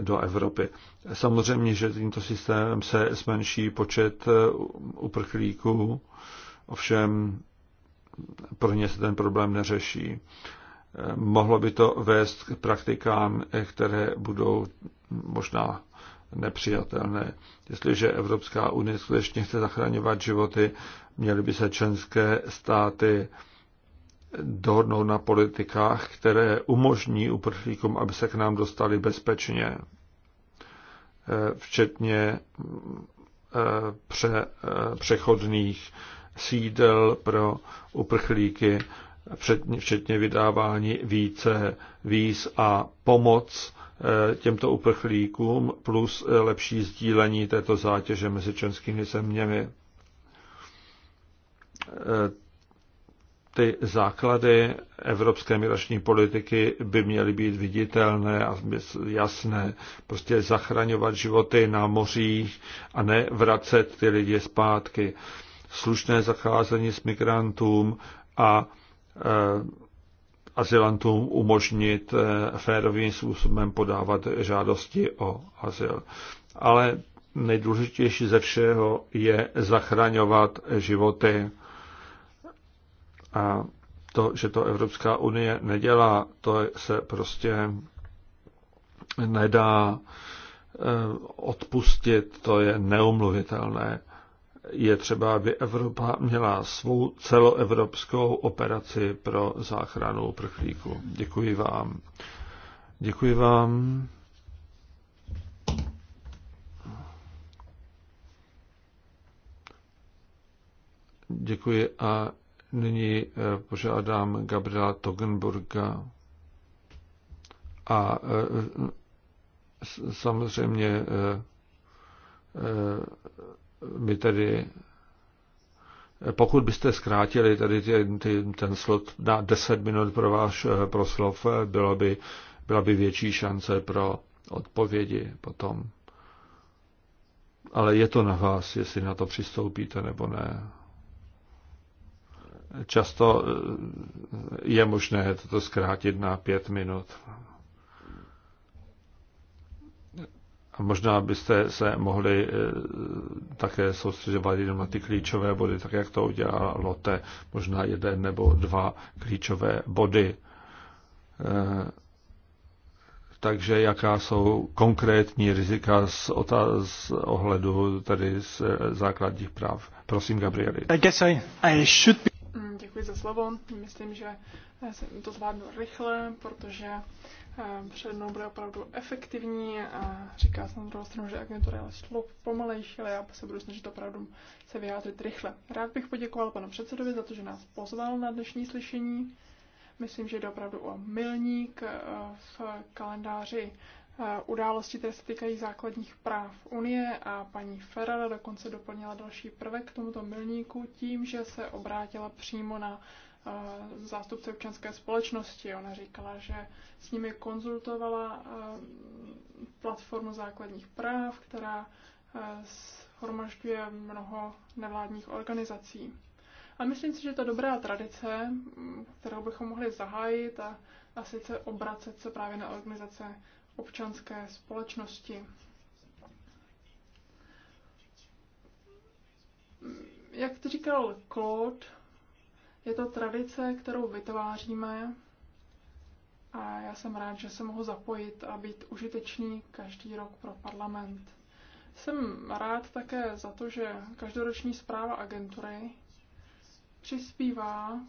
do Evropy. Samozřejmě, že tímto systémem se zmenší počet eh, uprchlíků, ovšem pro ně se ten problém neřeší. Eh, mohlo by to vést k praktikám, které budou možná nepřijatelné. Jestliže Evropská unie skutečně chce zachraňovat životy, měly by se členské státy dohodnout na politikách, které umožní uprchlíkům, aby se k nám dostali bezpečně, eh, včetně eh, pře, eh, přechodných sídel pro uprchlíky, včetně vydávání více víz a pomoc těmto uprchlíkům plus lepší sdílení této zátěže mezi členskými zeměmi ty základy evropské migrační politiky by měly být viditelné a jasné. Prostě zachraňovat životy na mořích a ne vracet ty lidi zpátky. Slušné zacházení s migrantům a e, azylantům umožnit e, férovým způsobem podávat žádosti o azyl. Ale nejdůležitější ze všeho je zachraňovat životy a to, že to Evropská unie nedělá, to se prostě nedá eh, odpustit, to je neumluvitelné. Je třeba, aby Evropa měla svou celoevropskou operaci pro záchranu prchlíků. Děkuji vám. Děkuji vám. Děkuji a Nyní eh, požádám Gabriela Togenburga a eh, samozřejmě eh, my tedy, pokud byste zkrátili tady ty, ty, ten slot na 10 minut pro váš proslov, byla by, byla by větší šance pro odpovědi potom. Ale je to na vás, jestli na to přistoupíte nebo ne. Často eh, je možné toto zkrátit na pět minut. A možná byste se mohli eh, také soustředovat jenom na ty klíčové body, tak jak to udělá Lotte, možná jeden nebo dva klíčové body. Eh, takže jaká jsou konkrétní rizika z, otáz, z ohledu tady z základních práv? Prosím, Gabrieli. I guess I, I should be... Mm, děkuji za slovo. Myslím, že jsem eh, to zvládnu rychle, protože eh, před mnou bude opravdu efektivní a říká se na druhou stranu, že agentura je slov pomalejší, ale já se budu snažit opravdu se vyjádřit rychle. Rád bych poděkoval panu předsedovi za to, že nás pozval na dnešní slyšení. Myslím, že jde opravdu o milník eh, v kalendáři události, které se týkají základních práv Unie a paní Ferrara dokonce doplnila další prvek k tomuto milníku tím, že se obrátila přímo na zástupce občanské společnosti. Ona říkala, že s nimi konzultovala platformu základních práv, která shromažďuje mnoho nevládních organizací. A myslím si, že to je dobrá tradice, kterou bychom mohli zahájit a, a sice obracet se právě na organizace občanské společnosti. Jak to říkal Claude, je to tradice, kterou vytváříme a já jsem rád, že se mohu zapojit a být užitečný každý rok pro parlament. Jsem rád také za to, že každoroční zpráva agentury přispívá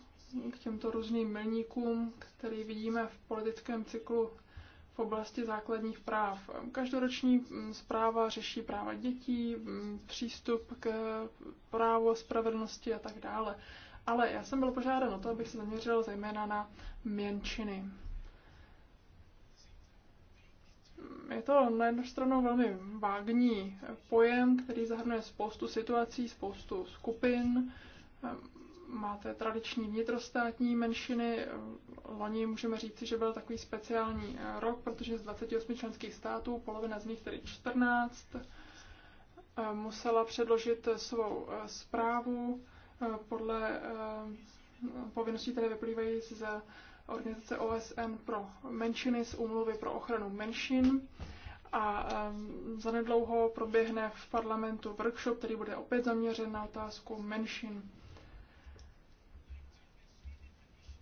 k těmto různým milníkům, který vidíme v politickém cyklu v oblasti základních práv. Každoroční mm, zpráva řeší práva dětí, mm, přístup k právu a spravedlnosti a tak dále. Ale já jsem byl požádán o to, abych se zaměřil zejména na měnčiny. Je to na jednu stranu velmi vágní pojem, který zahrnuje spoustu situací, spoustu skupin, máte tradiční vnitrostátní menšiny. Loni můžeme říci, že byl takový speciální rok, protože z 28 členských států, polovina z nich, tedy 14, musela předložit svou zprávu podle eh, povinností, které vyplývají z organizace OSN pro menšiny, z úmluvy pro ochranu menšin. A eh, zanedlouho proběhne v parlamentu workshop, který bude opět zaměřen na otázku menšin.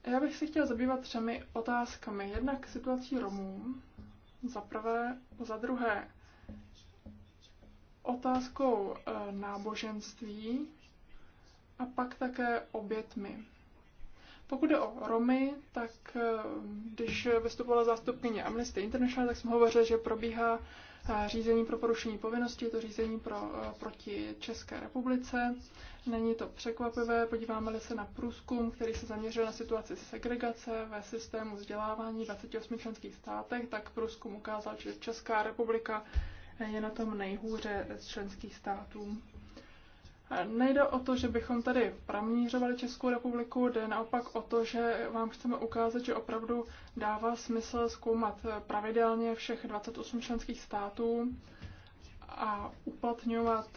Já bych se chtěla zabývat třemi otázkami. Jednak situací Romů, za prvé, za druhé otázkou e, náboženství a pak také obětmi. Pokud jde o Romy, tak e, když vystupovala zástupkyně Amnesty International, tak jsme hovořili, že probíhá e, řízení pro porušení povinnosti, je to řízení pro, proti České republice Není to překvapivé, podíváme-li se na průzkum, který se zaměřil na situaci segregace ve systému vzdělávání v 28 členských státech, tak průzkum ukázal, že Česká republika je na tom nejhůře z členských států. Nejde o to, že bychom tady pramířovali Českou republiku, jde naopak o to, že vám chceme ukázat, že opravdu dává smysl zkoumat pravidelně všech 28 členských států a uplatňovat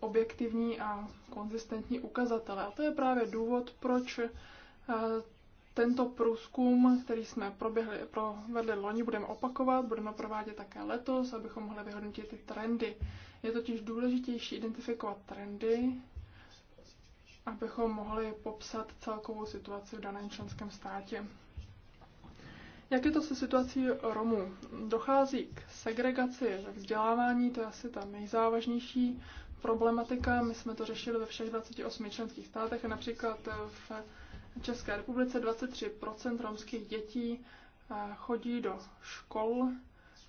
objektivní a konzistentní ukazatele. A to je právě důvod, proč eh, tento průzkum, který jsme proběhli, provedli loni, budeme opakovat, budeme provádět také letos, abychom mohli vyhodnotit ty trendy. Je totiž důležitější identifikovat trendy, abychom mohli popsat celkovou situaci v daném členském státě. Jak je to se situací Romů? Dochází k segregaci ve vzdělávání, to je asi ta nejzávažnější problematika. My jsme to řešili ve všech 28 členských státech a například v České republice 23% romských dětí eh, chodí do škol,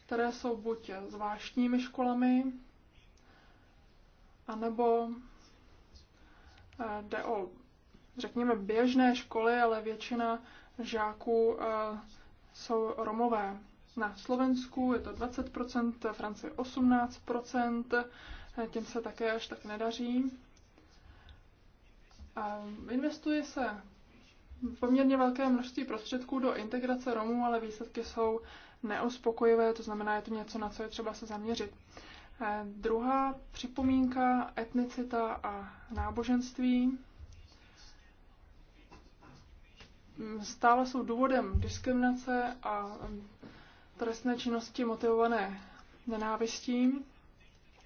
které jsou buď zvláštními školami, anebo eh, jde o, řekněme, běžné školy, ale většina žáků eh, jsou romové. Na Slovensku je to 20%, Francie 18%, tím se také až tak nedaří. A investuje se poměrně velké množství prostředků do integrace Romů, ale výsledky jsou neuspokojivé, to znamená, je to něco, na co je třeba se zaměřit. Eh, druhá připomínka, etnicita a náboženství. Mm, stále jsou důvodem diskriminace a mm, trestné činnosti motivované nenávistím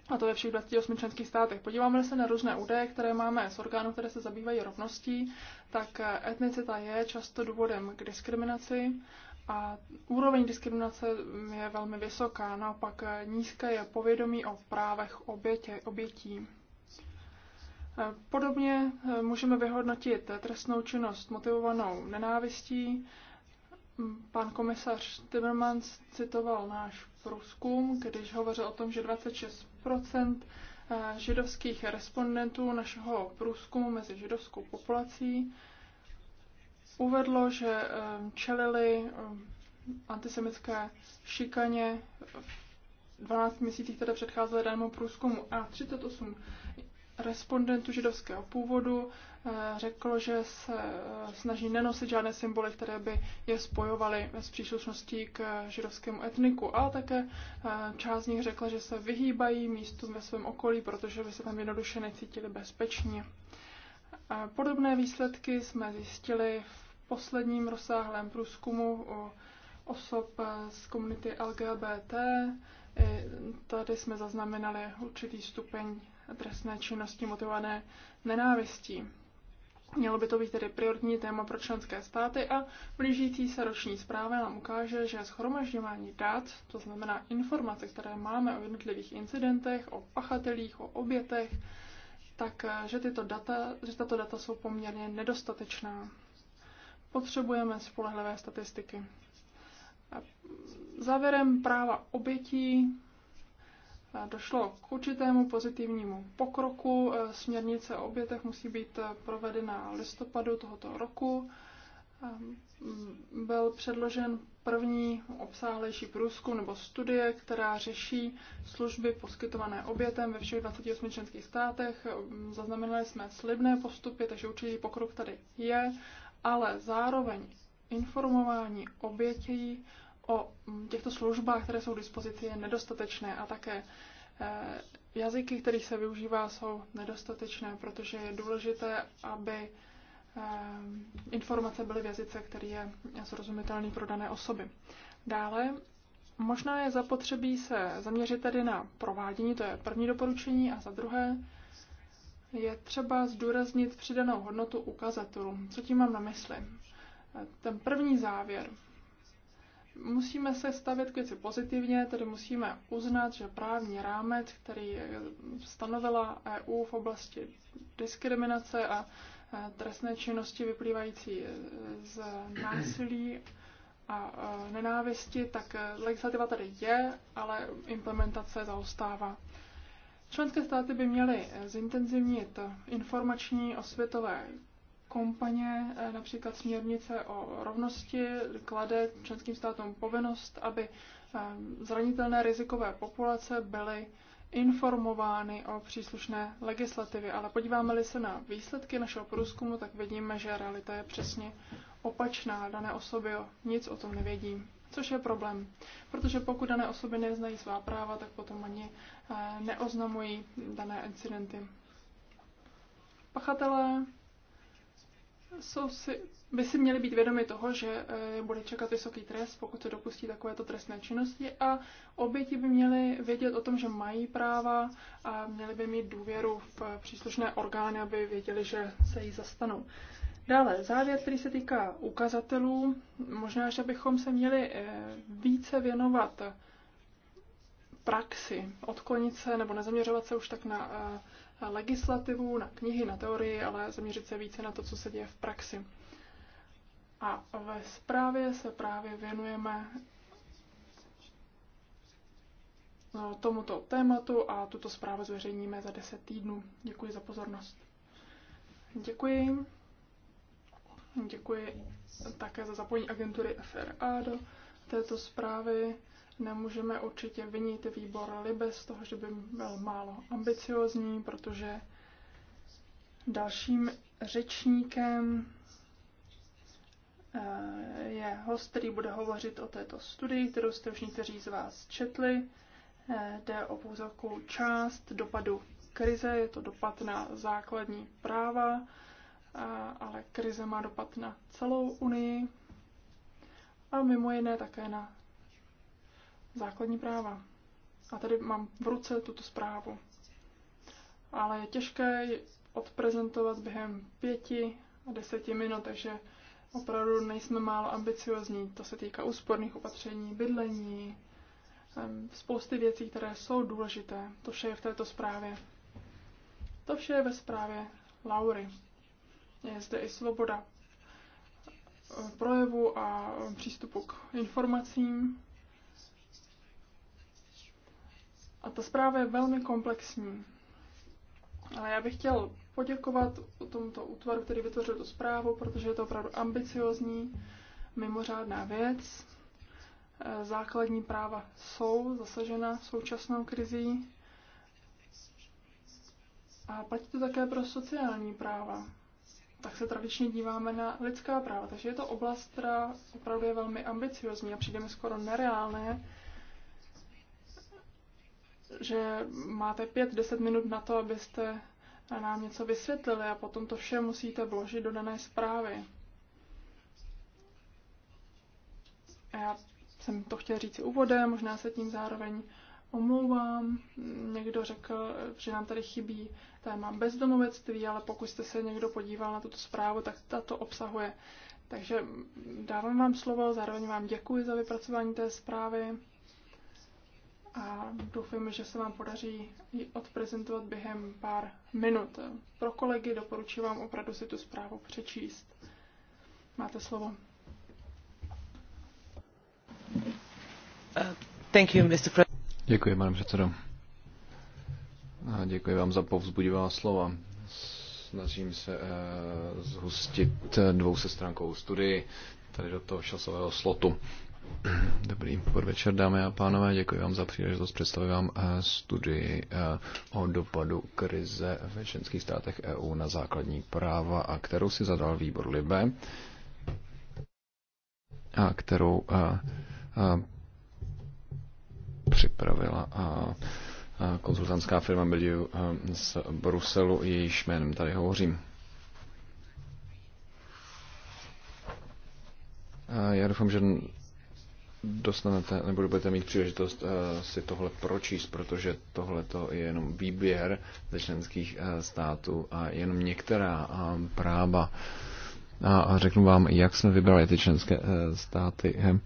a to ve všech 28 členských státech. Podíváme se na různé údaje, které máme z orgánů, které se zabývají rovností, tak eh, etnicita je často důvodem k diskriminaci a úroveň diskriminace mm, je velmi vysoká, naopak eh, nízké je povědomí o právech obětě, obětí. Eh, podobně můžeme vyhodnotit trestnou činnost motivovanou nenávistí. Mm, pan komisař Timmermans citoval náš průzkum, když hovořil o tom, že 26 eh, židovských respondentů našeho průzkumu mezi židovskou populací uvedlo, že eh, čelili eh, antisemické šikaně v 12 měsících, které předcházely danému průzkumu. A 38 respondentů židovského původu eh, řeklo, že se eh, snaží nenosit žádné symboly, které by je spojovaly s příslušností k eh, židovskému etniku, ale také část z nich řekla, že se vyhýbají místům ve svém okolí, protože by se tam jednoduše necítili bezpečně. Podobné výsledky jsme zjistili v posledním rozsáhlém průzkumu o osob z komunity LGBT. I tady jsme zaznamenali určitý stupeň trestné činnosti motivované nenávistí. Mělo by to být tedy prioritní téma pro členské státy a blížící se roční zpráva nám ukáže, že schromažďování dat, to znamená informace, které máme o jednotlivých incidentech, o pachatelích, o obětech, tak eh, že, tyto data, že tato data jsou poměrně nedostatečná. Potřebujeme spolehlivé statistiky. Závěrem práva obětí Došlo k určitému pozitivnímu pokroku. E, směrnice o obětech musí být e, provedena listopadu tohoto roku. Mm, byl předložen první obsáhlejší průzkum nebo studie, která řeší služby poskytované obětem ve všech 28 členských státech. E, mm, zaznamenali jsme slibné postupy, takže určitý pokrok tady je, ale zároveň informování obětí o těchto službách, které jsou k dispozici, je nedostatečné a také eh, jazyky, kterých se využívá, jsou nedostatečné, protože je důležité, aby eh, informace byly v jazyce, který je srozumitelný pro dané osoby. Dále možná je zapotřebí se zaměřit tedy na provádění, to je první doporučení, a za druhé je třeba zdůraznit přidanou hodnotu ukazatelů. Co tím mám na mysli? Ten první závěr – musíme se stavět k věci pozitivně, tedy musíme uznat, že právní rámec, který stanovila EU v oblasti diskriminace a e, trestné činnosti vyplývající e, z násilí a e, nenávisti, tak legislativa tady je, ale implementace zaostává. Členské státy by měly zintenzivnit informační osvětové Kompaně eh, například směrnice o rovnosti klade členským státům povinnost, aby eh, zranitelné rizikové populace byly informovány o příslušné legislativě. Ale podíváme-li se na výsledky našeho průzkumu, tak vidíme, že realita je přesně opačná. Dané osoby nic o tom nevědí, což je problém. Protože pokud dané osoby neznají svá práva, tak potom ani eh, neoznamují dané incidenty. Pachatelé jsou si, by si měli být vědomi toho, že je eh, bude čekat vysoký trest, pokud se dopustí takovéto trestné činnosti a oběti by měly vědět o tom, že mají práva a měly by mít důvěru v eh, příslušné orgány, aby věděli, že se jí zastanou. Dále, závěr, který se týká ukazatelů, možná, že bychom se měli eh, více věnovat praxi, odklonit se nebo nezaměřovat se už tak na legislativu, na knihy, na teorii, ale zaměřit se více na to, co se děje v praxi. A ve zprávě se právě věnujeme no, tomuto tématu a tuto zprávu zveřejníme za 10 týdnů. Děkuji za pozornost. Děkuji. Děkuji také za zapojení agentury FRA do této zprávy. Nemůžeme určitě vinit výbor Libe z toho, že by byl málo ambiciozní, protože dalším řečníkem eh, je host, který bude hovořit o této studii, kterou jste už někteří z vás četli. Eh, jde o pouze část dopadu krize, je to dopad na základní práva, ale krize má dopad na celou Unii a mimo jiné také na základní práva. A tady mám v ruce tuto zprávu. Ale je těžké ji odprezentovat během pěti a deseti minut, takže opravdu nejsme málo ambiciozní. To se týká úsporných opatření, bydlení, spousty věcí, které jsou důležité. To vše je v této zprávě. To vše je ve zprávě Laury. Je zde i svoboda eh, projevu a eh, přístupu k informacím. A ta zpráva je velmi komplexní. Ale já bych chtěl poděkovat tomto útvaru, který vytvořil tu zprávu, protože je to opravdu ambiciozní, mimořádná věc. Eh, základní práva jsou zasažena současnou krizí. A platí to také pro sociální práva. Tak se tradičně díváme na lidská práva. Takže je to oblast, která opravdu je velmi ambiciozní a přijde mi skoro nereálné, že máte 5-10 minut na to, abyste nám něco vysvětlili a potom to vše musíte vložit do dané zprávy. Já jsem to chtěla říct úvodem, možná se tím zároveň omlouvám. Někdo řekl, že nám tady chybí téma bezdomovectví, ale pokud jste se někdo podíval na tuto zprávu, tak ta to obsahuje. Takže dávám vám slovo, zároveň vám děkuji za vypracování té zprávy a doufám, že se vám podaří ji odprezentovat během pár minut. Pro kolegy doporučuji vám opravdu si tu zprávu přečíst. Máte slovo. Thank you, Mr. Děkuji, pane předsedo. A děkuji vám za povzbudivá slova. Snažím se uh, zhustit eh, dvou studii tady do toho časového slotu. Dobrý podvečer, dámy a pánové. Děkuji vám za příležitost. Představím vám eh, studii eh, o dopadu krize ve členských státech EU na základní práva, a kterou si zadal výbor Libe, a kterou a, eh, a, připravila a, a konzultantská firma Beliu z Bruselu, jejíž jménem tady hovořím. Já doufám, že dostanete, nebo budete mít příležitost eh, si tohle pročíst, protože tohle je jenom výběr ze členských eh, států a jenom některá eh, práva. A řeknu vám, jak jsme vybrali ty členské státy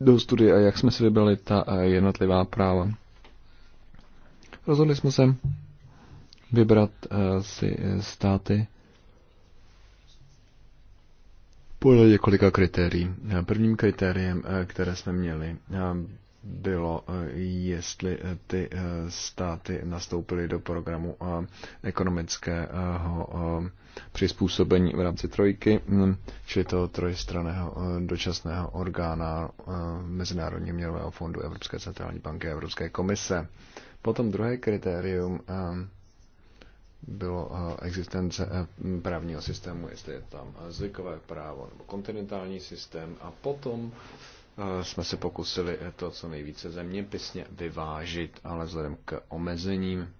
do studie a jak jsme si vybrali ta jednotlivá práva. Rozhodli jsme se vybrat si státy, podle několika kritérií. Prvním kritériem, eh, které jsme měli, eh, bylo, eh, jestli ty státy nastoupily do programu ekonomického přizpůsobení v rámci trojky, hm, čili toho trojstraného dočasného orgána Mezinárodního měnového fondu Evropské centrální banky a Evropské komise. Potom druhé kritérium bylo eh, existence eh, právního systému, jestli je tam eh, zvykové právo nebo kontinentální systém a potom jsme se pokusili to co nejvíce zeměpisně vyvážit, ale vzhledem k omezením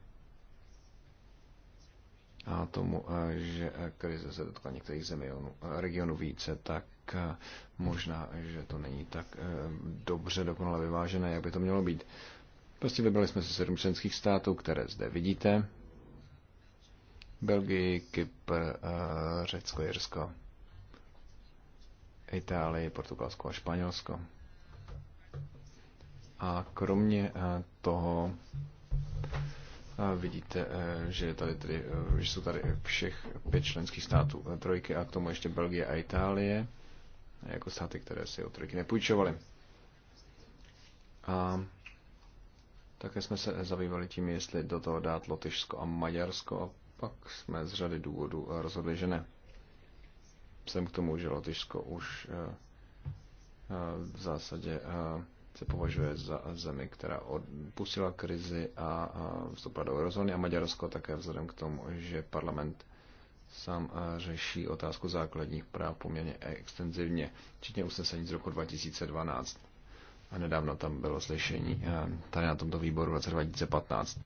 a tomu, že krize se dotkla některých zemí, regionu více, tak možná, že to není tak dobře dokonale vyvážené, jak by to mělo být. Prostě vybrali jsme se sedm členských států, které zde vidíte. Belgii, Kypr, eh, Řecko, Jirsko, Itálii, Portugalsko a Španělsko. A kromě eh, toho eh, vidíte, že, je tady že jsou tady všech pět členských států trojky a k tomu ještě Belgie a Itálie, jako státy, které si o trojky nepůjčovaly. A také jsme se zabývali tím, jestli do toho dát Lotyšsko a Maďarsko a pak jsme z řady důvodů rozhodli, že ne. Jsem k tomu, že Lotyšsko už eh, eh, v zásadě eh, se považuje za zemi, která odpustila krizi a vstoupila do eurozóny a Maďarsko také vzhledem k tomu, že parlament sám řeší otázku základních práv poměrně extenzivně, včetně usnesení z roku 2012. A nedávno tam bylo slyšení tady na tomto výboru v roce 2015.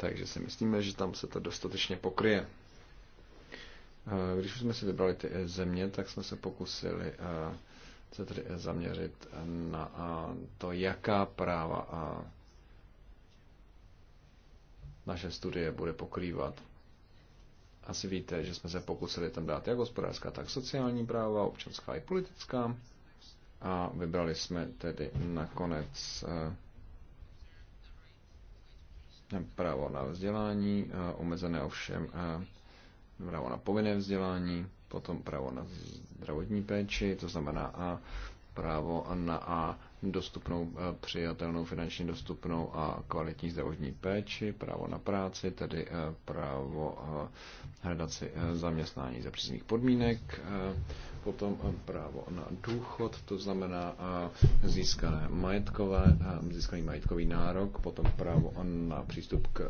Takže si myslíme, že tam se to dostatečně pokryje. Eh, když už jsme si vybrali ty eh, země, tak jsme se pokusili eh, se tedy zaměřit na to, jaká práva naše studie bude pokrývat. Asi víte, že jsme se pokusili tam dát jak hospodářská, tak sociální práva, občanská i politická. A vybrali jsme tedy nakonec právo na vzdělání, eh, omezené ovšem eh, právo na povinné vzdělání, potom právo na zdravotní péči, to znamená a právo na a dostupnou, eh, přijatelnou, finančně dostupnou a kvalitní zdravotní péči, právo na práci, tedy eh, právo eh, hledat si zaměstnání za přízných podmínek, potom právo na důchod, to znamená získané majetkové, získaný majetkový nárok, potom právo na přístup k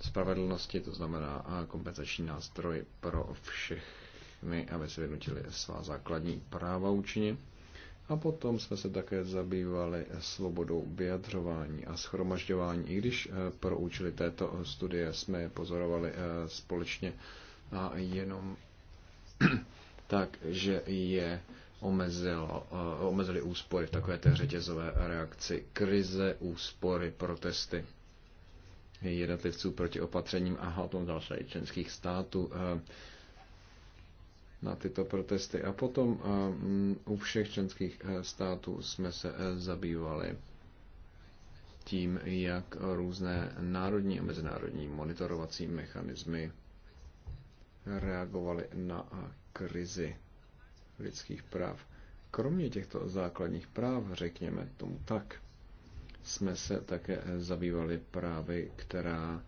spravedlnosti, to znamená kompenzační nástroj pro všechny, aby se vynutili svá základní práva účinně a potom jsme se také zabývali svobodou vyjadřování a schromažďování, i když eh, pro účely této studie jsme je pozorovali eh, společně a jenom tak, že je omezilo, eh, omezili úspory v takové té řetězové reakci. Krize, úspory, protesty jednotlivců proti opatřením a potom dalších členských států na tyto protesty. A potom mm, u všech členských e, států jsme se e, zabývali tím, jak různé národní a mezinárodní monitorovací mechanismy reagovaly na e, krizi lidských práv. Kromě těchto základních práv, řekněme tomu tak, jsme se také zabývali právy, která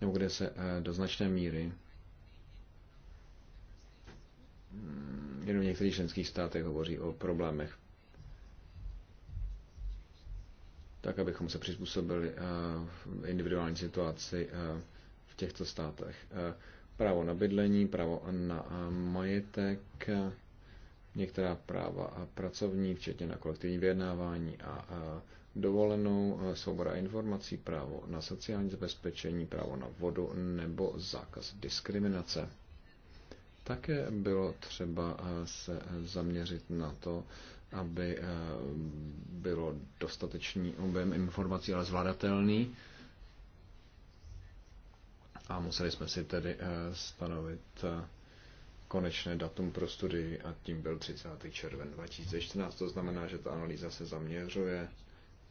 nebo kde se eh, do značné míry mm, jenom v některých členských státech hovoří o problémech. Tak, abychom se přizpůsobili eh, v individuální situaci eh, v těchto státech. Právo na bydlení, právo na majetek, některá práva a pracovní, včetně na kolektivní vyjednávání a, a dovolenou, eh, svoboda informací, právo na sociální zabezpečení, právo na vodu nebo zákaz diskriminace. Také bylo třeba eh, se eh, zaměřit na to, aby bylo dostatečný objem informací, ale zvladatelný. A museli jsme si tedy stanovit konečné datum pro studii a tím byl 30. červen 2014. To znamená, že ta analýza se zaměřuje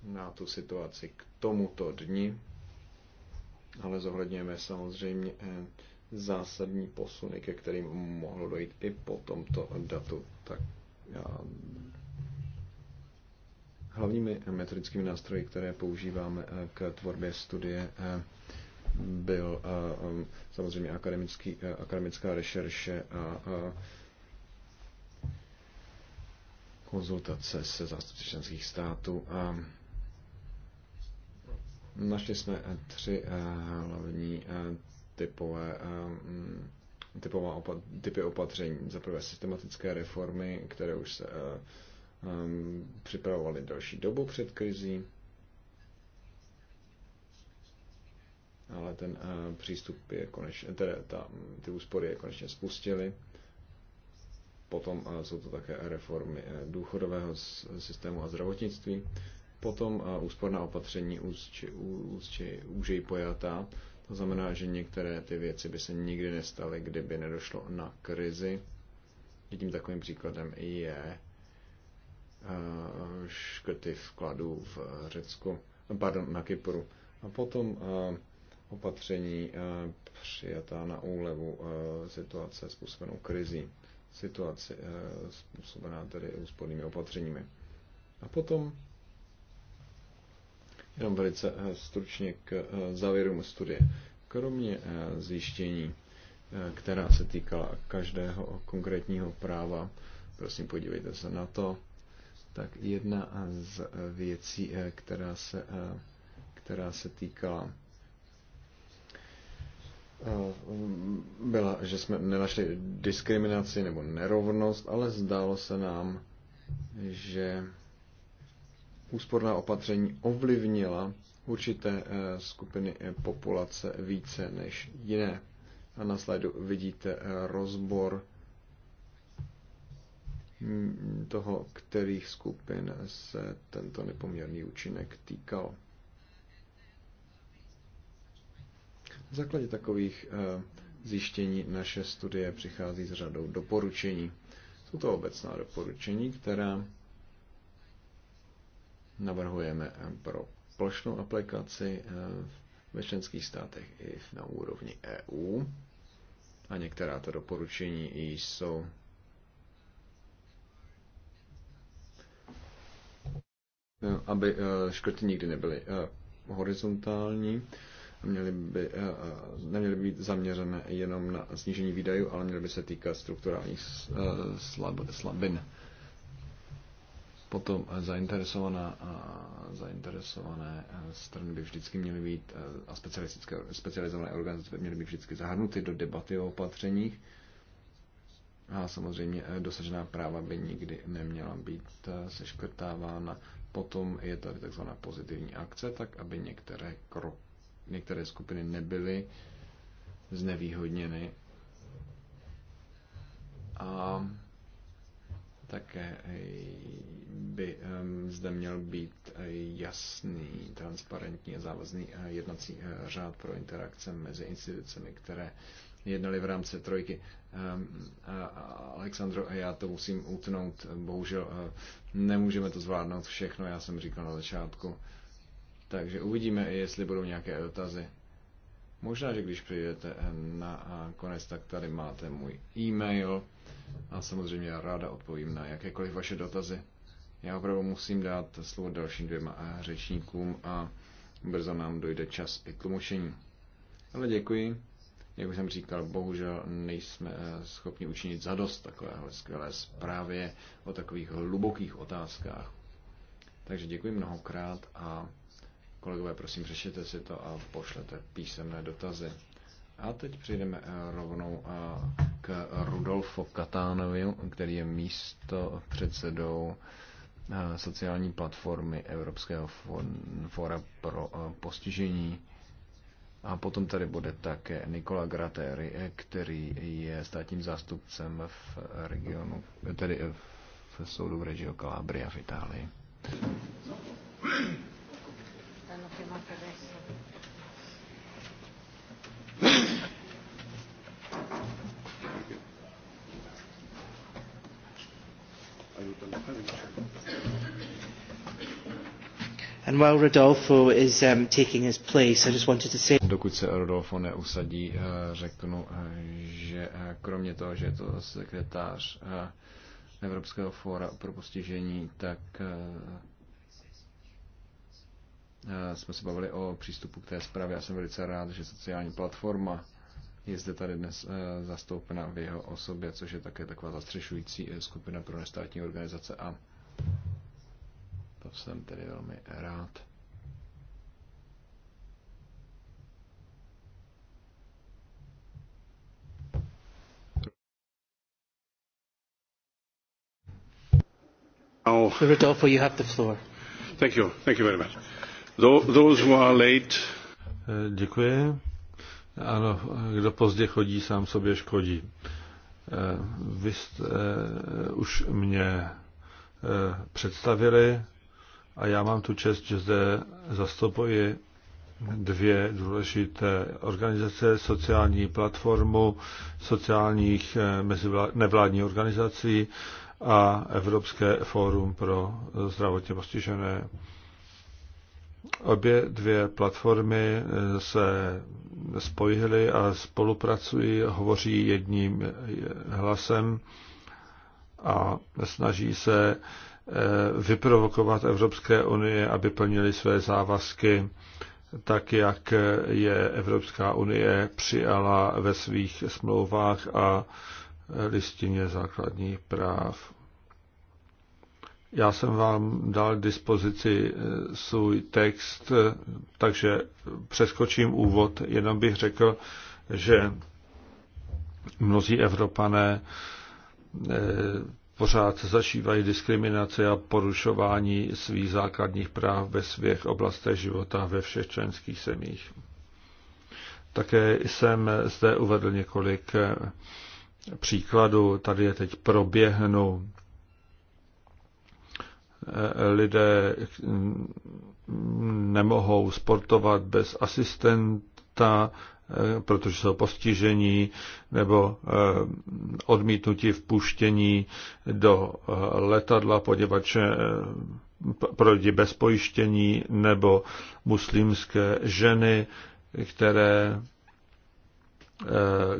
na tu situaci k tomuto dni, ale zohledněme samozřejmě eh, zásadní posuny, ke kterým mohlo dojít i po tomto datu. Tak já... Hlavními metrickými nástroji, které používáme eh, k tvorbě studie, eh, byl samozřejmě akademický, akademická rešerše a konzultace se zástupci členských států a Našli jsme eh, tři eh, hlavní eh, typové typová opa- typy opatření. Za prvé systematické reformy, které už se připravovaly další dobu před krizí, ale ten přístup je konečně, teda ta, ty úspory je konečně spustily. Potom jsou to také reformy důchodového systému a zdravotnictví. Potom úsporná opatření úžej pojatá. To znamená, že některé ty věci by se nikdy nestaly, kdyby nedošlo na krizi. Jedním takovým příkladem je škrty vkladů v Řecku, pardon, na Kypru. A potom opatření přijatá na úlevu situace způsobenou krizí, situace způsobená tedy úspornými opatřeními. A potom Jenom velice eh, stručně k eh, závěrům studie. Kromě eh, zjištění, která se týkala každého konkrétního práva, prosím podívejte se na to, tak jedna z věcí, která se, která se týkala byla, že jsme nenašli diskriminaci nebo nerovnost, ale zdálo se nám, že úsporná opatření ovlivnila určité eh, skupiny eh, populace více než jiné. A na slajdu vidíte eh, rozbor mm, toho, kterých skupin se tento nepoměrný účinek týkal. V základě takových zjištění naše studie přichází s řadou doporučení. Jsou to obecná doporučení, která navrhujeme pro plošnou aplikaci eh, ve členských státech i na úrovni EU. A některá to doporučení jsou eh, aby eh, škrty nikdy nebyly horizontální, měly by, neměly by být zaměřené jenom na snížení výdajů, ale měly by se týkat strukturálních slab, slabin. Potom zainteresovaná, zainteresované e, strany by vždycky měly být e, a specializované organizace by měly být vždycky zahrnuty do debaty o opatřeních. A samozřejmě e, dosažená práva by nikdy neměla být seškrtávána. Potom je tady takzvaná pozitivní akce, tak aby některé, kro, některé skupiny nebyly znevýhodněny. A také by zde měl být jasný, transparentní a závazný eh, jednací eh, řád pro interakce mezi institucemi, které jednali v rámci trojky. Alexandro, já to musím utnout, bohužel eh, nemůžeme to zvládnout všechno, já jsem říkal na začátku. Takže uvidíme, jestli budou nějaké dotazy. Možná, že když přijdete na konec, tak tady máte můj e-mail a samozřejmě já ráda odpovím na jakékoliv vaše dotazy. Já opravdu musím dát slovo dalším dvěma řečníkům a brzo nám dojde čas i tlumočení. Ale děkuji. Jak už jsem říkal, bohužel nejsme eh, schopni učinit zadost takovéhle skvělé zprávě o takových hlubokých otázkách. Takže děkuji mnohokrát a kolegové, prosím, řešete si to a pošlete písemné dotazy. A teď přejdeme eh, rovnou eh, k Rudolfo Katánovi, který je místo předsedou eh, sociální platformy Evropského fóra pro postižení. A potom tady bude také Nikola Grateri, který je státním zástupcem v regionu, tedy v soudu v Reggio Calabria v Itálii. And while Rodolfo is um, taking his place, I just wanted to say... Dokud se Rodolfo neusadí, eh, řeknu, eh, že eh, kromě toho, že je to sekretář Evropského fóra pro postižení, tak jsme se bavili o přístupu k té zprávě. Já jsem velice rád, že sociální platforma je zde tady dnes eh, zastoupena v jeho osobě, což je také taková zastřešující eh, skupina pro nestátní organizace a to jsem tedy velmi rád. Oh. Rodolfo, you have the floor. Thank you. Thank you very much. Those who are late. Eh, děkuji. Ano, kdo pozdě chodí, sám sobě škodí. Eh, vy jste eh, už mě eh, představili a já mám tu čest, že zde zastupuji dvě důležité organizace, sociální platformu sociálních nevládních organizací a Evropské fórum pro zdravotně postižené. Obě dvě platformy eh, se spojily a spolupracují, hovoří jedním eh, hlasem a snaží se eh, vyprovokovat Evropské unie, aby plnili své závazky tak, jak je Evropská unie přijala ve svých smlouvách a listině základních práv. Já jsem vám dal k dispozici eh, svůj text, eh, takže přeskočím úvod. Jenom bych řekl, že mnozí Evropané eh, pořád zažívají diskriminace a porušování svých základních práv ve svých oblastech života ve všech členských zemích. Také jsem zde uvedl několik příkladů, tady je teď proběhnu lidé nemohou sportovat bez asistenta, protože jsou postižení nebo eh, odmítnutí vpuštění do eh, letadla, poněvadž eh, pro lidi bez pojištění nebo muslimské ženy, které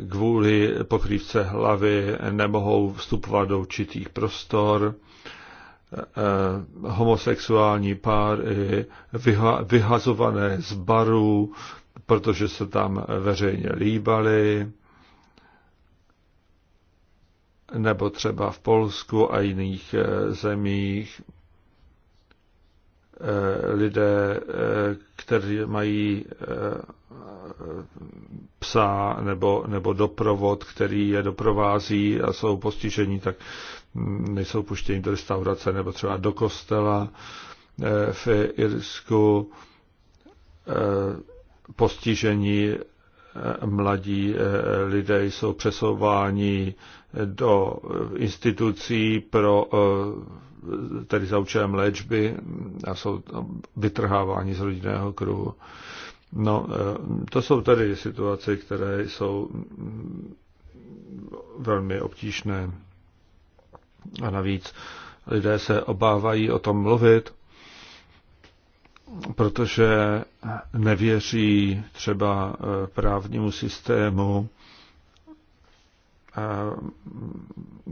kvůli pokrývce hlavy nemohou vstupovat do určitých prostor Eh, homosexuální páry vyha, vyhazované z barů, protože se tam veřejně líbali, nebo třeba v Polsku a jiných eh, zemích eh, lidé, kteří mají psa nebo, nebo doprovod, který je doprovází a jsou postižení, tak nejsou puštěni do restaurace nebo třeba do kostela eh, v Irsku eh, postižení eh, mladí lidé jsou přesouváni do institucí pro tedy za účelem léčby a jsou vytrháváni z rodinného kruhu. No, to jsou tedy situace, které jsou mm, velmi obtížné. A navíc lidé se obávají o tom mluvit, protože nevěří třeba eh, právnímu systému,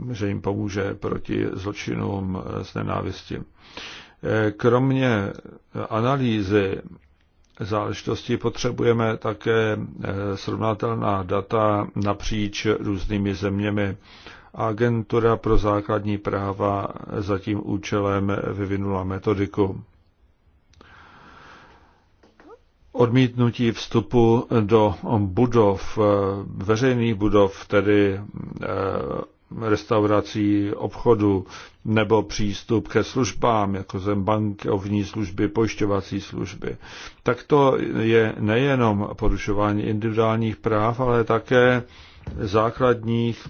mm, že jim pomůže proti zločinům eh, z nenávisti. Eh, kromě analýzy záležitosti potřebujeme také srovnatelná data napříč různými zeměmi. Agentura pro základní práva za tím účelem vyvinula metodiku. Odmítnutí vstupu do budov, veřejných budov, tedy eh, restaurací, obchodu nebo přístup ke službám, jako zem bankovní služby, pojišťovací služby. Tak to je nejenom porušování individuálních práv, ale také základních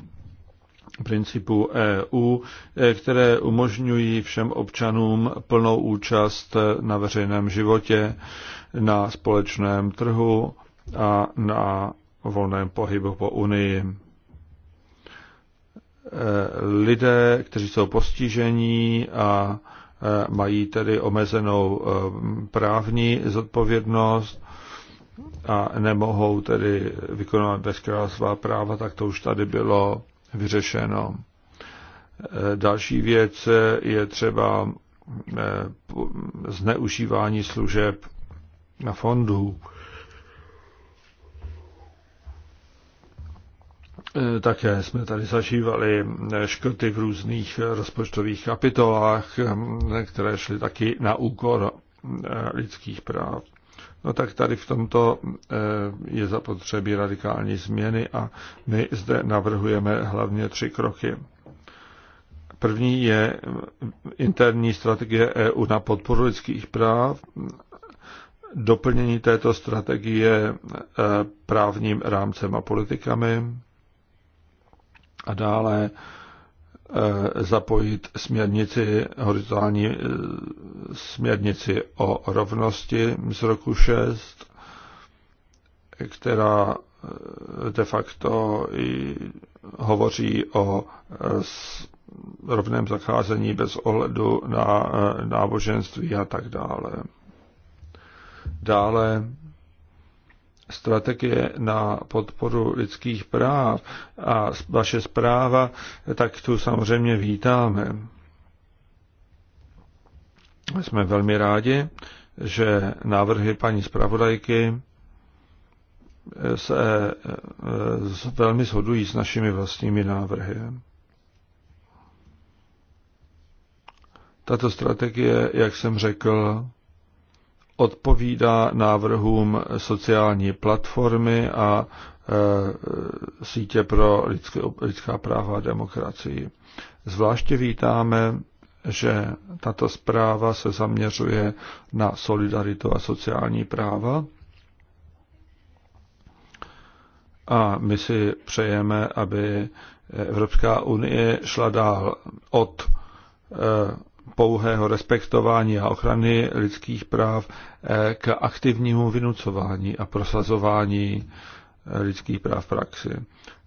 principů EU, e, které umožňují všem občanům plnou účast na veřejném životě, na společném trhu a na volném pohybu po Unii. E, lidé, kteří jsou postižení a e, mají tedy omezenou právní zodpovědnost a nemohou tedy vykonovat veškerá svá práva, tak to už tady bylo vyřešeno. Eh, další věc eh, je třeba eh, zneužívání služeb na fondů. Také jsme tady zažívali škrty v různých rozpočtových kapitolách, které šly taky na úkor lidských práv. No tak tady v tomto eh, je zapotřebí radikální změny a my zde navrhujeme hlavně tři kroky. První je interní strategie EU na podporu lidských práv, doplnění této strategie eh, právním rámcem a politikami a dále Eh, zapojit směrnici, horizontální eh, směrnici o rovnosti z roku 6, která eh, de facto hovoří o rovném zacházení bez ohledu na náboženství a tak dále. Dále strategie na podporu lidských práv a vaše zpráva, tak tu samozřejmě vítáme. Jsme velmi rádi, že návrhy paní zpravodajky se eh, velmi shodují s našimi vlastními návrhy. Tato strategie, jak jsem řekl, odpovídá návrhům sociální platformy a e, sítě pro lidské, lidská práva a demokracii. Zvláště vítáme, že tato zpráva se zaměřuje na solidaritu a sociální práva. A my si přejeme, aby Evropská unie šla dál od e, pouhého respektování a ochrany lidských práv eh, k aktivnímu vynucování a prosazování eh, lidských práv v praxi.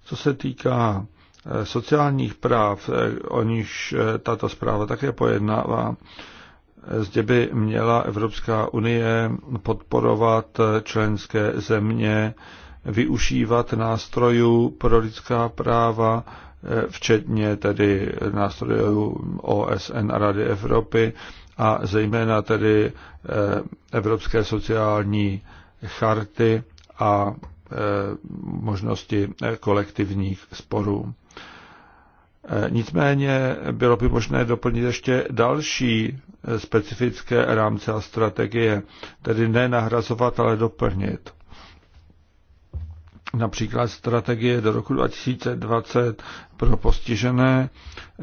Co se týká eh, sociálních práv, o nich tato zpráva také pojednává, zde by měla Evropská unie podporovat členské země, využívat nástrojů pro lidská práva, včetně tedy nástrojů OSN a Rady Evropy a zejména tedy eh, Evropské sociální charty a eh, možnosti eh, kolektivních sporů. Nicméně bylo by možné doplnit ještě další specifické rámce a strategie, tedy ne nahrazovat, ale doplnit. Například strategie do roku 2020 pro postižené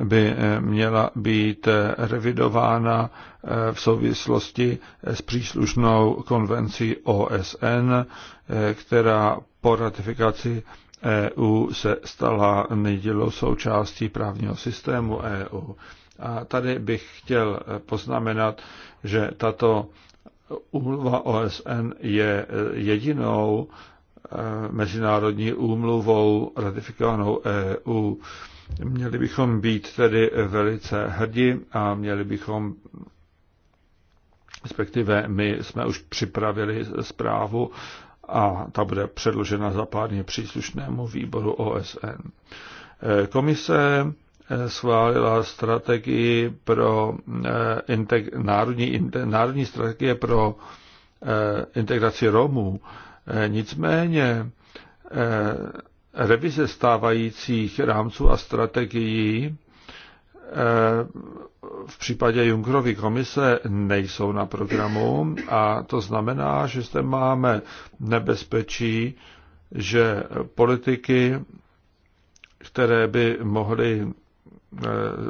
by eh, měla být eh, revidována eh, v souvislosti s příslušnou konvencí OSN, která po ratifikaci EU se stala nedělou součástí právního systému EU. A tady bych chtěl poznamenat, že tato úmluva OSN je jedinou Eh, mezinárodní úmluvou ratifikovanou EU. Měli bychom být tedy velice hrdí a měli bychom respektive my jsme už připravili zprávu a ta bude předložena za pár dní příslušnému výboru OSN. Eh, komise eh, schválila strategii pro národní, národní strategie pro integraci Romů Eh, nicméně eh, revize stávajících rámců a strategií eh, v případě Junkrovy komise nejsou na programu a to znamená, že zde máme nebezpečí, že politiky, které by mohly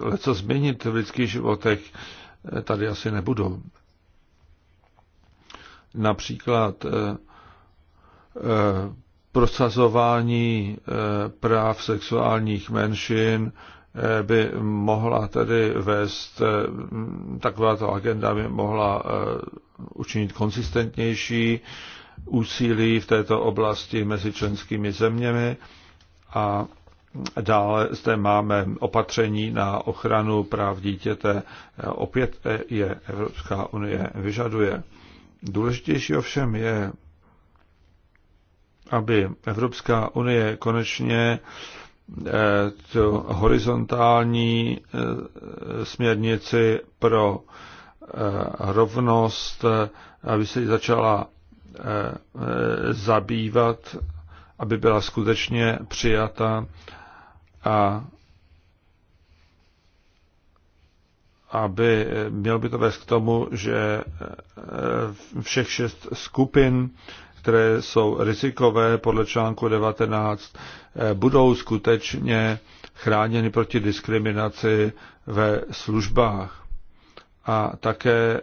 leco změnit v lidských životech, tady asi nebudou. Například Eh, prosazování eh, práv sexuálních menšin eh, by mohla tedy vést, takováto agenda by mohla učinit konsistentnější úsilí v této oblasti mezi členskými zeměmi a dále zde máme opatření na ochranu práv dítěte. Opět je Evropská unie vyžaduje. Důležitější ovšem je aby Evropská unie konečně eh, tu horizontální eh, směrnici pro eh, rovnost, aby se začala zabývat, aby byla skutečně přijata a aby mělo by to vést k tomu, že všech šest skupin které jsou rizikové podle článku 19, eh, budou skutečně chráněny proti diskriminaci ve službách. A také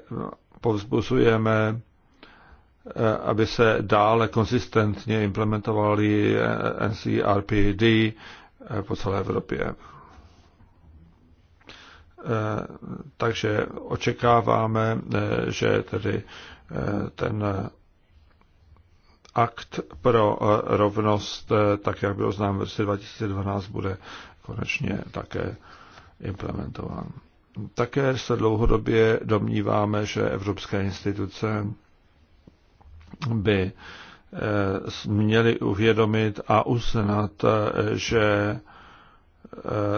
povzbuzujeme, eh, aby se dále konzistentně implementovali eh, NCRPD po celé Evropě. Takže očekáváme, že tedy ten akt pro eh, rovnost, eh, tak jak bylo znám v roce 2012, bude konečně také implementován. Také se dlouhodobě domníváme, že evropské instituce by eh, měly uvědomit a uznat, že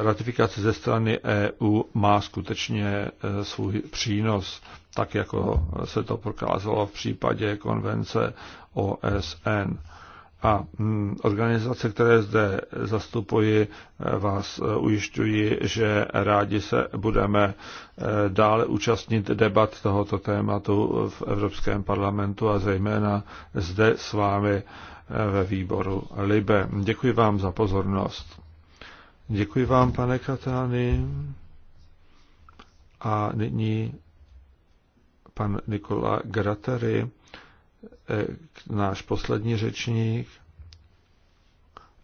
ratifikace ze strany EU má skutečně svůj přínos tak jako se to prokázalo v případě konvence OSN. A mm, organizace, které zde zastupuji, vás ujišťují, že rádi se budeme eh, dále účastnit debat tohoto tématu v Evropském parlamentu a zejména zde s vámi eh, ve výboru Libe. Děkuji vám za pozornost. Děkuji vám, pane Katány. A nyní pan Nikola Gratary, eh, náš poslední řečník.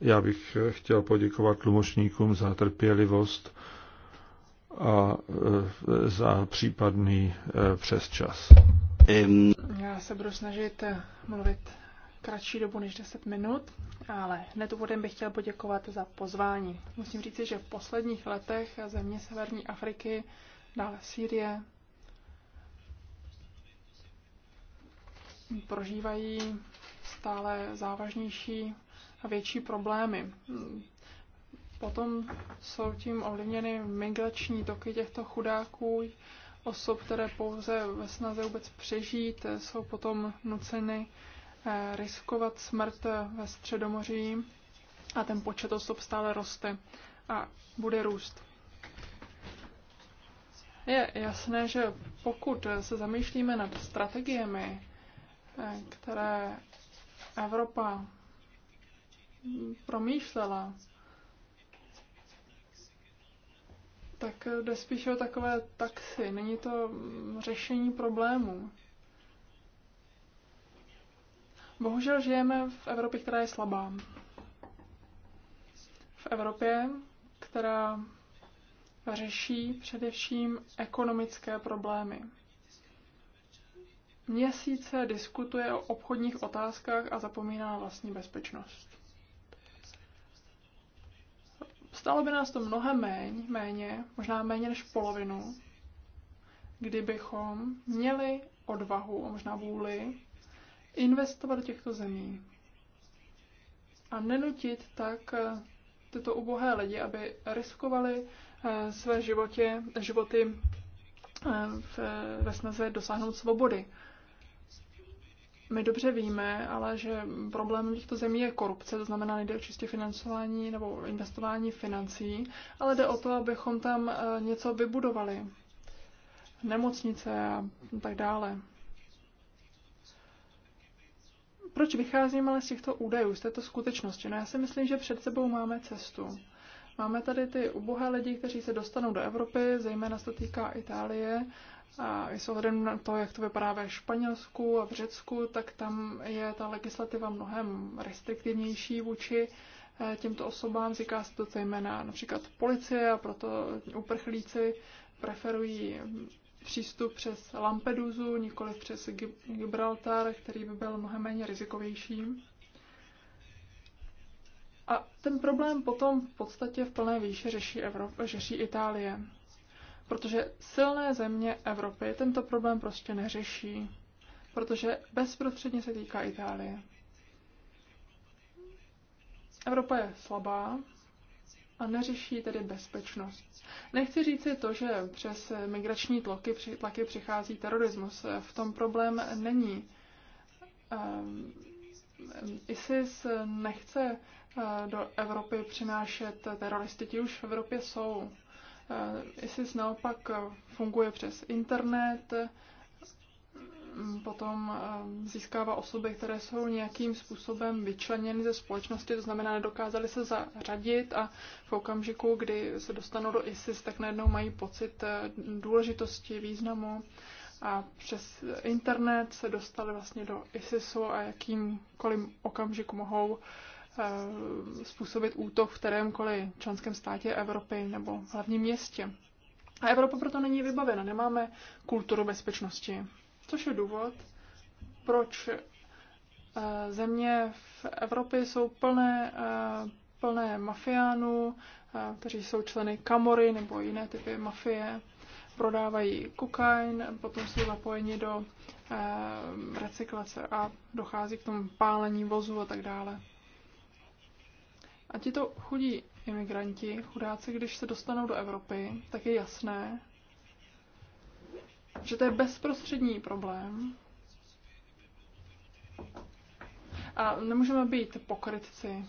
Já bych chtěl poděkovat tlumočníkům za trpělivost a eh, za případný eh, přesčas. Já se budu snažit mluvit kratší dobu než 10 minut, ale hned úvodem bych chtěl poděkovat za pozvání. Musím říci, že v posledních letech země Severní Afriky, dále Sýrie, prožívají stále závažnější a větší problémy. Potom jsou tím ovlivněny migrační toky těchto chudáků, osob, které pouze ve snaze vůbec přežít, jsou potom nuceny eh, riskovat smrt ve Středomoří a ten počet osob stále roste a bude růst. Je jasné, že pokud se zamýšlíme nad strategiemi, které Evropa promýšlela, tak jde spíš o takové taxi. Není to řešení problémů. Bohužel žijeme v Evropě, která je slabá. V Evropě, která řeší především ekonomické problémy měsíce diskutuje o obchodních otázkách a zapomíná vlastní bezpečnost. Stalo by nás to mnohem méně, méně, možná méně než polovinu, kdybychom měli odvahu a možná vůli investovat do těchto zemí a nenutit tak eh, tyto ubohé lidi, aby riskovali eh, své životě, životy eh, v, ve snaze dosáhnout svobody. My dobře víme, ale že problém těchto zemí je korupce, to znamená, nejde o čistě financování nebo investování financí, ale jde o to, abychom tam eh, něco vybudovali. Nemocnice a tak dále. Proč vycházím ale z těchto údajů, z této skutečnosti? No já si myslím, že před sebou máme cestu. Máme tady ty ubohé lidi, kteří se dostanou do Evropy, zejména se to týká Itálie, a i s ohledem na to, jak to vypadá ve Španělsku a v Řecku, tak tam je ta legislativa mnohem restriktivnější vůči eh, těmto osobám. Říká se to zejména například policie a proto uprchlíci preferují přístup přes Lampeduzu, nikoli přes Gibraltar, který by byl mnohem méně rizikovější. A ten problém potom v podstatě v plné výši řeší, Evropa, řeší Itálie protože silné země Evropy tento problém prostě neřeší, protože bezprostředně se týká Itálie. Evropa je slabá a neřeší tedy bezpečnost. Nechci říci to, že přes migrační tlaky, tlaky přichází terorismus. V tom problém není. Ehm, ISIS nechce eh, do Evropy přinášet teroristy, ti už v Evropě jsou. Eh, ISIS naopak eh, funguje přes internet, mm, potom eh, získává osoby, které jsou nějakým způsobem vyčleněny ze společnosti, to znamená, nedokázali se zařadit a v okamžiku, kdy se dostanou do ISIS, tak najednou mají pocit důležitosti, významu a přes internet se dostali vlastně do ISISu a jakýmkoliv okamžiku mohou Eh, způsobit útok v kterémkoliv členském státě Evropy nebo hlavním městě. A Evropa proto není vybavena, nemáme kulturu bezpečnosti, což je důvod, proč eh, země v Evropě jsou plné, eh, plné mafiánů, kteří jsou členy kamory nebo jiné typy mafie, prodávají kokain, potom jsou zapojeni do recyklace a dochází k tomu pálení vozu a tak dále. A tito chudí imigranti, chudáci, když se dostanou do Evropy, tak je jasné, že to je bezprostřední problém. A nemůžeme být pokrytci.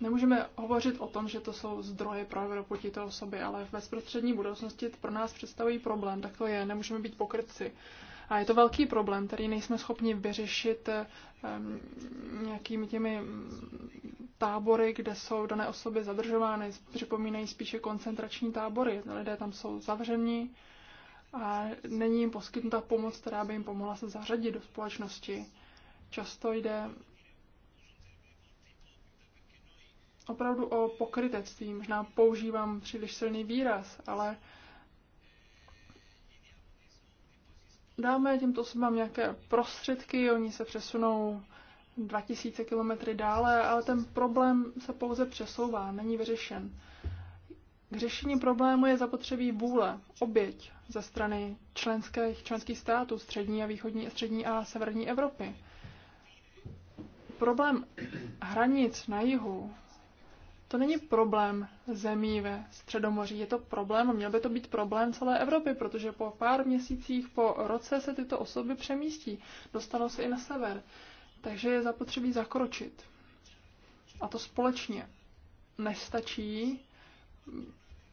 Nemůžeme hovořit o tom, že to jsou zdroje pro Evropu tyto osoby, ale v bezprostřední budoucnosti pro nás představují problém. Tak to je, nemůžeme být pokrytci. A je to velký problém, který nejsme schopni vyřešit eh, nějakými těmi mm, tábory, kde jsou dané osoby zadržovány. Připomínají spíše koncentrační tábory. Lidé tam jsou zavření a není jim poskytnuta pomoc, která by jim pomohla se zařadit do společnosti. Často jde opravdu o pokrytectví. Možná používám příliš silný výraz, ale dáme těmto osobám nějaké prostředky, oni se přesunou 2000 km dále, ale ten problém se pouze přesouvá, není vyřešen. K řešení problému je zapotřebí vůle, oběť ze strany členských, členských států střední a východní, střední a severní Evropy. Problém hranic na jihu to není problém zemí ve Středomoří, je to problém a měl by to být problém celé Evropy, protože po pár měsících, po roce se tyto osoby přemístí, dostanou se i na sever. Takže je zapotřebí zakročit. A to společně. Nestačí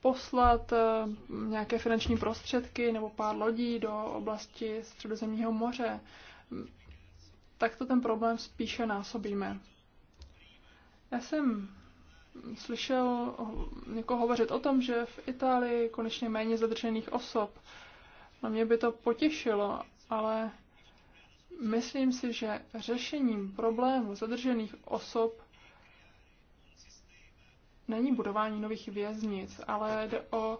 poslat eh, nějaké finanční prostředky nebo pár lodí do oblasti Středozemního moře. Takto ten problém spíše násobíme. Já jsem slyšel někoho hovořit o tom, že v Itálii konečně méně zadržených osob. No mě by to potěšilo, ale myslím si, že řešením problému zadržených osob není budování nových věznic, ale jde o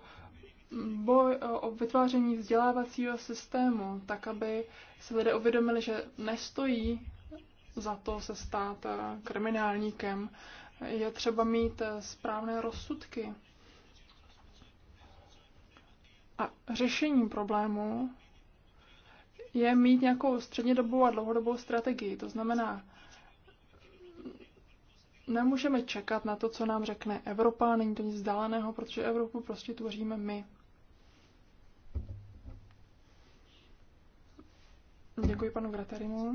boj o vytváření vzdělávacího systému, tak aby se lidé uvědomili, že nestojí za to se stát kriminálníkem, je třeba mít eh, správné rozsudky. A řešením problému je mít nějakou střednědobou a dlouhodobou strategii. To znamená, nemůžeme čekat na to, co nám řekne Evropa, není to nic vzdáleného, protože Evropu prostě tvoříme my. Děkuji panu Graterimu.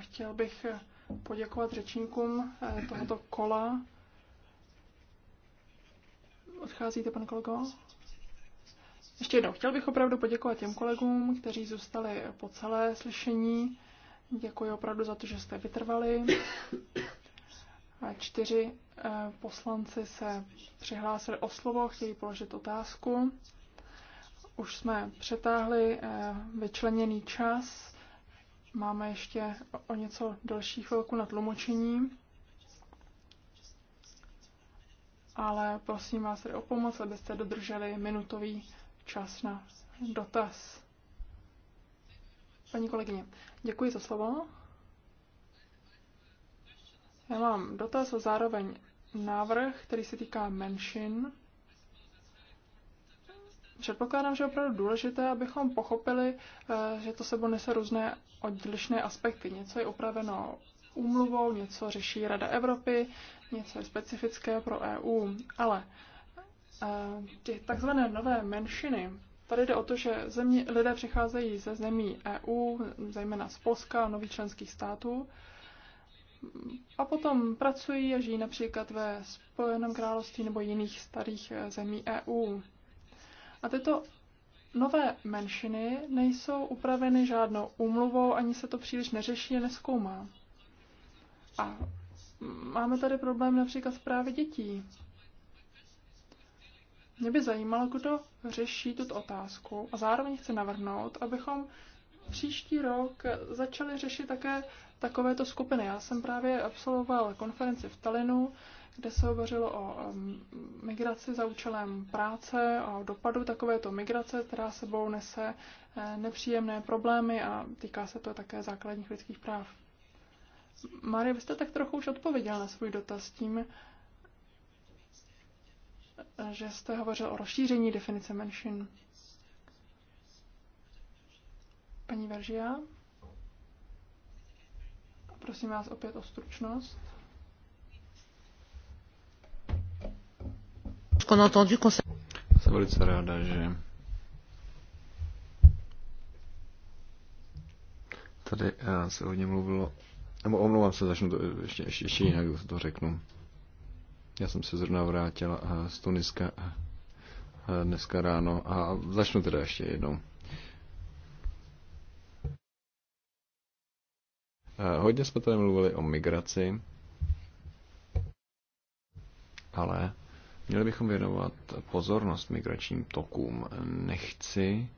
Chtěl bych eh, poděkovat řečníkům eh, tohoto kola. Odcházíte, pan kolego? Ještě jednou, chtěl bych opravdu poděkovat těm kolegům, kteří zůstali po celé slyšení. Děkuji opravdu za to, že jste vytrvali. A čtyři eh, poslanci se přihlásili o slovo, chtějí položit otázku. Už jsme přetáhli eh, vyčleněný čas Máme ještě o něco další chvilku na tlumočení. Ale prosím vás tedy o pomoc, abyste dodrželi minutový čas na dotaz. Paní kolegyně, děkuji za slovo. Já mám dotaz a zároveň návrh, který se týká menšin. Předpokládám, že je opravdu důležité, abychom pochopili, eh, že to sebou nese různé odlišné aspekty. Něco je upraveno úmluvou, něco řeší Rada Evropy, něco je specifické pro EU. Ale eh, ty takzvané nové menšiny, tady jde o to, že země, lidé přicházejí ze zemí EU, zejména z Polska, nových členských států, a potom pracují a žijí například ve Spojeném království nebo jiných starých eh, zemí EU. A tyto nové menšiny nejsou upraveny žádnou úmluvou, ani se to příliš neřeší a neskoumá. A máme tady problém například s právě dětí. Mě by zajímalo, kdo řeší tuto otázku a zároveň chci navrhnout, abychom příští rok začali řešit také takovéto skupiny. Já jsem právě absolvoval konferenci v Talinu, kde se hovořilo o migraci za účelem práce a o dopadu takovéto migrace, která sebou nese eh, nepříjemné problémy a týká se to také základních lidských práv. Marie, vy jste tak trochu už odpověděl na svůj dotaz tím, že jste hovořil o rozšíření definice menšin. Paní Veržia, prosím vás opět o stručnost. qu'on a entendu concernant. Jsem velice ráda, že tady eh, se hodně mluvilo, nebo omlouvám se, začnu to eh, ještě, ještě, ještě jinak, to řeknu. Já jsem se zrovna vrátila eh, z Tuniska dneska ráno a začnu teda ještě jednou. Hodně jsme tady mluvili o migraci, ale Měli bychom věnovat pozornost migračním tokům. Nechci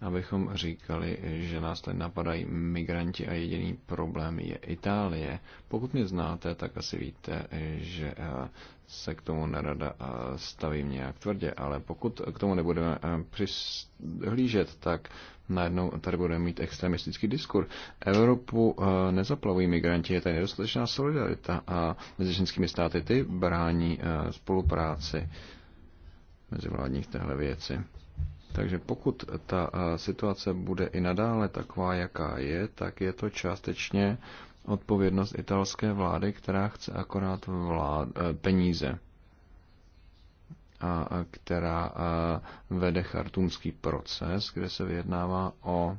abychom říkali, že nás tady napadají migranti a jediný problém je Itálie. Pokud mě znáte, tak asi víte, že eh, se k tomu nerada eh, stavím nějak tvrdě, ale pokud k tomu nebudeme eh, přihlížet, tak najednou tady budeme mít extremistický diskur. Evropu nezaplavují migranti, je tady nedostatečná solidarita a mezi ženskými státy ty brání spolupráci mezi vládních téhle věci. Takže pokud ta eh, situace bude i nadále taková, jaká je, tak je to částečně odpovědnost italské vlády, která chce akorát vlád, eh, peníze a která eh, vede chartumský proces, kde se vyjednává o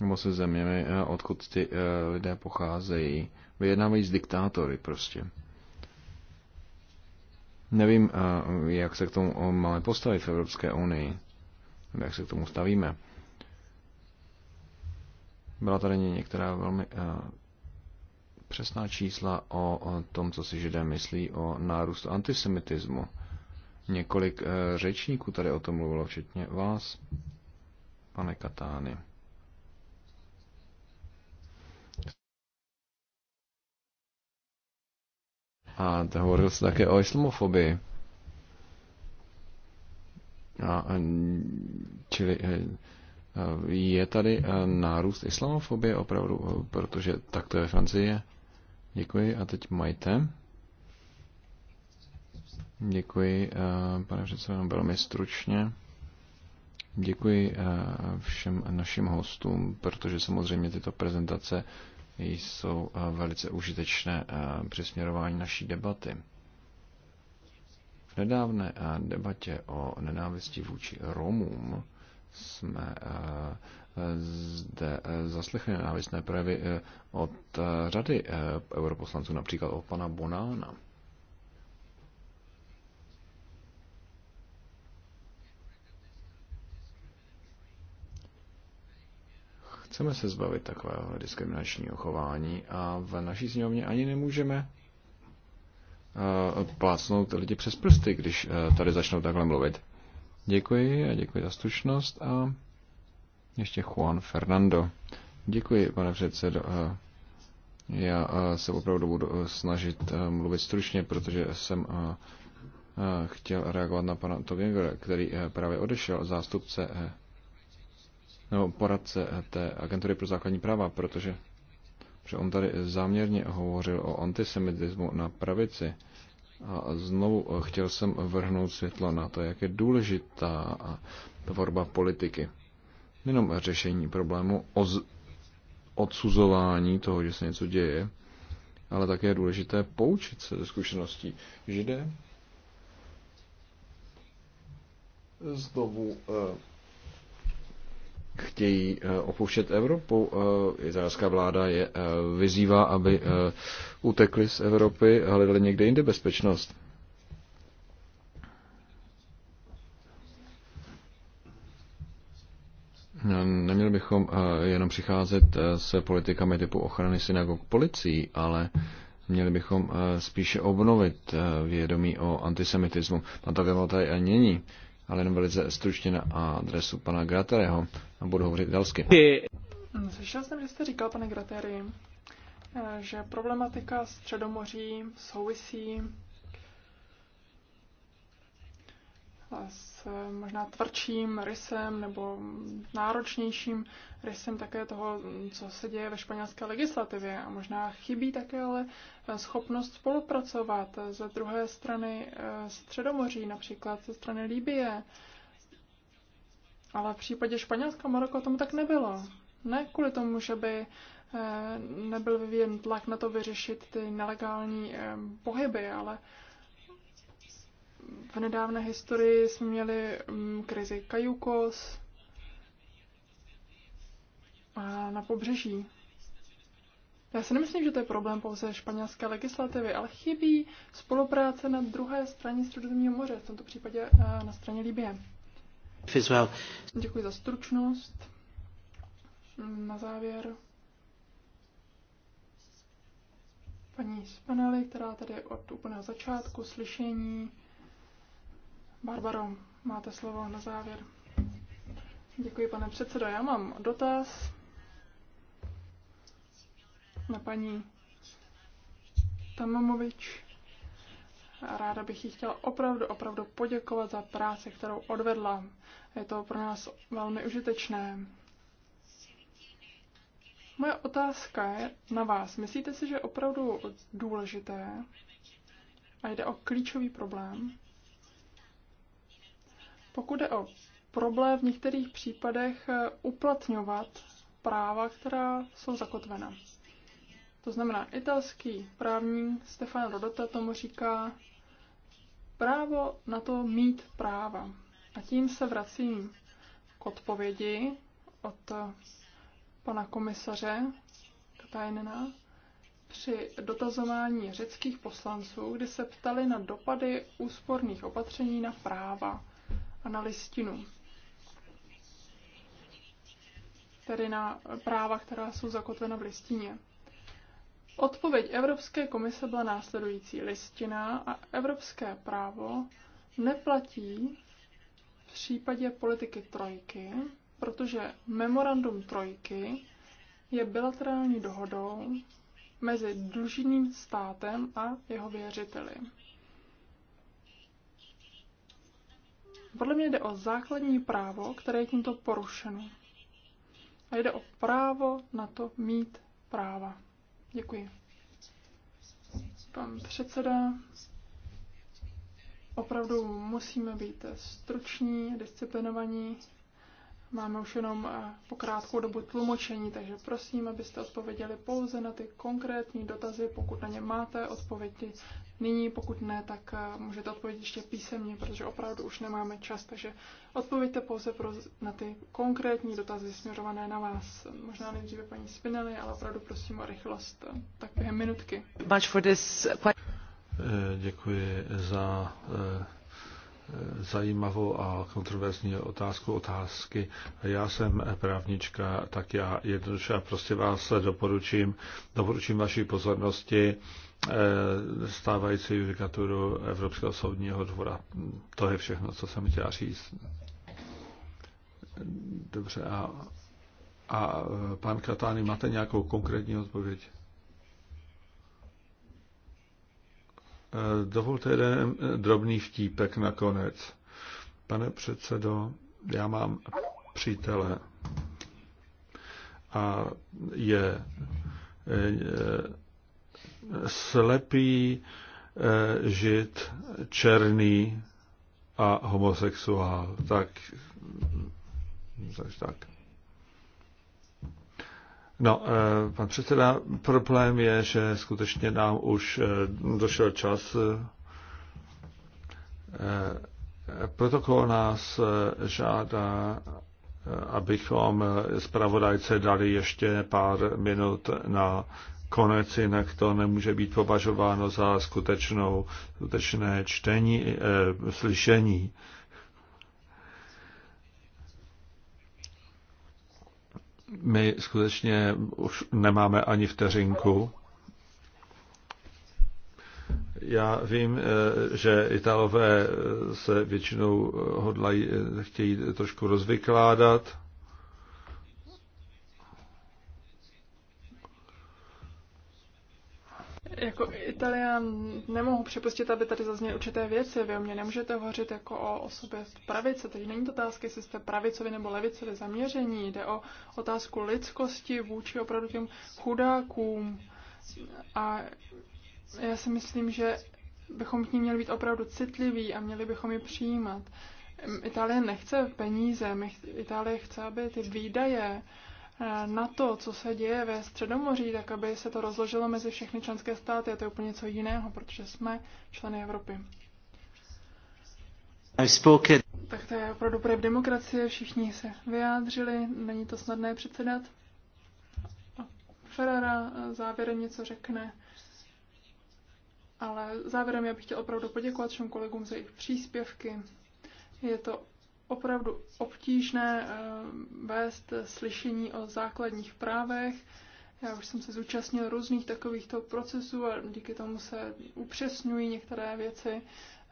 nebo se zeměmi, odkud ty lidé pocházejí. Vyjednávají s diktátory prostě. Nevím, jak se k tomu máme postavit v Evropské unii, jak se k tomu stavíme. Byla tady některá velmi přesná čísla o tom, co si židé myslí o nárůstu antisemitismu. Několik e, řečníků tady o tom mluvilo, včetně vás, pane Katány. A hovořil se také o islamofobii. A, a, čili e, je tady e, nárůst islamofobie opravdu, e, protože tak to je Francie. Děkuji a teď majte. Děkuji, pane předsedo, velmi stručně. Děkuji všem našim hostům, protože samozřejmě tyto prezentace jsou eh, velice užitečné eh, při směrování naší debaty. V nedávné eh, debatě o nenávisti vůči Romům jsme zde zaslechli nenávistné projevy od řady europoslanců, například od pana Bonána. Chceme se zbavit takového diskriminačního chování a v naší sněmovně ani nemůžeme eh, plácnout lidi přes prsty, když eh, tady začnou takhle mluvit. Děkuji a děkuji za stručnost a ještě Juan Fernando. Děkuji, pane předsedo. Eh, já se opravdu budu snažit mluvit stručně, protože jsem chtěl reagovat na pana Tověgora, který právě odešel, zástupce nebo poradce té agentury pro základní práva, protože, protože on tady záměrně hovořil o antisemitismu na pravici a znovu eh, chtěl jsem vrhnout světlo na to, jak je důležitá tvorba politiky. Jenom řešení problému, oz, odsuzování toho, že se něco děje, ale také je důležité poučit se ze zkušeností židé. Znovu eh, chtějí eh, opouštět Evropu. Eh, izraelská vláda je eh, vyzývá, aby utekli z Evropy a hledali někde jinde bezpečnost. No, neměli bychom jenom přicházet se politikami typu ochrany synagog policií, ale měli bychom spíše obnovit vědomí o antisemitismu. Pan Tavimataj a není ale jen velice stručně na adresu pana Gratereho a budu hovořit dalsky. Slyšel jsem, že jste říkal, pane Grateri, eh, že problematika Středomoří souvisí s e, možná tvrdším rysem nebo náročnějším rysem také toho, co se děje ve španělské legislativě. A možná chybí také ale e, schopnost spolupracovat ze druhé strany e, Středomoří, například ze strany Líbie. Ale v případě Španělska Maroko tomu tak nebylo. Ne kvůli tomu, že by nebyl vyvíjen tlak na to vyřešit ty nelegální pohyby, ale v nedávné historii jsme měli mm, krizi Kajukos a na pobřeží. Já si nemyslím, že to je problém pouze španělské legislativy, ale chybí spolupráce na druhé straně Středozemního moře, v tomto případě eh, na straně Libie. Well. Děkuji za stručnost. Mm, na závěr paní Spanely, která tady od úplného začátku slyšení Barbaro, máte slovo na závěr. Děkuji, pane předsedo. Já mám dotaz na paní Tamamovič. Ráda bych jí chtěla opravdu, opravdu poděkovat za práci, kterou odvedla. Je to pro nás velmi užitečné. Moje otázka je na vás. Myslíte si, že je opravdu důležité a jde o klíčový problém, pokud je o problém v některých případech eh, uplatňovat práva, která jsou zakotvena. To znamená, italský právník Stefan Rodota tomu říká právo na to mít práva. A tím se vracím k odpovědi od pana komisaře Katajnena při dotazování řeckých poslanců, kdy se ptali na dopady úsporných opatření na práva a na listinu. Tedy na práva, která jsou zakotvena v listině. Odpověď Evropské komise byla následující. Listina a evropské právo neplatí v případě politiky trojky, protože memorandum trojky je bilaterální dohodou mezi dlužným státem a jeho věřiteli. Podle mě jde o základní právo, které je tímto porušeno. A jde o právo na to mít práva. Děkuji. Pan předseda, opravdu musíme být struční, disciplinovaní. Máme už jenom eh, po krátkou dobu tlumočení, takže prosím, abyste odpověděli pouze na ty konkrétní dotazy, pokud na ně máte odpovědi nyní, pokud ne, tak eh, můžete odpovědět ještě písemně, protože opravdu už nemáme čas, takže odpověďte pouze pro, na ty konkrétní dotazy směřované na vás. Možná nejdříve paní Spinelli, ale opravdu prosím o rychlost, eh, tak během minutky. Děkuji za zajímavou a kontroverzní otázku otázky. Já jsem právnička, tak já jednoduše prostě vás doporučím, doporučím vaší pozornosti eh, stávající judikaturu Evropského soudního dvora. To je všechno, co jsem chtěla říct. Dobře, a, a eh, pan Katány, máte nějakou konkrétní odpověď? Eh, dovolte jeden eh, drobný vtípek nakonec. Pane předsedo, já mám přítele a je, eh, slepý žid, černý a homosexuál. Tak, mm, mm, tak, tak. No, eh, pan předseda, problém je, že skutečně nám už eh, došel čas. Eh, protokol nás žádá, abychom zpravodajce dali ještě pár minut na konec, jinak to nemůže být považováno za skutečnou, skutečné čtení, slyšení. my skutečně už nemáme ani vteřinku. Já vím, eh, že Italové eh, se většinou eh, hodlají, chtějí trošku rozvykládat, jako Italian nemohu připustit, aby tady zazněly určité věci. Vy o mě nemůžete hovořit jako o osobě z pravice. Teď není to otázka, jestli jste pravicovi nebo levicovi zaměření. Jde o otázku lidskosti vůči opravdu těm chudákům. A já si myslím, že bychom k ní měli být opravdu citliví a měli bychom ji přijímat. Itálie nechce peníze, Itálie chce, aby ty výdaje Eh, na to, co se děje ve Středomoří, tak aby se to rozložilo mezi všechny členské státy. A to je úplně něco jiného, protože jsme členy Evropy. Tak to je opravdu projev demokracie, všichni se vyjádřili, není to snadné předsedat. Ferrara eh, závěrem něco řekne, ale závěrem já bych chtěl opravdu poděkovat všem kolegům za jejich příspěvky. Je to opravdu obtížné eh, vést slyšení o základních právech. Já už jsem se zúčastnil různých takovýchto procesů a díky tomu se upřesňují některé věci,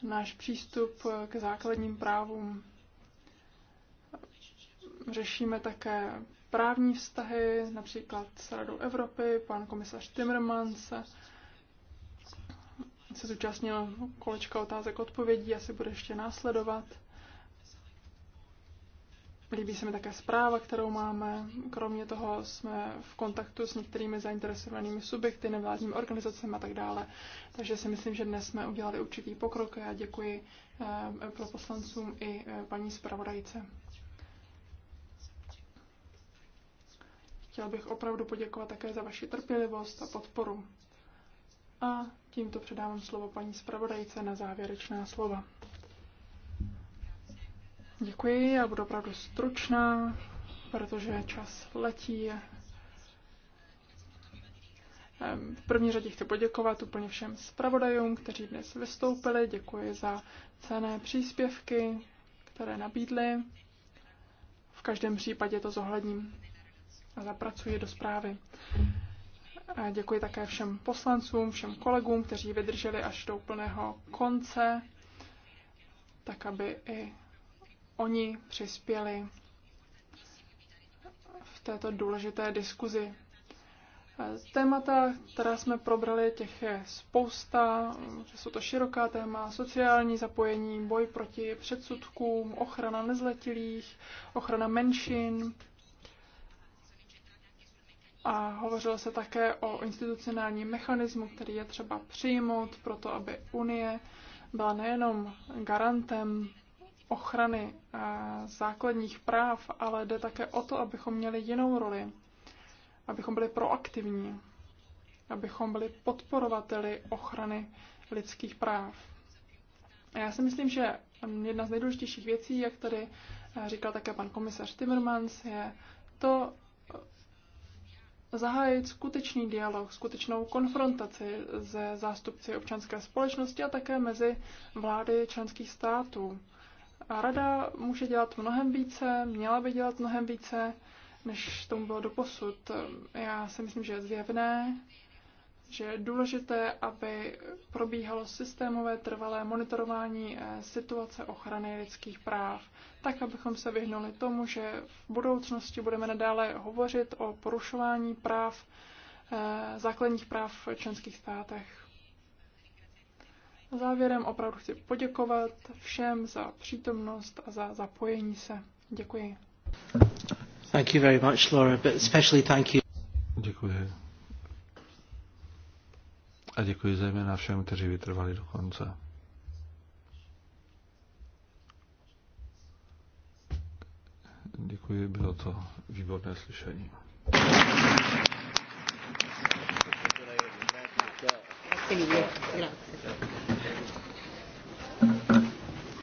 náš přístup eh, k základním právům. Řešíme také právní vztahy, například s Radou Evropy, pan komisař Timmermans se zúčastnil kolečka otázek odpovědí, asi bude ještě následovat. Líbí se mi také zpráva, kterou máme. Kromě toho jsme v kontaktu s některými zainteresovanými subjekty, nevládními organizacemi a tak dále. Takže si myslím, že dnes jsme udělali určitý pokrok a já děkuji eh, pro poslancům i eh, paní zpravodajce. Chtěl bych opravdu poděkovat také za vaši trpělivost a podporu. A tímto předávám slovo paní zpravodajce na závěrečná slova. Děkuji, já budu opravdu stručná, protože čas letí. Ehm, v první řadě chci poděkovat úplně všem zpravodajům, kteří dnes vystoupili. Děkuji za cené příspěvky, které nabídli. V každém případě to zohledním a zapracuji do zprávy. A děkuji také všem poslancům, všem kolegům, kteří vydrželi až do úplného konce, tak aby i oni přispěli v této důležité diskuzi. Témata, která jsme probrali, těch je spousta, jsou to široká téma, sociální zapojení, boj proti předsudkům, ochrana nezletilých, ochrana menšin. A hovořilo se také o institucionálním mechanismu, který je třeba přijmout, proto aby Unie byla nejenom garantem ochrany eh, základních práv, ale jde také o to, abychom měli jinou roli, abychom byli proaktivní, abychom byli podporovateli ochrany lidských práv. A já si myslím, že jedna z nejdůležitějších věcí, jak tady eh, říkal také pan komisař Timmermans, je to eh, zahájit skutečný dialog, skutečnou konfrontaci ze zástupci občanské společnosti a také mezi vlády členských států. A rada může dělat mnohem více, měla by dělat mnohem více, než tomu bylo doposud. Já si myslím, že je zjevné, že je důležité, aby probíhalo systémové trvalé monitorování eh, situace ochrany lidských práv, tak abychom se vyhnuli tomu, že v budoucnosti budeme nadále hovořit o porušování práv, eh, základních práv v členských státech. Závěrem opravdu chci poděkovat všem za přítomnost a za zapojení se. Děkuji. Thank you very much, Laura, but especially thank you. Děkuji. A děkuji zejména všem, kteří vytrvali do konce. Děkuji, bylo to výborné slyšení. Grazie